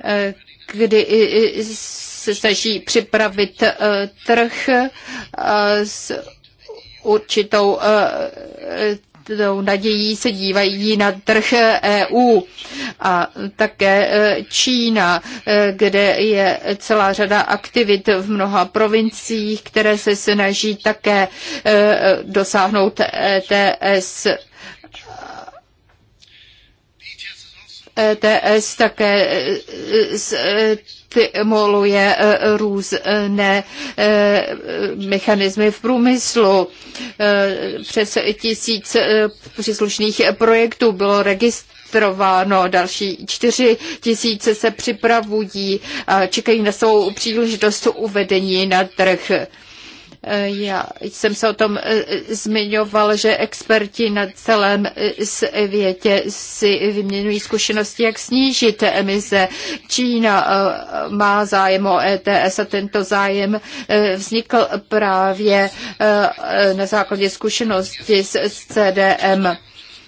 eh, kdy se snaží připravit trh s určitou tou nadějí se dívají na trh EU a také e, Čína, e, kde je celá řada aktivit v mnoha provinciích, které se snaží také e, dosáhnout ETS ETS také stimuluje eh, různé eh, mechanismy v průmyslu. Eh, přes tisíc příslušných projektů bylo registrováno další čtyři tisíce se připravují, čekají na svou příležitost uvedení na trh. Eh, já jsem se o tom eh, zmiňoval, že experti na celém eh, světě si vyměňují zkušenosti, jak snížit emise. Čína má zájem o ETS a tento zájem vznikl právě na základě zkušenosti s CDM.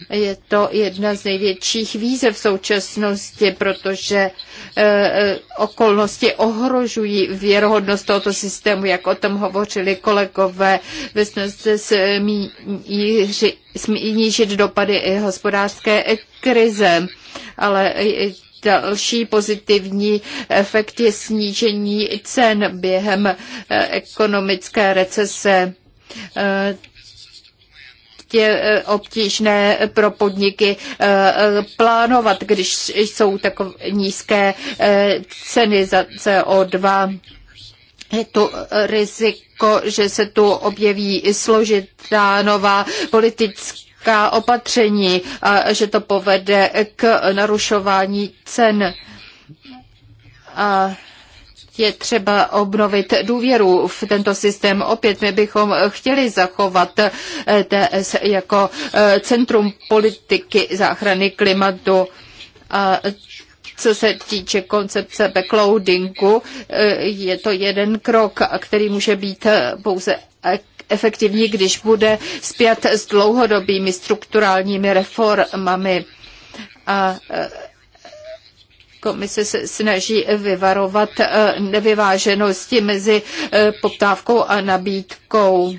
Je to jedna z největších výzev v současnosti, protože e, e, okolnosti ohrožují věrohodnost tohoto systému, jak o tom hovořili kolegové. Ve snaze snížit dopady hospodářské krize, ale Další pozitivní efekt je snížení cen během e, ekonomické recese je e, obtížné pro podniky e, e, plánovat, když jsou takové nízké ceny za CO2. Je to riziko, že se tu objeví i složitá nová politická opatření a že to povede k narušování cen. A je třeba obnovit důvěru v tento systém. Opět my bychom chtěli zachovat eh, TS jako eh, centrum politiky záchrany klimatu. A co se týče koncepce backloadingu, eh, je to jeden krok, který může být pouze efektivní, když bude spjat s dlouhodobými strukturálními reformami. A Komise se snaží vyvarovat eh, nevyváženosti mezi eh, poptávkou a nabídkou.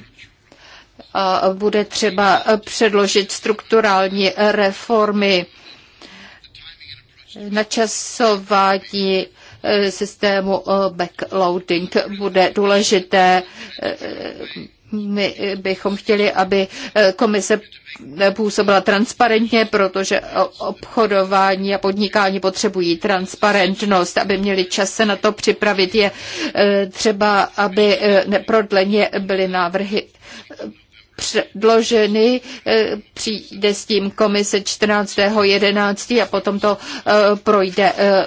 A bude třeba eh, předložit strukturální reformy načasování systému backloading bude důležité my bychom chtěli, aby eh, komise působila transparentně, protože obchodování a podnikání potřebují transparentnost, aby měli čas se na to připravit. Je eh, třeba, aby eh, neprodleně byly návrhy předloženy, eh, přijde s tím komise 14.11. a potom to eh, projde eh,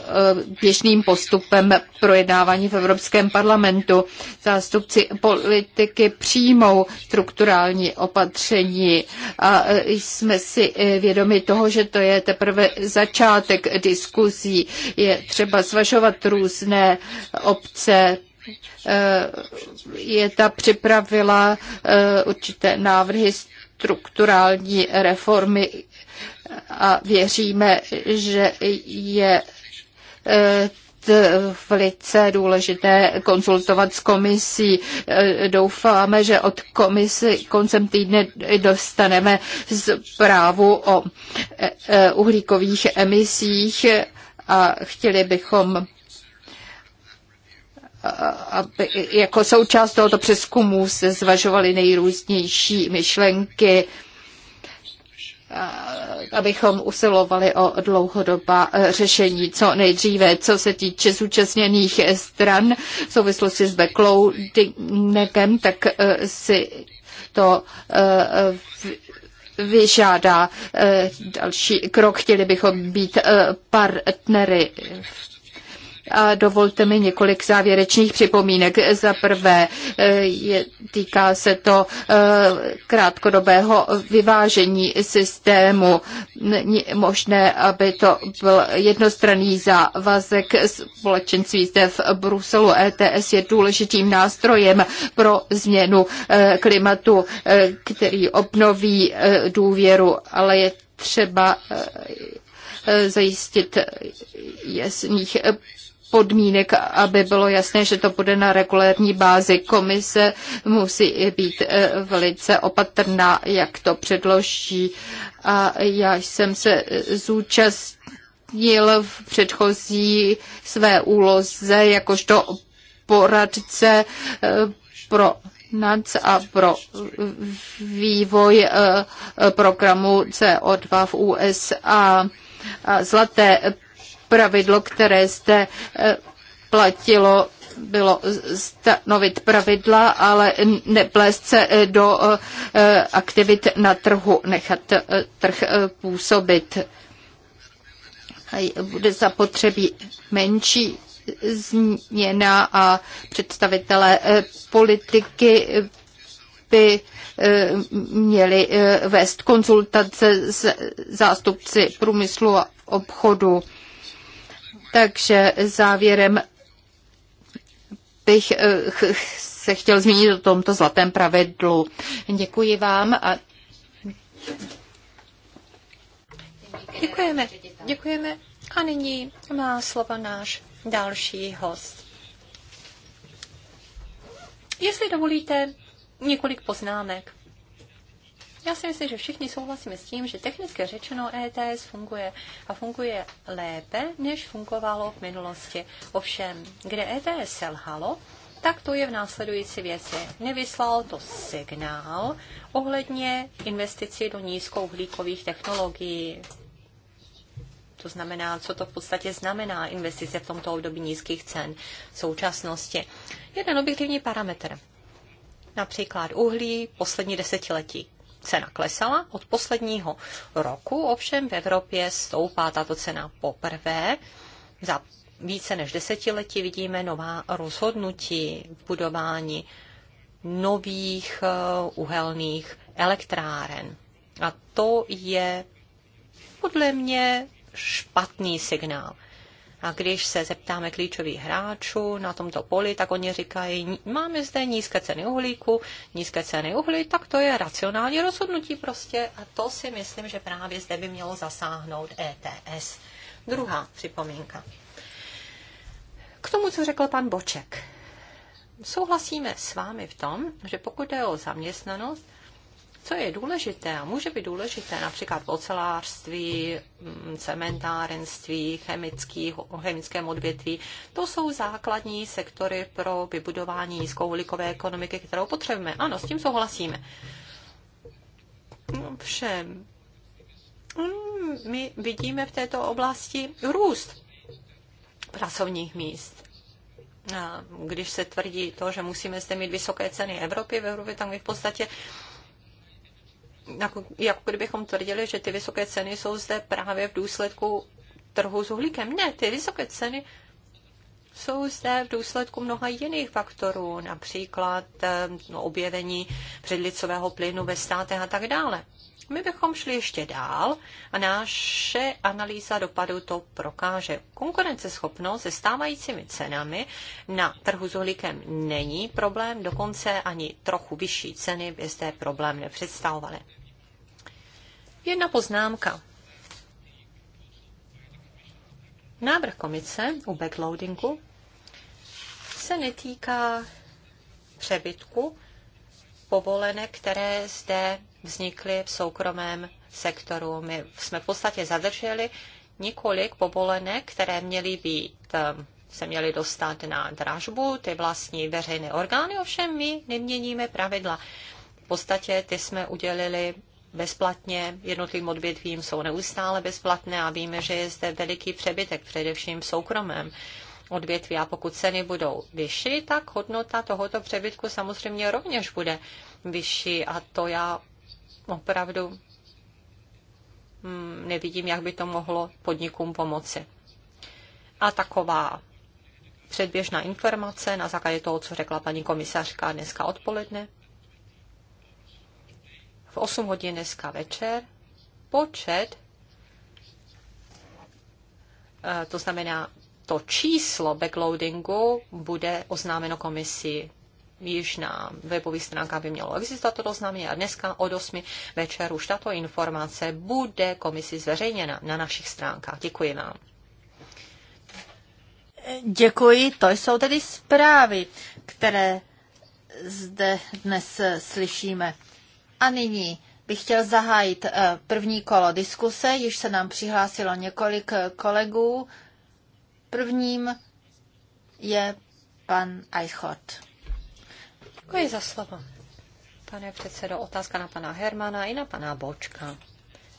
běžným postupem projednávání v Evropském parlamentu. Zástupci politiky přijmou strukturální opatření a jsme si vědomi toho, že to je teprve začátek diskuzí. Je třeba zvažovat různé obce Eh, je ta připravila eh, určité návrhy strukturální reformy a věříme, že je eh, velice důležité konzultovat s komisí. Doufáme, že od komisy koncem týdne dostaneme zprávu o uhlíkových emisích a chtěli bychom aby jako součást tohoto přeskumu se zvažovaly nejrůznější myšlenky, abychom usilovali o dlouhodobá e, řešení co nejdříve. Co se týče zúčastněných stran v souvislosti s backloadingem, tak e, si to e, vyžádá další krok. Chtěli bychom být partnery v a dovolte mi několik závěrečných připomínek. Za prvé, e, je, týká se to e, krátkodobého vyvážení systému. Není možné, aby to byl jednostranný závazek společenství zde v Bruselu. ETS je důležitým nástrojem pro změnu e, klimatu, který obnoví důvěru, ale je třeba zajistit jasných podmínek, aby bylo jasné, že to bude na regulérní bázi. Komise musí být eh, velice opatrná, jak to předloží. A já jsem se zúčastnil v předchozí své úloze jakožto poradce eh, pro NAC a pro vývoj eh, programu CO2 v USA. Zlaté pravidlo, které jste eh, platilo bylo stanovit pravidla, ale neplést se eh, do eh, aktivit na trhu, nechat trh působit. Bude zapotřebí menší změna a představitelé politiky by měli vést konzultace s zástupci průmyslu a obchodu takže závěrem bych eh, se chtěl zmínit o tomto zlatém pravidlu. Děkuji vám a Děkujeme, děkujeme. A nyní má slovo náš další host. Jestli dovolíte, několik poznámek. Já si myslím, že všichni souhlasíme s tím, že technicky řečeno ETS funguje a funguje lépe, než fungovalo v minulosti. Ovšem, kde ETS selhalo, tak to je v následující věci. Nevyslal to signál ohledně investicí do nízkouhlíkových technologií. To znamená, co to v podstatě znamená investice v tomto období nízkých cen v současnosti. Jeden objektivní parametr, například uhlí poslední desetiletí cena klesala. Od posledního roku ovšem v Evropě stoupá tato cena poprvé. Za více než desetiletí vidíme nová rozhodnutí v budování nových eh, uhelných elektráren. A to je podle mě špatný signál. A když se zeptáme klíčových hráčů na tomto poli, tak oni říkají, máme zde nízké ceny uhlíku, nízké ceny uhlí, tak to je racionální rozhodnutí prostě. A to si myslím, že právě zde by mělo zasáhnout ETS. Druhá připomínka. K tomu, co řekl pan Boček. Souhlasíme s vámi v tom, že pokud je o zaměstnanost, co je důležité a může být důležité například v ocelářství, mm, cementárenství, chemických, chemickém odvětví, to jsou základní sektory pro vybudování nízkouhlíkové ekonomiky, kterou potřebujeme. Ano, s tím souhlasíme. No, všem. Mm, my vidíme v této oblasti růst pracovních míst. když se tvrdí to, že musíme zde mít vysoké ceny Evropy, v Evropě tam my v podstatě jako, jako kdybychom tvrdili, že ty vysoké ceny jsou zde právě v důsledku trhu s uhlíkem. Ne, ty vysoké ceny jsou zde v důsledku mnoha jiných faktorů, například eh, no, objevení předlicového plynu ve státech a tak dále. My bychom šli ještě dál a naše analýza dopadu to prokáže. Konkurenceschopnost se stávajícími cenami na trhu s uhlíkem není problém, dokonce ani trochu vyšší ceny by zde problém nepředstavovaly. Jedna poznámka. Návrh komice u backloadingu se netýká přebytku povolenek, které zde vznikly v soukromém sektoru. My jsme v podstatě zadrželi několik povolenek, které měly být eh, se měly dostat na dražbu, ty vlastní veřejné orgány, ovšem my neměníme pravidla. V podstatě ty jsme udělili bezplatně jednotlivým odvětvím, jsou neustále bezplatné a víme, že je zde veliký přebytek, především v soukromém odvětví. A pokud ceny budou vyšší, tak hodnota tohoto přebytku samozřejmě rovněž bude vyšší. A to já opravdu hm, nevidím, jak by to mohlo podnikům pomoci. A taková předběžná informace na základě toho, co řekla paní komisařka dneska odpoledne v 8 hodin dneska večer počet, eh, to znamená to číslo backloadingu bude oznámeno komisi již na webových stránkách by mělo existovat to oznámení a dneska od 8 večer už tato informace bude komisi zveřejněna na našich stránkách. Děkuji vám. Děkuji, to jsou tedy zprávy, které zde dnes slyšíme. A nyní bych chtěl zahájit eh, první kolo diskuse, již se nám přihlásilo několik eh, kolegů. Prvním je pan Eichhort. Děkuji za slovo. Pane předsedo, otázka na pana Hermana i na pana Bočka.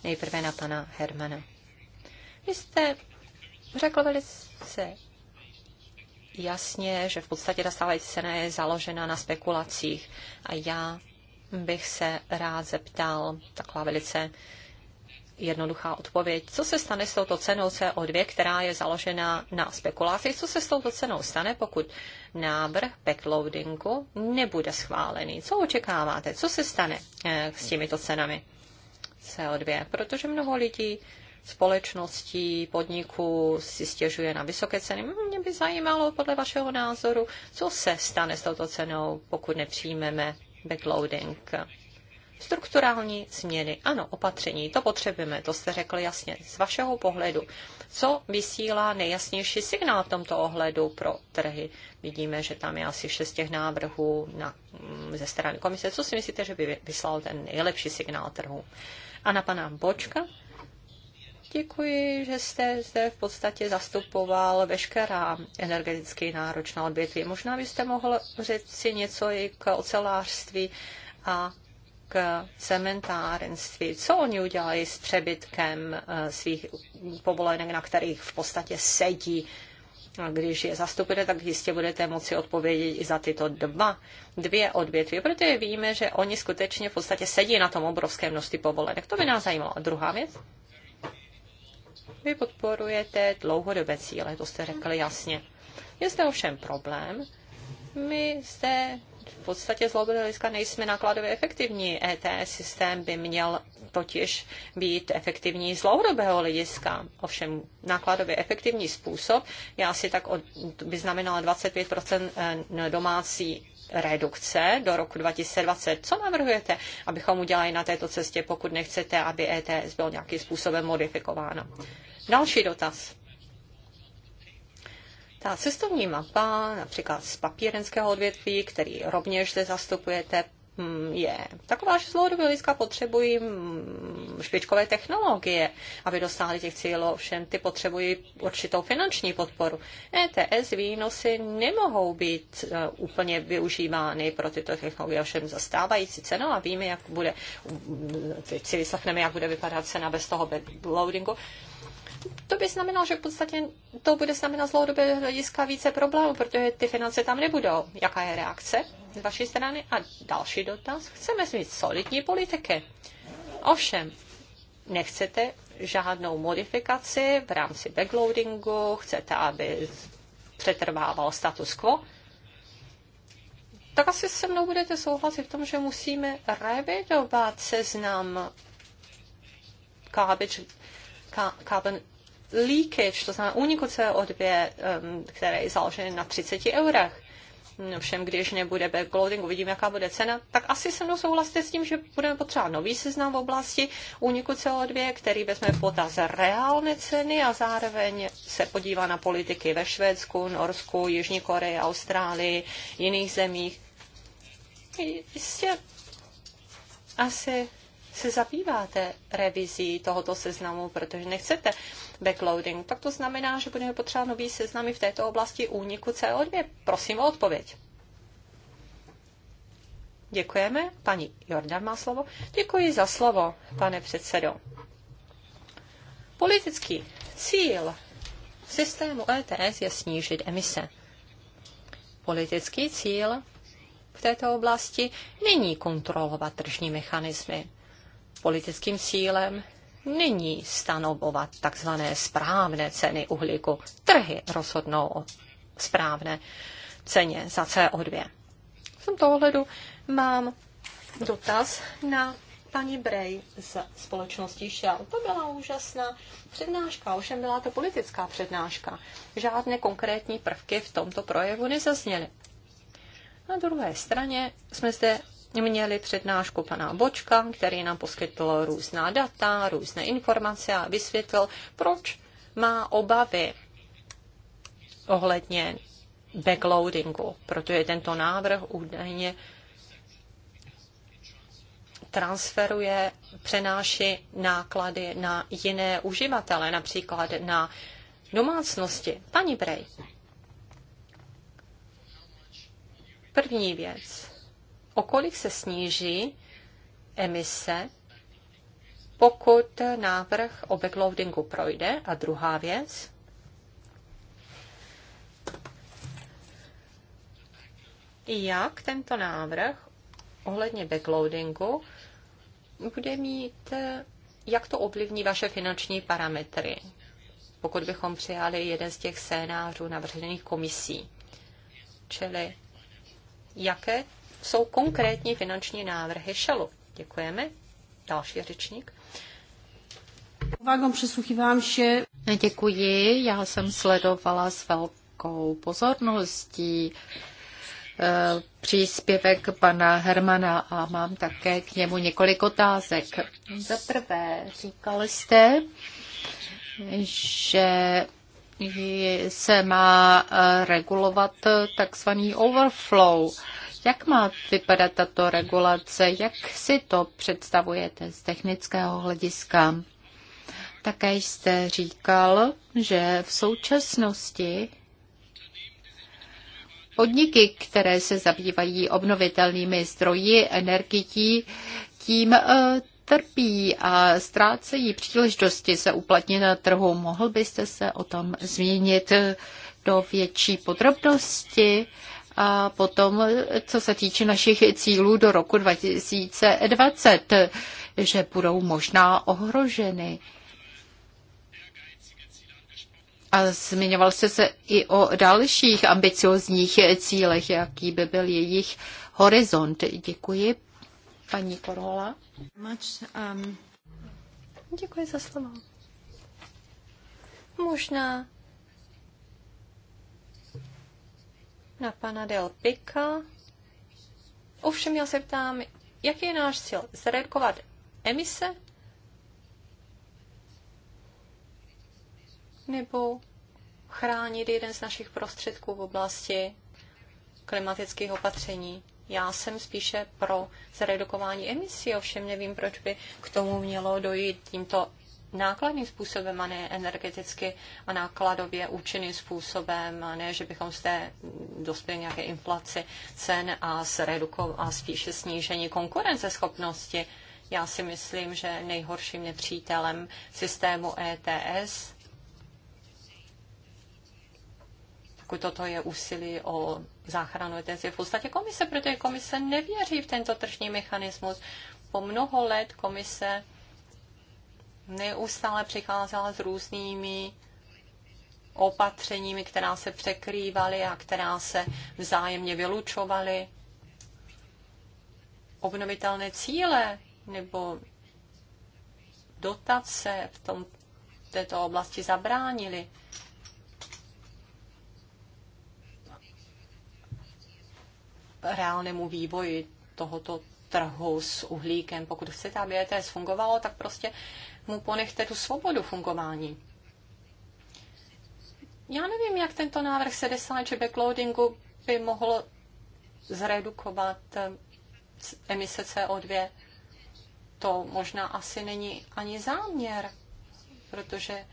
Nejprve na pana Hermana. Vy jste řekl velice jasně, že v podstatě ta stávající cena je založena na spekulacích. A já bych se rád zeptal, taková velice jednoduchá odpověď. Co se stane s touto cenou CO2, která je založena na spekulaci? Co se s touto cenou stane, pokud návrh backloadingu nebude schválený? Co očekáváte? Co se stane eh, s těmito cenami CO2? Protože mnoho lidí společností, podniků si stěžuje na vysoké ceny. Mě by zajímalo podle vašeho názoru, co se stane s touto cenou, pokud nepřijmeme backloading. Strukturální změny, ano, opatření, to potřebujeme, to jste řekl jasně. Z vašeho pohledu, co vysílá nejjasnější signál v tomto ohledu pro trhy? Vidíme, že tam je asi šest těch návrhů na, mm, ze strany komise. Co si myslíte, že by vyslal ten nejlepší signál trhu? A na pana Bočka Děkuji, že jste zde v podstatě zastupoval veškerá energeticky náročná odvětví. Možná byste mohl říct si něco i k ocelářství a k cementárenství. Co oni udělají s přebytkem eh, svých povolenek, na kterých v podstatě sedí? A když je zastupíte, tak jistě budete moci odpovědět i za tyto dva, dvě odvětví, protože víme, že oni skutečně v podstatě sedí na tom obrovském množství povolenek. To by nás zajímalo. A druhá věc, vy podporujete dlouhodobé cíle, to jste řekli jasně. Je zde ovšem problém. My zde v podstatě z hlediska nejsme nákladově efektivní. ETS systém by měl totiž být efektivní z dlouhodobého hlediska. Ovšem nákladově efektivní způsob je asi tak od, by znamenala 25 eh, domácí redukce do roku 2020. Co navrhujete, abychom udělali na této cestě, pokud nechcete, aby ETS byl nějakým způsobem modifikováno? Další dotaz. Ta cestovní mapa, například z papírenského odvětví, který rovněž zde zastupujete, Mm, je taková, že z dlouhodobého hlediska potřebují mm, špičkové technologie, aby dosáhli těch cílů, ovšem ty potřebují určitou finanční podporu. ETS výnosy nemohou být e, úplně využívány pro tyto technologie, ovšem zastávající cenu a víme, jak bude, mm, teď si vyslechneme, jak bude vypadat cena bez toho backloadingu to by znamenalo, že v podstatě to bude znamenat z dlouhodobého hlediska více problémů, protože ty finance tam nebudou. Jaká je reakce z vaší strany? A další dotaz. Chceme mít solidní politiky. Ovšem, nechcete žádnou modifikaci v rámci backloadingu, chcete, aby přetrvával status quo, tak asi se mnou budete souhlasit v tom, že musíme revidovat seznam garbage, carbon leakage, to znamená úniku CO2, které je založené na 30 eurech. Všem, když nebude backloading, uvidím, jaká bude cena, tak asi se mnou souhlasíte s tím, že budeme potřebovat nový seznam v oblasti úniku CO2, který vezme v potaz reálné ceny a zároveň se podívá na politiky ve Švédsku, Norsku, Jižní Koreji, Austrálii, jiných zemích. Jistě asi se zabýváte revizí tohoto seznamu, protože nechcete backloading, tak to znamená, že budeme potřebovat nový seznamy v této oblasti úniku CO2. Prosím o odpověď. Děkujeme. Paní Jordan má slovo. Děkuji za slovo, pane předsedo. Politický cíl systému ETS je snížit emise. Politický cíl v této oblasti není kontrolovat tržní mechanismy. Politickým cílem není stanovovat takzvané správné ceny uhlíku. Trhy rozhodnou o správné ceně za CO2. V tomto ohledu mám dotaz na paní Bray z společnosti Shell. To byla úžasná přednáška, ovšem byla to politická přednáška. Žádné konkrétní prvky v tomto projevu nezazněly. Na druhé straně jsme zde měli přednášku pana Bočka, který nám poskytl různá data, různé informace a vysvětlil, proč má obavy ohledně backloadingu, protože tento návrh údajně transferuje, přenáší náklady na jiné uživatele, například na domácnosti. Paní Brej, první věc okolik se sníží emise, pokud návrh o backloadingu projde. A druhá věc, jak tento návrh ohledně backloadingu bude mít, jak to ovlivní vaše finanční parametry, pokud bychom přijali jeden z těch scénářů navržených komisí. Čili jaké jsou konkrétní finanční návrhy šelu. Děkujeme. Další řečník. Uvagom přesluchívám se. Děkuji, já jsem sledovala s velkou pozorností eh, příspěvek pana Hermana a mám také k němu několik otázek. Za prvé, říkali jste, že se má eh, regulovat eh, takzvaný overflow jak má vypadat tato regulace? Jak si to představujete z technického hlediska? Také jste říkal, že v současnosti podniky, které se zabývají obnovitelnými zdroji energií, tím eh, trpí a ztrácejí příležitosti se uplatnit na trhu. Mohl byste se o tom zmínit do větší podrobnosti? a potom, co se týče našich cílů do roku 2020, že budou možná ohroženy. A zmiňoval jste se i o dalších ambiciozních cílech, jaký by byl jejich horizont. Děkuji, paní Korhola. Děkuji za slovo. Možná na pana Del Pika. Ovšem já se ptám, jaký je náš cíl? Zredukovat emise? Nebo chránit jeden z našich prostředků v oblasti klimatických opatření? Já jsem spíše pro zredukování emisí, ovšem nevím, proč by k tomu mělo dojít tímto nákladným způsobem a ne energeticky a nákladově účinným způsobem a ne, že bychom zde dospěli nějaké inflaci cen a, redukou a spíše snížení konkurenceschopnosti. Já si myslím, že nejhorším nepřítelem systému ETS pokud toto je úsilí o záchranu ETS, je v podstatě komise, protože komise nevěří v tento tržní mechanismus. Po mnoho let komise neustále přicházela s různými opatřeními, která se překrývaly a která se vzájemně vylučovaly. Obnovitelné cíle nebo dotace v tom, této oblasti zabránili. reálnému vývoji tohoto trhu s uhlíkem. Pokud chcete, aby ETS fungovalo, tak prostě mu ponechte tu svobodu fungování. Já nevím, jak tento návrh 70 či backloadingu by mohl zredukovat eh, emise CO2. To možná asi není ani záměr, protože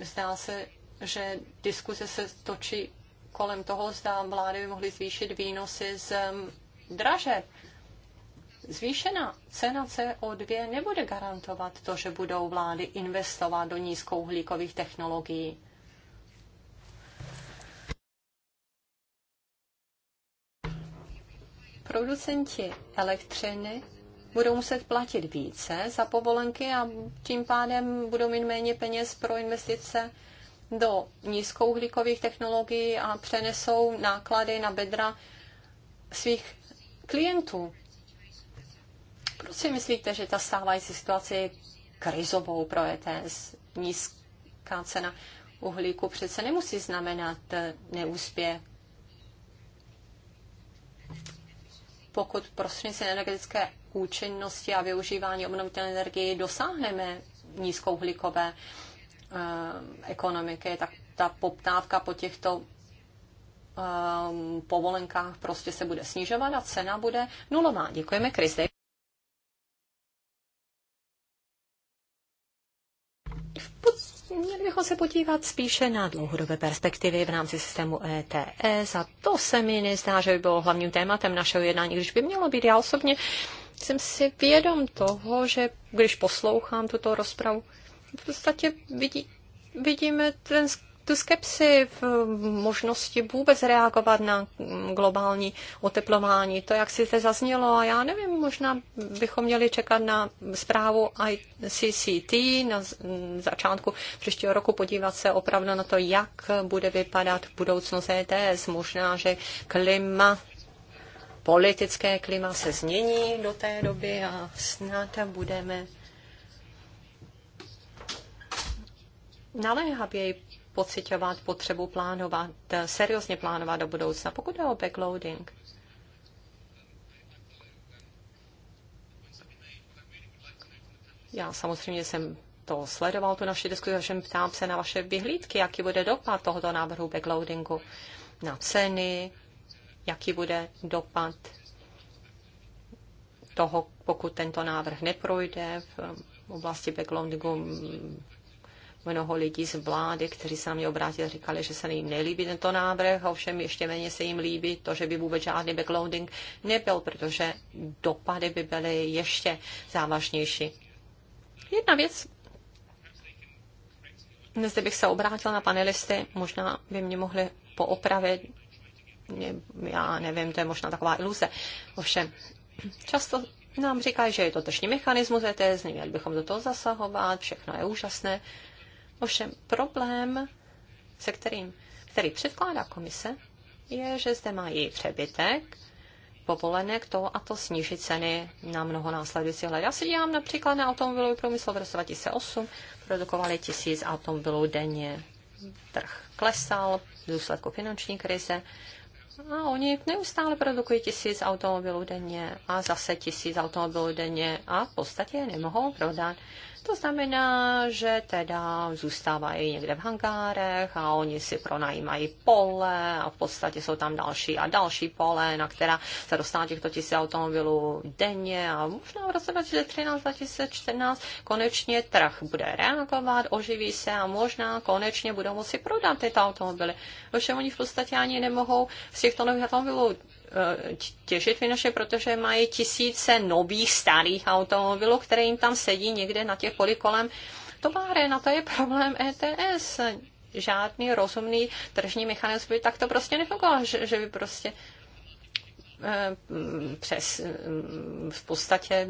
zdá se, že diskuze se točí kolem toho, zda vlády by mohly zvýšit výnosy z mm, dražeb. Zvýšená cena CO2 nebude garantovat to, že budou vlády investovat do nízkouhlíkových technologií. Producenti elektřiny budou muset platit více za povolenky a tím pádem budou mít méně peněz pro investice do nízkouhlíkových technologií a přenesou náklady na bedra svých klientů. Proč si myslíte, že ta stávající situace je krizovou pro ETS? Nízká cena uhlíku přece nemusí znamenat eh, neúspěch. Pokud prostřednictvím energetické účinnosti a využívání obnovitelné energie dosáhneme nízkouhlíkové uh, ekonomiky, tak ta poptávka po těchto eh, povolenkách prostě se bude snižovat a cena bude nulová. Děkujeme, Chris. měli bychom se podívat spíše na dlouhodobé perspektivy v rámci systému ETS a to se mi nezdá, že by bylo hlavním tématem našeho jednání, když by mělo být. Já osobně jsem si vědom toho, že když poslouchám tuto rozpravu, v podstatě vidí, vidíme ten tu skepsi v možnosti vůbec reagovat na globální oteplování. To, jak si to zaznělo, a já nevím, možná bychom měli čekat na zprávu ICCT na začátku příštího roku, podívat se opravdu na to, jak bude vypadat budoucnost ETS. Možná, že klima politické klima se změní do té doby a snad budeme naléhavěji pocitovat potřebu plánovat, seriózně plánovat do budoucna, pokud je o backloading. Já samozřejmě jsem to sledoval, tu naši diskuzi, že ptám se na vaše vyhlídky, jaký bude dopad tohoto návrhu backloadingu na ceny, jaký bude dopad toho, pokud tento návrh neprojde v oblasti backloadingu mnoho lidí z vlády, kteří se na mě obrátili, říkali, že se jim nelíbí tento návrh, ovšem ještě méně se jim líbí to, že by vůbec žádný backloading nebyl, protože dopady by byly ještě závažnější. Jedna věc, zde bych se obrátil na panelisty, možná by mě mohli poopravit, já nevím, to je možná taková iluze. Ovšem, často nám říkají, že je to tržní mechanismus ETS, neměli bychom do toho zasahovat, všechno je úžasné. Ovšem problém, se kterým, který předkládá komise, je, že zde mají přebytek povolenek to a to snížit ceny na mnoho následujících let. Já si dělám například na automobilový průmysl v roce 2008, produkovali tisíc automobilů denně, trh klesal v důsledku finanční krize, a oni neustále produkují tisíc automobilů denně a zase tisíc automobilů denně a v podstatě nemohou prodat. To znamená, že teda zůstávají někde v hangárech a oni si pronajímají pole a v podstatě jsou tam další a další pole, na která se dostává těchto tisíc automobilů denně a možná v roce 2013, 2014 konečně trh bude reagovat, oživí se a možná konečně budou moci prodat tyto automobily. Ovšem oni v podstatě ani nemohou z těchto nových automobilů Eh, těžit finančně, protože mají tisíce nových starých automobilů, které jim tam sedí někde na těch To báre na to je problém ETS. Žádný rozumný tržní mechanismus by takto prostě nefungoval, že, že by prostě eh, přes v podstatě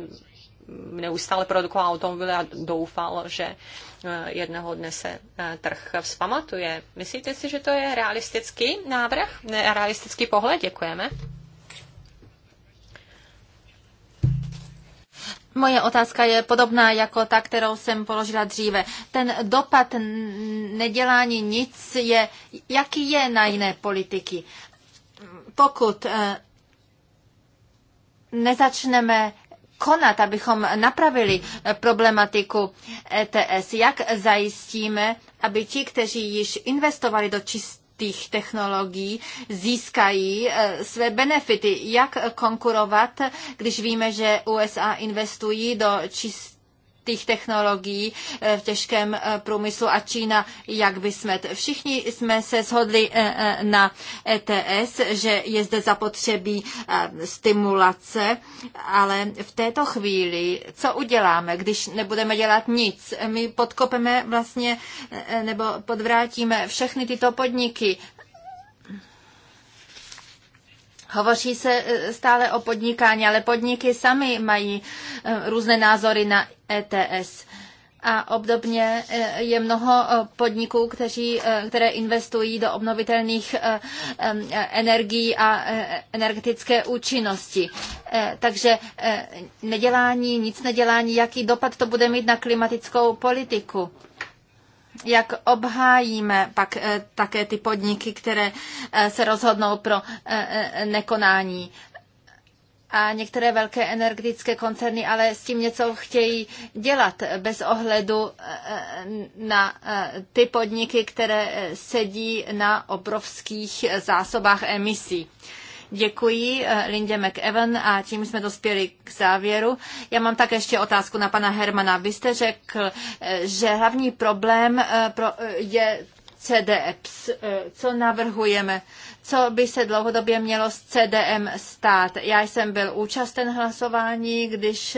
neustále produkoval automobily a doufal, že eh, jednoho dne se eh, trh vzpamatuje. Myslíte si, že to je realistický návrh? Ne, realistický pohled? Děkujeme. Moje otázka je podobná jako ta, kterou jsem položila dříve. Ten dopad nedělání nic je, jaký je na jiné politiky. Pokud eh, nezačneme konat, abychom napravili eh, problematiku ETS? Jak zajistíme, aby ti, kteří již investovali do čistých technologií získají eh, své benefity. Jak konkurovat, když víme, že USA investují do čistých těch technologií eh, v těžkém eh, průmyslu a Čína, jak by jsme. Všichni jsme se shodli eh, na ETS, že je zde zapotřebí stimulace, ale v této chvíli, co uděláme, když nebudeme dělat nic? My podkopeme vlastně nebo podvrátíme všechny tyto podniky Hovoří se e, stále o podnikání, ale podniky sami mají e, různé názory na ETS. A obdobně e, je mnoho podniků, kteří, které investují do obnovitelných energií a energetické účinnosti. Takže nedělání, nic nedělání, jaký dopad to bude mít na klimatickou politiku jak obhájíme pak eh, také ty podniky, které eh, se rozhodnou pro eh, nekonání. A některé velké energetické koncerny ale s tím něco chtějí dělat bez ohledu na ty podniky, které sedí na obrovských zásobách emisí. Děkuji eh, Lindě McEwen a tím jsme dospěli k závěru. Já mám tak ještě otázku na pana Hermana. Vy jste řekl, eh, že hlavní problém eh, je CDEPS. Co navrhujeme? Co by se dlouhodobě mělo s CDM e stát? Já jsem byl účasten hlasování, když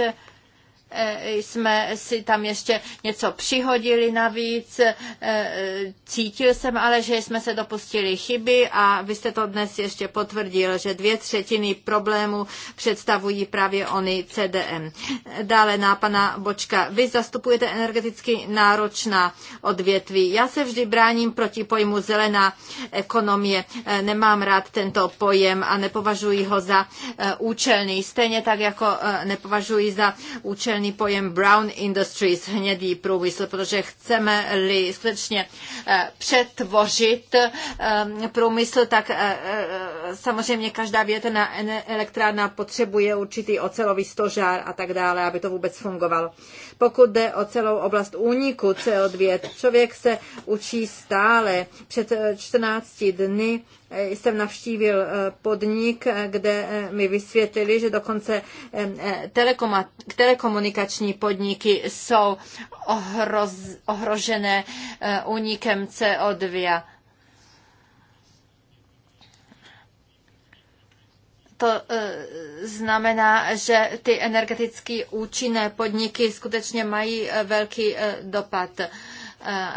Eh, jsme si tam ještě něco přihodili navíc. Eh, cítil jsem ale, že jsme se dopustili chyby a vy jste to dnes ještě potvrdil, že dvě třetiny problémů představují právě ony CDM. Dále na pana Bočka. Vy zastupujete energeticky náročná odvětví. Já se vždy bráním proti pojmu zelená ekonomie. Eh, nemám rád tento pojem a nepovažuji ho za účelný. Stejně tak jako nepovažuji za účelný zavedený pojem brown industries, hnědý průmysl, protože chceme-li skutečně eh, přetvořit eh, průmysl, tak eh, samozřejmě každá větrná elektrárna potřebuje určitý ocelový stožár a tak dále, aby to vůbec fungovalo. Pokud jde o celou oblast úniku CO2, člověk se učí stále. Před 14 eh, dny eh, jsem navštívil eh, podnik, kde mi vysvětlili, že dokonce telekomunikační podniky jsou ohrožené únikem CO2 to e, znamená, že ty energeticky účinné podniky skutečně mají e, velký e, dopad.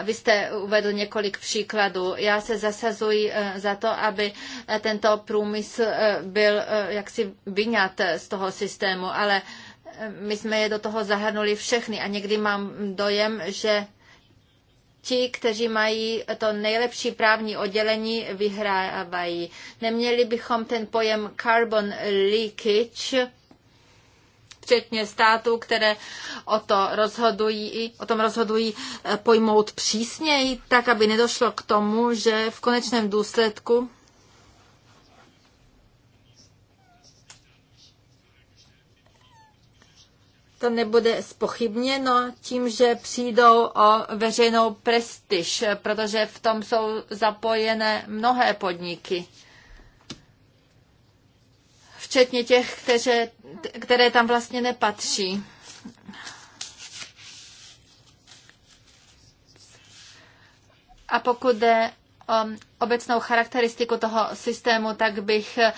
Vy jste uvedl několik příkladů. Já se zasazuji za to, aby tento průmysl byl jaksi vyňat z toho systému, ale my jsme je do toho zahrnuli všechny a někdy mám dojem, že ti, kteří mají to nejlepší právní oddělení, vyhrávají. Neměli bychom ten pojem carbon leakage včetně států, které o, to rozhodují, o tom rozhodují eh, pojmout přísněji, tak aby nedošlo k tomu, že v konečném důsledku to nebude spochybněno tím, že přijdou o veřejnou prestiž, protože v tom jsou zapojené mnohé podniky včetně těch, které, které tam vlastně nepatří. A pokud jde Um, obecnou charakteristiku toho systému, tak bych eh,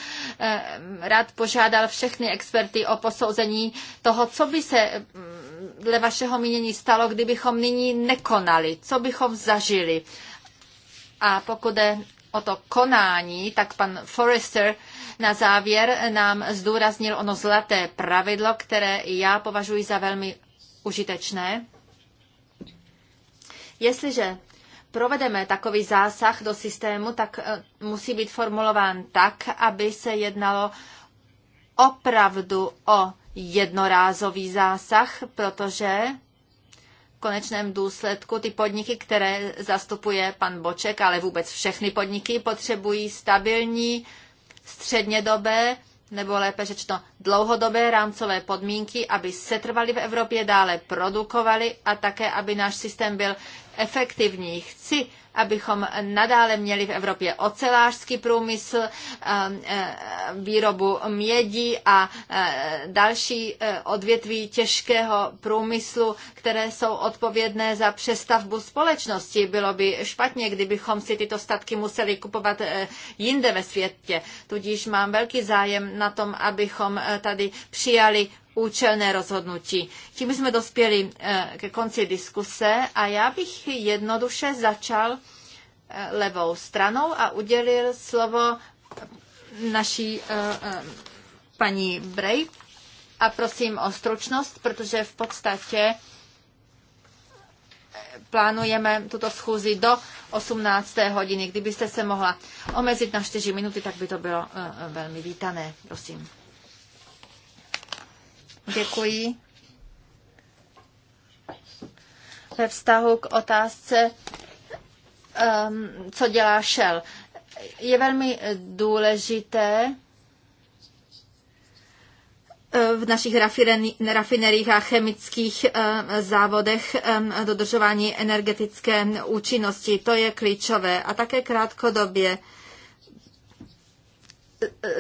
rád požádal všechny experty o posouzení toho, co by se mm, dle vašeho mínění stalo, kdybychom nyní nekonali, co bychom zažili. A pokud je o to konání, tak pan Forrester na závěr nám zdůraznil ono zlaté pravidlo, které já považuji za velmi užitečné. Jestliže provedeme takový zásah do systému, tak e, musí být formulován tak, aby se jednalo opravdu o jednorázový zásah, protože v konečném důsledku ty podniky, které zastupuje pan Boček, ale vůbec všechny podniky, potřebují stabilní, střednědobé nebo lépe řečeno dlouhodobé rámcové podmínky, aby se trvali v Evropě, dále produkovali a také, aby náš systém byl efektivní. Chci, abychom nadále měli v Evropě ocelářský průmysl, um, eh, výrobu mědí a eh, další eh, odvětví těžkého průmyslu, které jsou odpovědné za přestavbu společnosti. Bylo by špatně, kdybychom si tyto statky museli kupovat jinde ve světě. Tudíž mám velký zájem na tom, abychom tady přijali účelné rozhodnutí. Tím jsme dospěli eh, ke konci diskuse a já bych jednoduše začal eh, levou stranou a udělil slovo naší eh, paní Brej. A prosím o stručnost, protože v podstatě plánujeme tuto schůzi do 18. hodiny. Kdybyste se mohla omezit na 4 minuty, tak by to bylo velmi vítané. Prosím. Děkuji. Ve vztahu k otázce, um, co dělá Shell. Je velmi důležité eh, v našich rafinerích a chemických eh, závodech eh, dodržování energetické účinnosti. To je klíčové. A také krátkodobě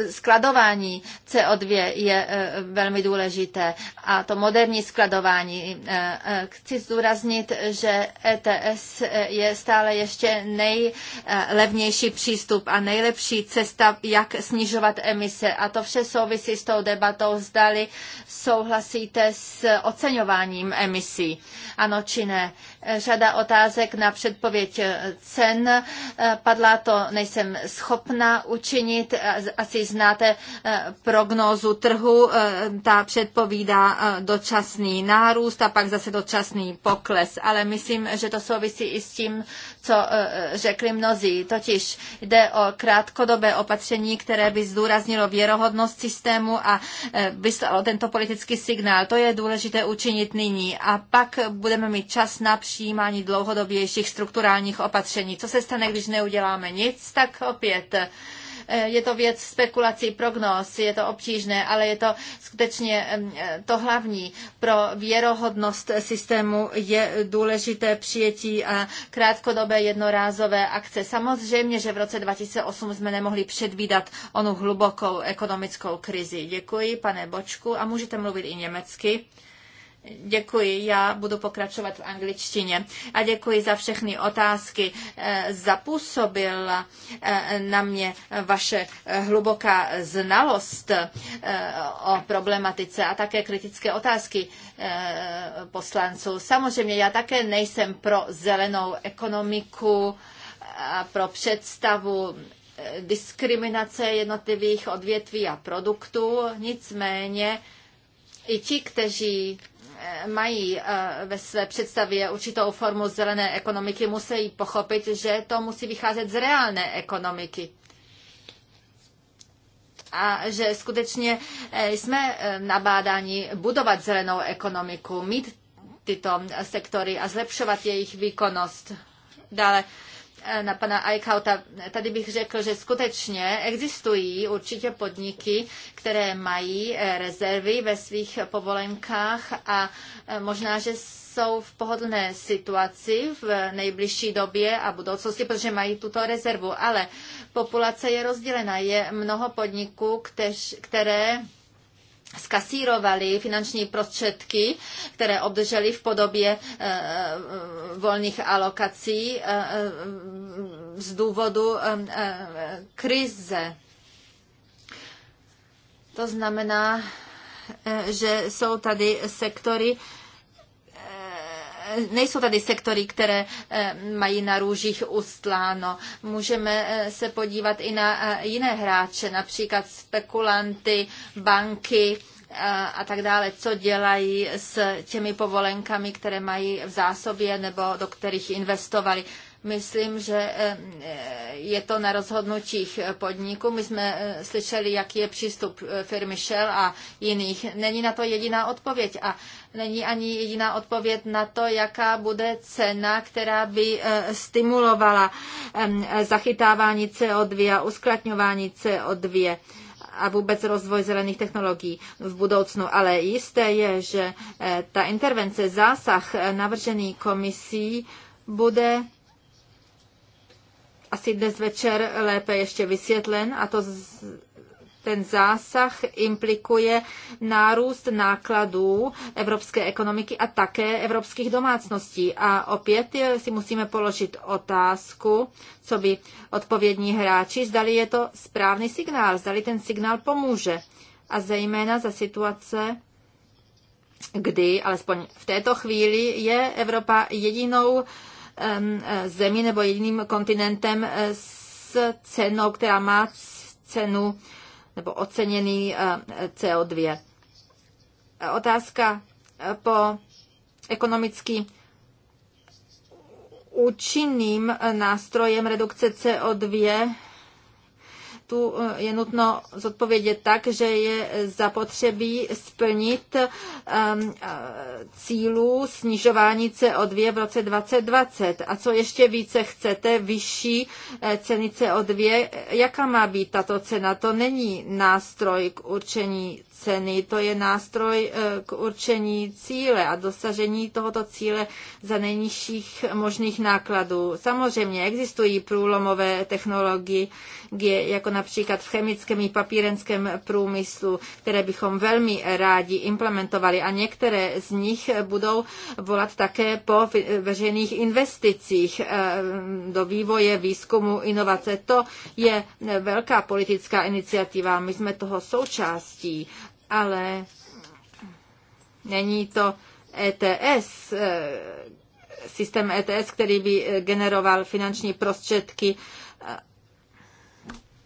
skladování CO2 je e, velmi důležité a to moderní skladování. E, e, chci zdůraznit, že ETS je stále ještě nejlevnější přístup a nejlepší cesta, jak snižovat emise. A to vše souvisí s tou debatou, zdali souhlasíte s oceňováním emisí. Ano či ne řada otázek na předpověď cen. Padla to, nejsem schopna učinit. Asi znáte eh, prognózu trhu, eh, ta předpovídá eh, dočasný nárůst a pak zase dočasný pokles. Ale myslím, že to souvisí i s tím, co eh, řekli mnozí, totiž jde o krátkodobé opatření, které by zdůraznilo věrohodnost systému a eh, vyslalo tento politický signál. To je důležité učinit nyní a pak budeme mít čas na přijímání dlouhodobějších strukturálních opatření. Co se stane, když neuděláme nic, tak opět Eh, je to věc spekulací, prognóz, je to obtížné, ale je to skutečně eh, to hlavní. Pro věrohodnost systému je důležité přijetí a krátkodobé jednorázové akce. Samozřejmě, že v roce 2008 jsme nemohli předvídat onu hlubokou ekonomickou krizi. Děkuji, pane Bočku, a můžete mluvit i německy. Děkuji, já budu pokračovat v angličtině. A děkuji za všechny otázky. Eh, zapůsobila eh, na mě vaše eh, hluboká znalost o problematice a také kritické otázky poslanců. Samozřejmě já také nejsem pro zelenou ekonomiku a pro představu diskriminace jednotlivých odvětví a produktů. Nicméně i ti, kteří mají eh, ve své představě určitou formu zelené ekonomiky, musí pochopit, že to musí vycházet z reálné ekonomiky a že skutečně eh, jsme eh, nabádáni budovat zelenou ekonomiku, mít tyto sektory a zlepšovat jejich výkonnost. Dále Eh, na pana Eichauta. Tady bych řekl, že skutečně existují určitě podniky, které mají eh, rezervy ve svých povolenkách a eh, možná, že jsou v pohodlné situaci v nejbližší době a budoucnosti, protože mají tuto rezervu. Ale populace je rozdělena. Je mnoho podniků, které skasírovali finanční prostředky, které obdrželi v podobě eh, eh, volných alokací eh, z důvodu krize. To znamená, že jsou tady sektory, nejsou tady sektory, které eh, mají na růžích ustláno. Můžeme eh, se podívat i na eh, jiné hráče, například spekulanty, banky, a tak dále, co dělají s těmi povolenkami, které mají v zásobě nebo do kterých investovali. Myslím, že eh, je to na rozhodnutích podniků. My jsme eh, slyšeli, jaký je přístup eh, firmy Shell a jiných. Není na to jediná odpověď a není ani jediná odpověď na to, jaká bude cena, která by stimulovala zachytávání CO2 a uskladňování CO2 a vůbec rozvoj zelených technologií v budoucnu. Ale jisté je, že ta intervence, zásah navržený komisí bude asi dnes večer lépe ještě vysvětlen a to z, ten zásah implikuje nárůst nákladů evropské ekonomiky a také evropských domácností. A opět si musíme položit otázku, co by odpovědní hráči, zdali je to správný signál, zdali ten signál pomůže. A zejména za situace, kdy, alespoň v této chvíli, je Evropa jedinou Eh, zemí nebo jediným kontinentem eh, s cenou, která má cenu nebo oceněný eh, CO2. Otázka po ekonomicky účinným nástrojem redukce CO2 tu eh, je nutno zodpovědět tak, že je zapotřebí splnit ehm, eh, cílů snižování CO2 v roce 2020. A co ještě více chcete, vyšší eh, ceny CO2, jaká má být tato cena? To není nástroj k určení ceny. To je nástroj eh, k určení cíle a dosažení tohoto cíle za nejnižších možných nákladů. Samozřejmě existují průlomové technologie, jako například v chemickém i papírenském průmyslu, které bychom velmi rádi implementovali a některé z nich budou volat také po veřejných investicích eh, do vývoje, výzkumu, inovace. To je eh, velká politická iniciativa. My jsme toho součástí ale není to ETS, eh, systém ETS, který by eh, generoval finanční prostředky eh,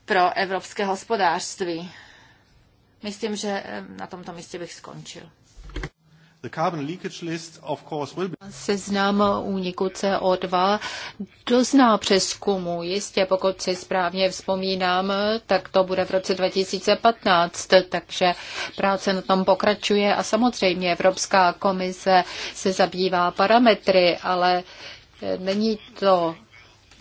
pro evropské hospodářství. Myslím, že na tomto místě bych skončil. Seznam úniku CO2 dozná přeskumu. Jistě, pokud si správně vzpomínám, tak to bude v roce 2015, takže práce na tom pokračuje a samozřejmě Evropská komise se zabývá parametry, ale eh, není to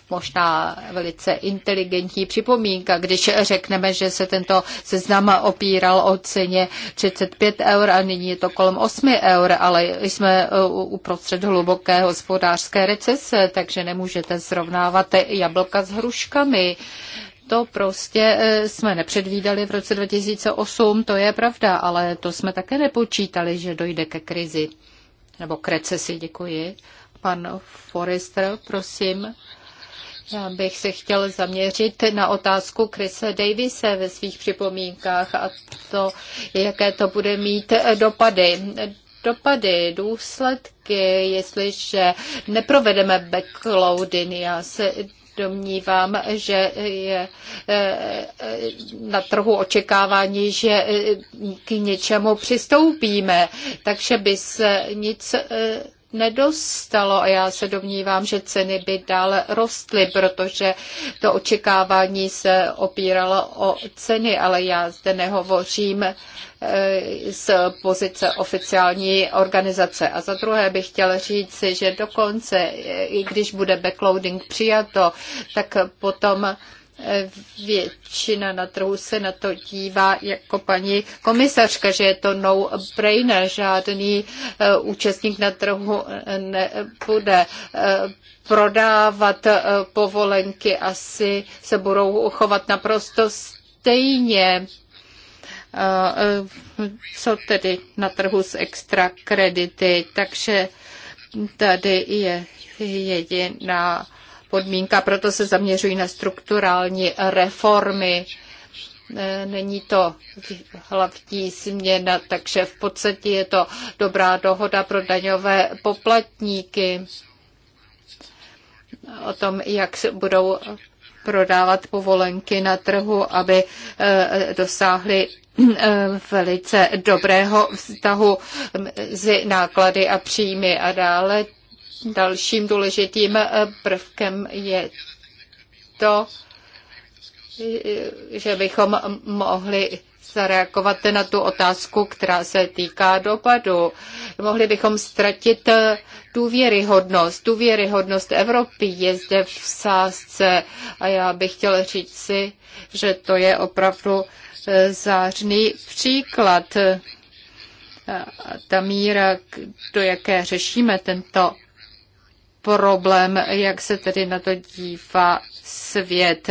možná velice inteligentní připomínka, když řekneme, že se tento seznam opíral o ceně 35 eur a nyní je to kolem 8 eur, ale jsme uprostřed hluboké hospodářské recese, takže nemůžete srovnávat jablka s hruškami. To prostě eh, jsme nepředvídali v roce 2008, to je pravda, ale to jsme také nepočítali, že dojde ke krizi. Nebo k recesi, děkuji. Pan Forrester, prosím. Já bych se chtěl zaměřit na otázku Krise Davise ve svých připomínkách a to, jaké to bude mít dopady dopady, důsledky, jestliže neprovedeme backloading. Já se domnívám, že je eh, na trhu očekávání, že eh, k něčemu přistoupíme, takže by se nic eh, nedostalo a já se domnívám, že ceny by dále rostly, protože to očekávání se opíralo o ceny, ale já zde nehovořím eh, z pozice oficiální organizace. A za druhé bych chtěl říct, že dokonce, i když bude backloading přijato, tak potom Většina na trhu se na to dívá jako paní komisařka, že je to no-brainer, žádný eh, účastník na trhu eh, nebude eh, prodávat povolenky, asi se budou chovat naprosto stejně co tedy na trhu s extra kredity. Takže tady je jediná podmínka, proto se zaměřují na strukturální reformy. E, není to hlavní změna, takže v podstatě je to dobrá dohoda pro daňové poplatníky o tom, jak se budou prodávat povolenky na trhu, aby e, dosáhli e, velice dobrého vztahu mezi náklady a příjmy a dále Dalším důležitým eh, prvkem je to, eh, že bychom mohli zareagovat na tu otázku, která se týká dopadu. Mohli bychom ztratit eh, důvěryhodnost. Důvěryhodnost Evropy je zde v sázce a já bych chtěl říct si, že to je opravdu zářný příklad. Ta míra, do jaké řešíme tento problém, jak se tedy na to dívá svět.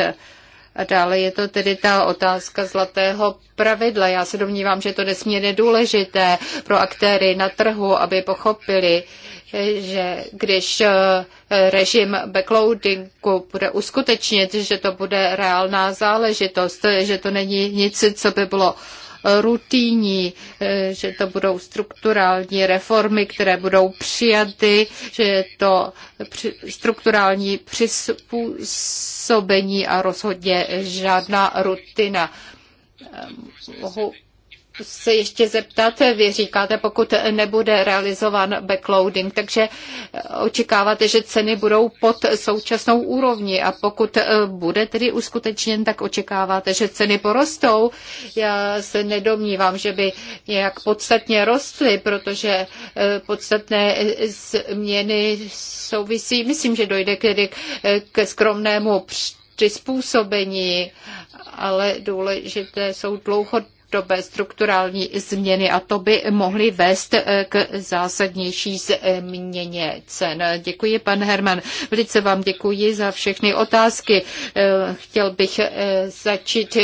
A dále je to tedy ta otázka zlatého pravidla. Já se domnívám, že to nesmírně důležité pro aktéry na trhu, aby pochopili, že když eh, režim backloadingu bude uskutečnit, že to bude reálná záležitost, že to není nic, co by bylo rutinní, eh, že to budou strukturální reformy, které budou přijaty, že je to strukturální přizpůsobení a rozhodně žádná rutina eh, mohu se ještě zeptat, vy říkáte, pokud nebude realizován backloading, takže očekáváte, že ceny budou pod současnou úrovni a pokud eh, bude tedy uskutečněn, tak očekáváte, že ceny porostou. Já se nedomnívám, že by nějak podstatně rostly, protože eh, podstatné změny souvisí. Myslím, že dojde tedy eh, ke skromnému přizpůsobení, ale důležité jsou dlouhodobé dlouhodobé strukturální změny a to by mohly vést eh, k zásadnější změně cen. Děkuji, pan Herman. Velice vám děkuji za všechny otázky. Eh, chtěl bych eh, začít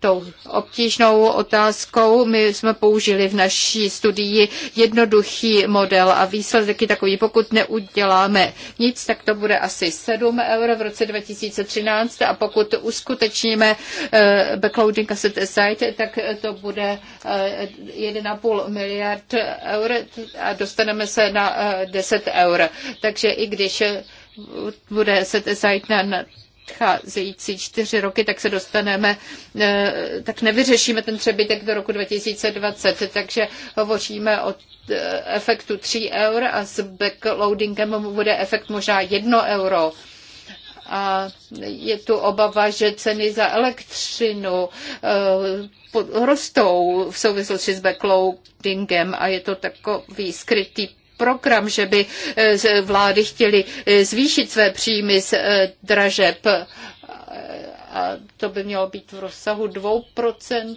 tou obtížnou otázkou. My jsme použili v naší studii jednoduchý model a výsledek je takový, pokud neuděláme nic, tak to bude asi 7 eur v roce 2013 a pokud uskutečníme eh, backloading a set aside, tak to bude 1,5 eh, miliard eur a dostaneme se na 10 eh, eur. Takže i když bude set aside na předcházející čtyři roky, tak se dostaneme, eh, tak nevyřešíme ten přebytek do roku 2020. Takže hovoříme o eh, efektu 3 eur a s backloadingem bude efekt možná 1 euro a je tu obava, že ceny za elektřinu eh, rostou v souvislosti s backloadingem a je to takový skrytý program, že by eh, vlády chtěly eh, zvýšit své příjmy z eh, dražeb. A to by mělo být v rozsahu 2%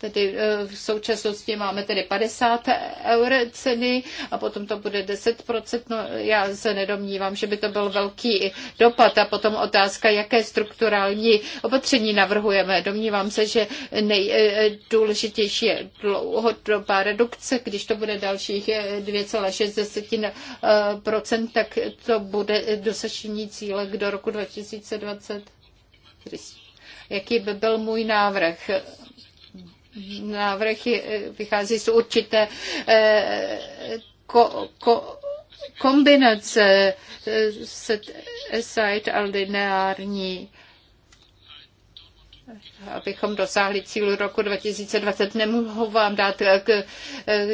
Tedy e, v současnosti máme tedy 50 eur ceny a potom to bude 10%. No, já se nedomnívám, že by to byl velký dopad. A potom otázka, jaké strukturální opatření navrhujeme. Domnívám se, že nejdůležitější je dlouhodobá redukce. Když to bude dalších 2,6%, tak to bude dosažení cíle do roku 2020. Jaký by byl můj návrh? návrh vychází z určité eh, ko, ko, kombinace eh, set aside a lineární abychom dosáhli cílu roku 2020. Nemohu vám dát eh, k,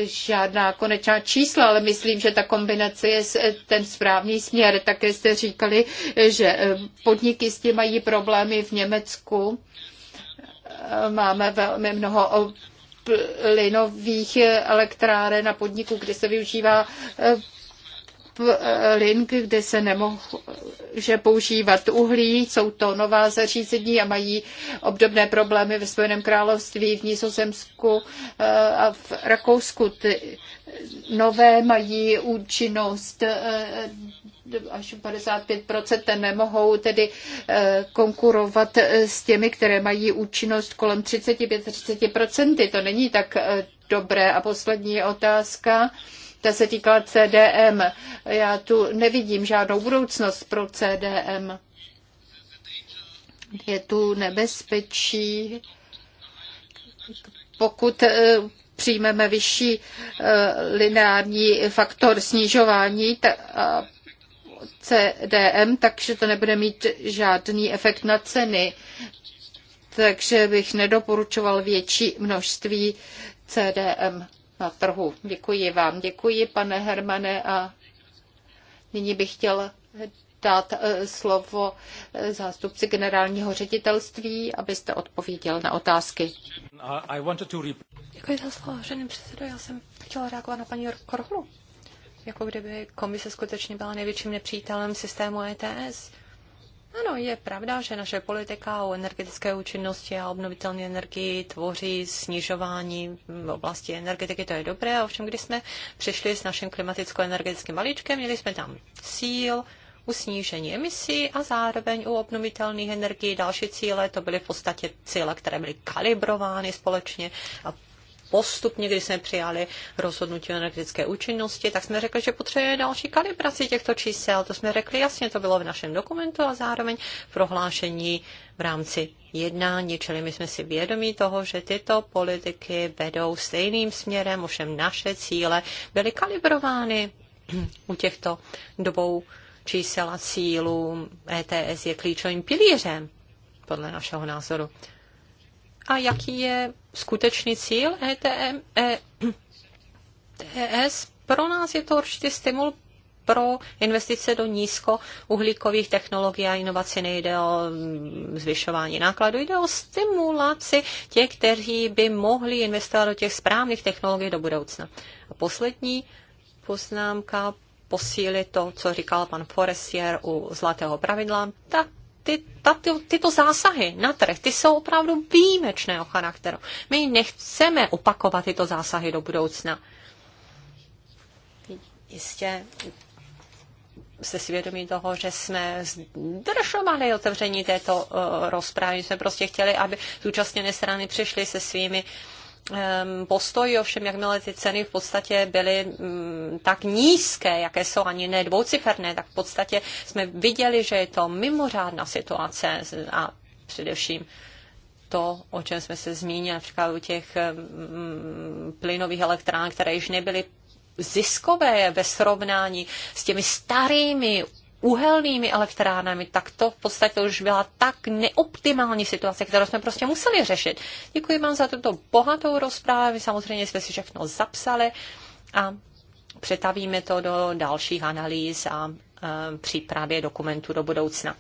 žádná konečná čísla, ale myslím, že ta kombinace je ten správný směr. Také jste říkali, že podniky s tím mají problémy v Německu. Máme velmi mnoho plynových elektráren na podniku, kde se využívá link, kde se nemůže používat uhlí, jsou to nová zařízení a mají obdobné problémy ve Spojeném království, v Nizozemsku eh, a v Rakousku. Ty nové mají účinnost eh, až 55%, nemohou tedy eh, konkurovat s těmi, které mají účinnost kolem 35-30%. To není tak dobré. A poslední otázka ta se týkala CDM. Já tu nevidím žádnou budoucnost pro CDM. Je tu nebezpečí, pokud eh, přijmeme vyšší eh, lineární faktor snižování CDM, takže to nebude mít žádný efekt na ceny. Takže bych nedoporučoval větší množství CDM na trhu. Děkuji vám. Děkuji, pane Hermane, a nyní bych chtěl dát eh, slovo eh, zástupci generálního ředitelství, abyste odpověděl na otázky. Děkuji za slovo, žený předsedo. Já jsem chtěla reagovat na paní Korhlu. Jako kdyby komise skutečně byla největším nepřítelem systému ETS. Ano, je pravda, že naše politika o energetické účinnosti a obnovitelné energii tvoří snižování v oblasti energetiky, to je dobré, ovšem když jsme přišli s naším klimaticko-energetickým balíčkem, měli jsme tam cíl, u snížení emisí a zároveň u obnovitelných energií další cíle. To byly v podstatě cíle, které byly kalibrovány společně a postupně, když jsme přijali rozhodnutí o energetické účinnosti, tak jsme řekli, že potřebujeme další kalibraci těchto čísel. To jsme řekli jasně, to bylo v našem dokumentu a zároveň v prohlášení v rámci jednání, čili my jsme si vědomí toho, že tyto politiky vedou stejným směrem, ovšem naše cíle byly kalibrovány u těchto dobou čísel a cílů. ETS je klíčovým pilířem, podle našeho názoru. A jaký je skutečný cíl ETM, ETS. E pro nás je to určitý stimul pro investice do nízkouhlíkových technologií a inovací nejde o mm, zvyšování nákladů, jde o stimulaci těch, kteří by mohli investovat do těch správných technologií do budoucna. A poslední poznámka posílit to, co říkal pan Forestier u Zlatého pravidla, tak ty, ty tyto zásahy na trh, ty jsou opravdu výjimečného charakteru. My nechceme opakovat tyto zásahy do budoucna. Jistě se svědomí toho, že jsme zdržovali otevření této uh, eh, rozprávy. jsme prostě chtěli, aby zúčastněné strany přišly se svými uh, Ehm, postoj, ovšem jakmile ty ceny v podstatě byly mm, tak nízké, jaké jsou ani ne dvouciferné, tak v podstatě jsme viděli, že je to mimořádná situace a především to, o čem jsme se zmínili, například u těch ehm, plynových elektrán, které již nebyly ziskové ve srovnání s těmi starými uhelnými elektrárnami, tak to v podstatě už byla tak neoptimální situace, kterou jsme prostě museli řešit. Děkuji vám za tuto bohatou rozprávu, samozřejmě jsme si všechno zapsali a přetavíme to do dalších analýz a e, přípravě dokumentu do budoucna.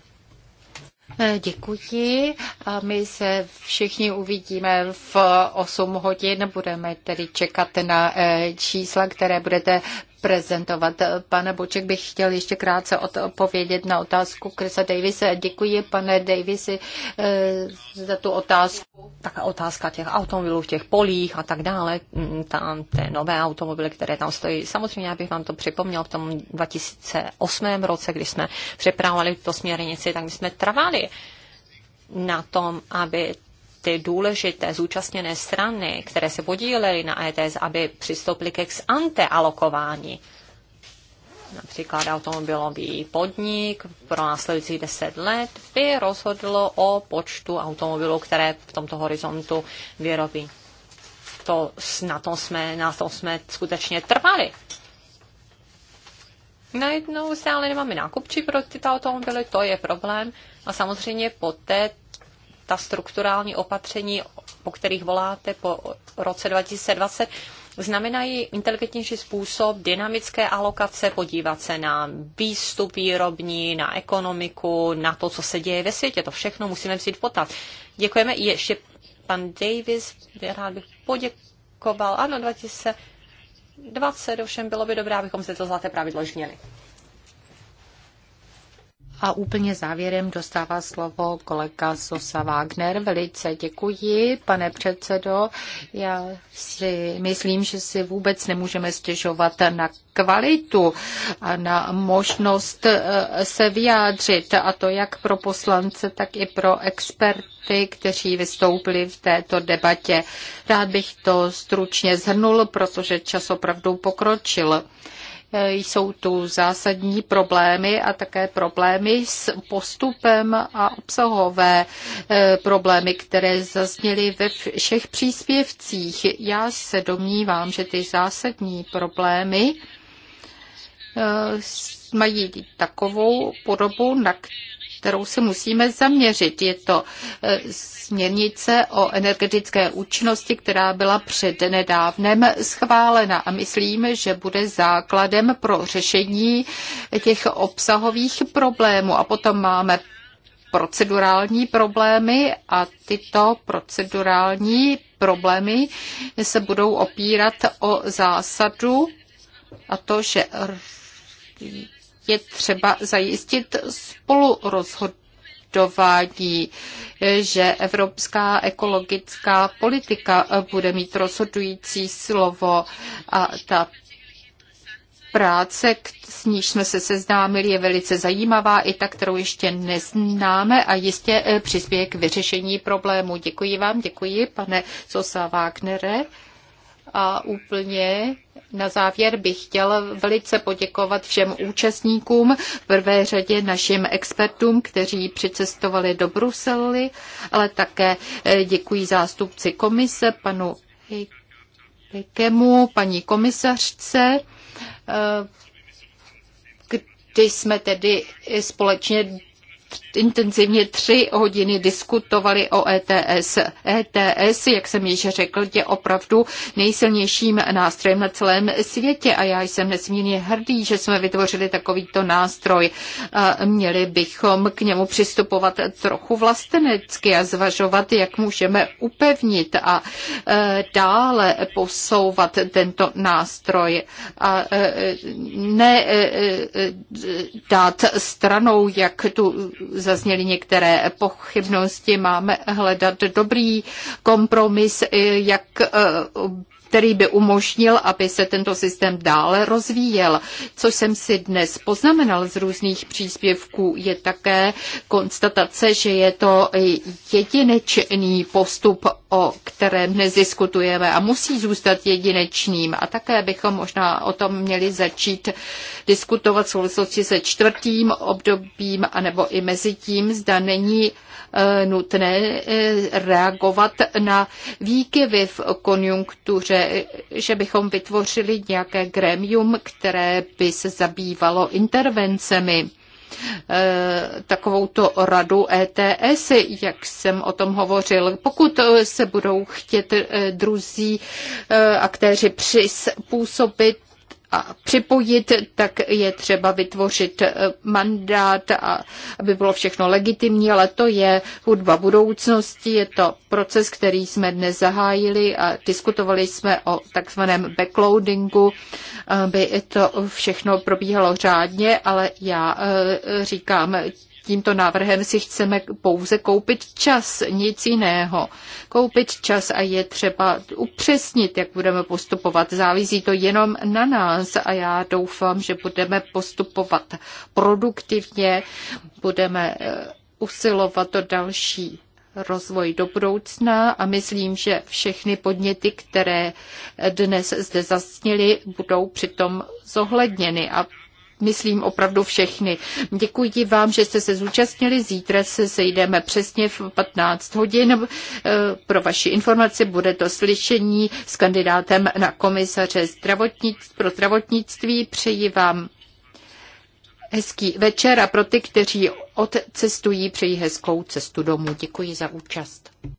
E, děkuji. A my se všichni uvidíme v 8 hodin. Budeme tedy čekat na e, čísla, které budete prezentovat. Pane Boček bych chtěl ještě krátce odpovědět na otázku Krisa Davise. Děkuji, pane Davisi, eh, za tu otázku. Tak otázka těch automobilů v těch polích a tak dále, mm, tam té nové automobily, které tam stojí. Samozřejmě, já bych vám to připomněl, v tom 2008 roce, kdy jsme připravovali to směrnici, tak my jsme trvali na tom, aby ty důležité zúčastněné strany, které se podílely na ETS, aby přistoupily k ex ante alokování například automobilový podnik pro následujících 10 let by rozhodlo o počtu automobilů, které v tomto horizontu vyrobí. To, na, tom jsme, na tom jsme skutečně trvali. Najednou se ale nemáme nákupčí pro tyto automobily, to je problém. A samozřejmě poté ta strukturální opatření, po kterých voláte po roce 2020, znamenají inteligentnější způsob dynamické alokace, podívat se na výstup výrobní, na ekonomiku, na to, co se děje ve světě. To všechno musíme vzít v potaz. Děkujeme. Ještě pan Davis, rád bych poděkoval. Ano, 2020, ovšem bylo by dobré, abychom se to zlaté pravidlo změnili. A úplně závěrem dostává slovo kolega Sosa Wagner. Velice děkuji, pane předsedo. Já si myslím, že si vůbec nemůžeme stěžovat na kvalitu a na možnost eh, se vyjádřit, a to jak pro poslance, tak i pro experty, kteří vystoupili v této debatě. Rád bych to stručně zhrnul, protože čas opravdu pokročil. Eh, jsou tu zásadní problémy a také problémy s postupem a obsahové eh, problémy, které zazněly ve všech příspěvcích. Já se domnívám, že ty zásadní problémy eh, mají takovou podobu, na kterou se musíme zaměřit. Je to eh, směrnice o energetické účinnosti, která byla před nedávnem schválena a myslím, že bude základem pro řešení těch obsahových problémů. A potom máme procedurální problémy a tyto procedurální problémy se budou opírat o zásadu a to, že je třeba zajistit spolurozhodování, že evropská ekologická politika bude mít rozhodující slovo a ta práce, s níž jsme se seznámili, je velice zajímavá, i ta, kterou ještě neznáme a jistě eh, přispěje k vyřešení problému. Děkuji vám, děkuji, pane Sosa Wagnere. A úplně na závěr bych chtěl velice poděkovat všem účastníkům, v prvé řadě našim expertům, kteří přicestovali do Brusely, ale také eh, děkuji zástupci komise, panu Hekemu, paní komisařce, eh, kdy jsme tedy společně intenzivně tři hodiny diskutovali o ETS. ETS, jak jsem již řekl, je opravdu nejsilnějším nástrojem na celém světě a já jsem nesmírně hrdý, že jsme vytvořili takovýto nástroj. Měli bychom k němu přistupovat trochu vlastenecky a zvažovat, jak můžeme upevnit a e, dále posouvat tento nástroj a e, ne e, dát stranou, jak tu zazněly některé pochybnosti. Máme hledat dobrý kompromis, jak e, který by umožnil, aby se tento systém dále rozvíjel. Co jsem si dnes poznamenal z různých příspěvků, je také konstatace, že je to jedinečný postup o kterém dnes diskutujeme a musí zůstat jedinečným. A také bychom možná o tom měli začít diskutovat v souvislosti se čtvrtým obdobím anebo i mezi tím, zda není e, nutné e, reagovat na výkyvy v konjunktuře, že bychom vytvořili nějaké grémium, které by se zabývalo intervencemi. Eh, takovouto radu ETS, jak jsem o tom hovořil. Pokud eh, se budou chtět eh, druzí aktéři přizpůsobit a připojit, tak je třeba vytvořit eh, mandát, a aby bylo všechno legitimní, ale to je hudba budoucnosti, je to proces, který jsme dnes zahájili a diskutovali jsme o takzvaném backloadingu, aby to všechno probíhalo řádně, ale já eh, říkám tímto návrhem si chceme pouze koupit čas, nic jiného. Koupit čas a je třeba upřesnit, jak budeme postupovat. Závisí to jenom na nás a já doufám, že budeme postupovat produktivně, budeme eh, usilovat o další rozvoj do budoucna a myslím, že všechny podněty, které dnes zde zasněly, budou přitom zohledněny a myslím opravdu všechny. Děkuji vám, že jste se zúčastnili. Zítra se sejdeme přesně v 15 hodin. Eh, pro vaši informaci bude to slyšení s kandidátem na komisaře zdravotnictví, pro zdravotnictví. Přeji vám hezký večer a pro ty, kteří odcestují, přeji hezkou cestu domů. Děkuji za účast.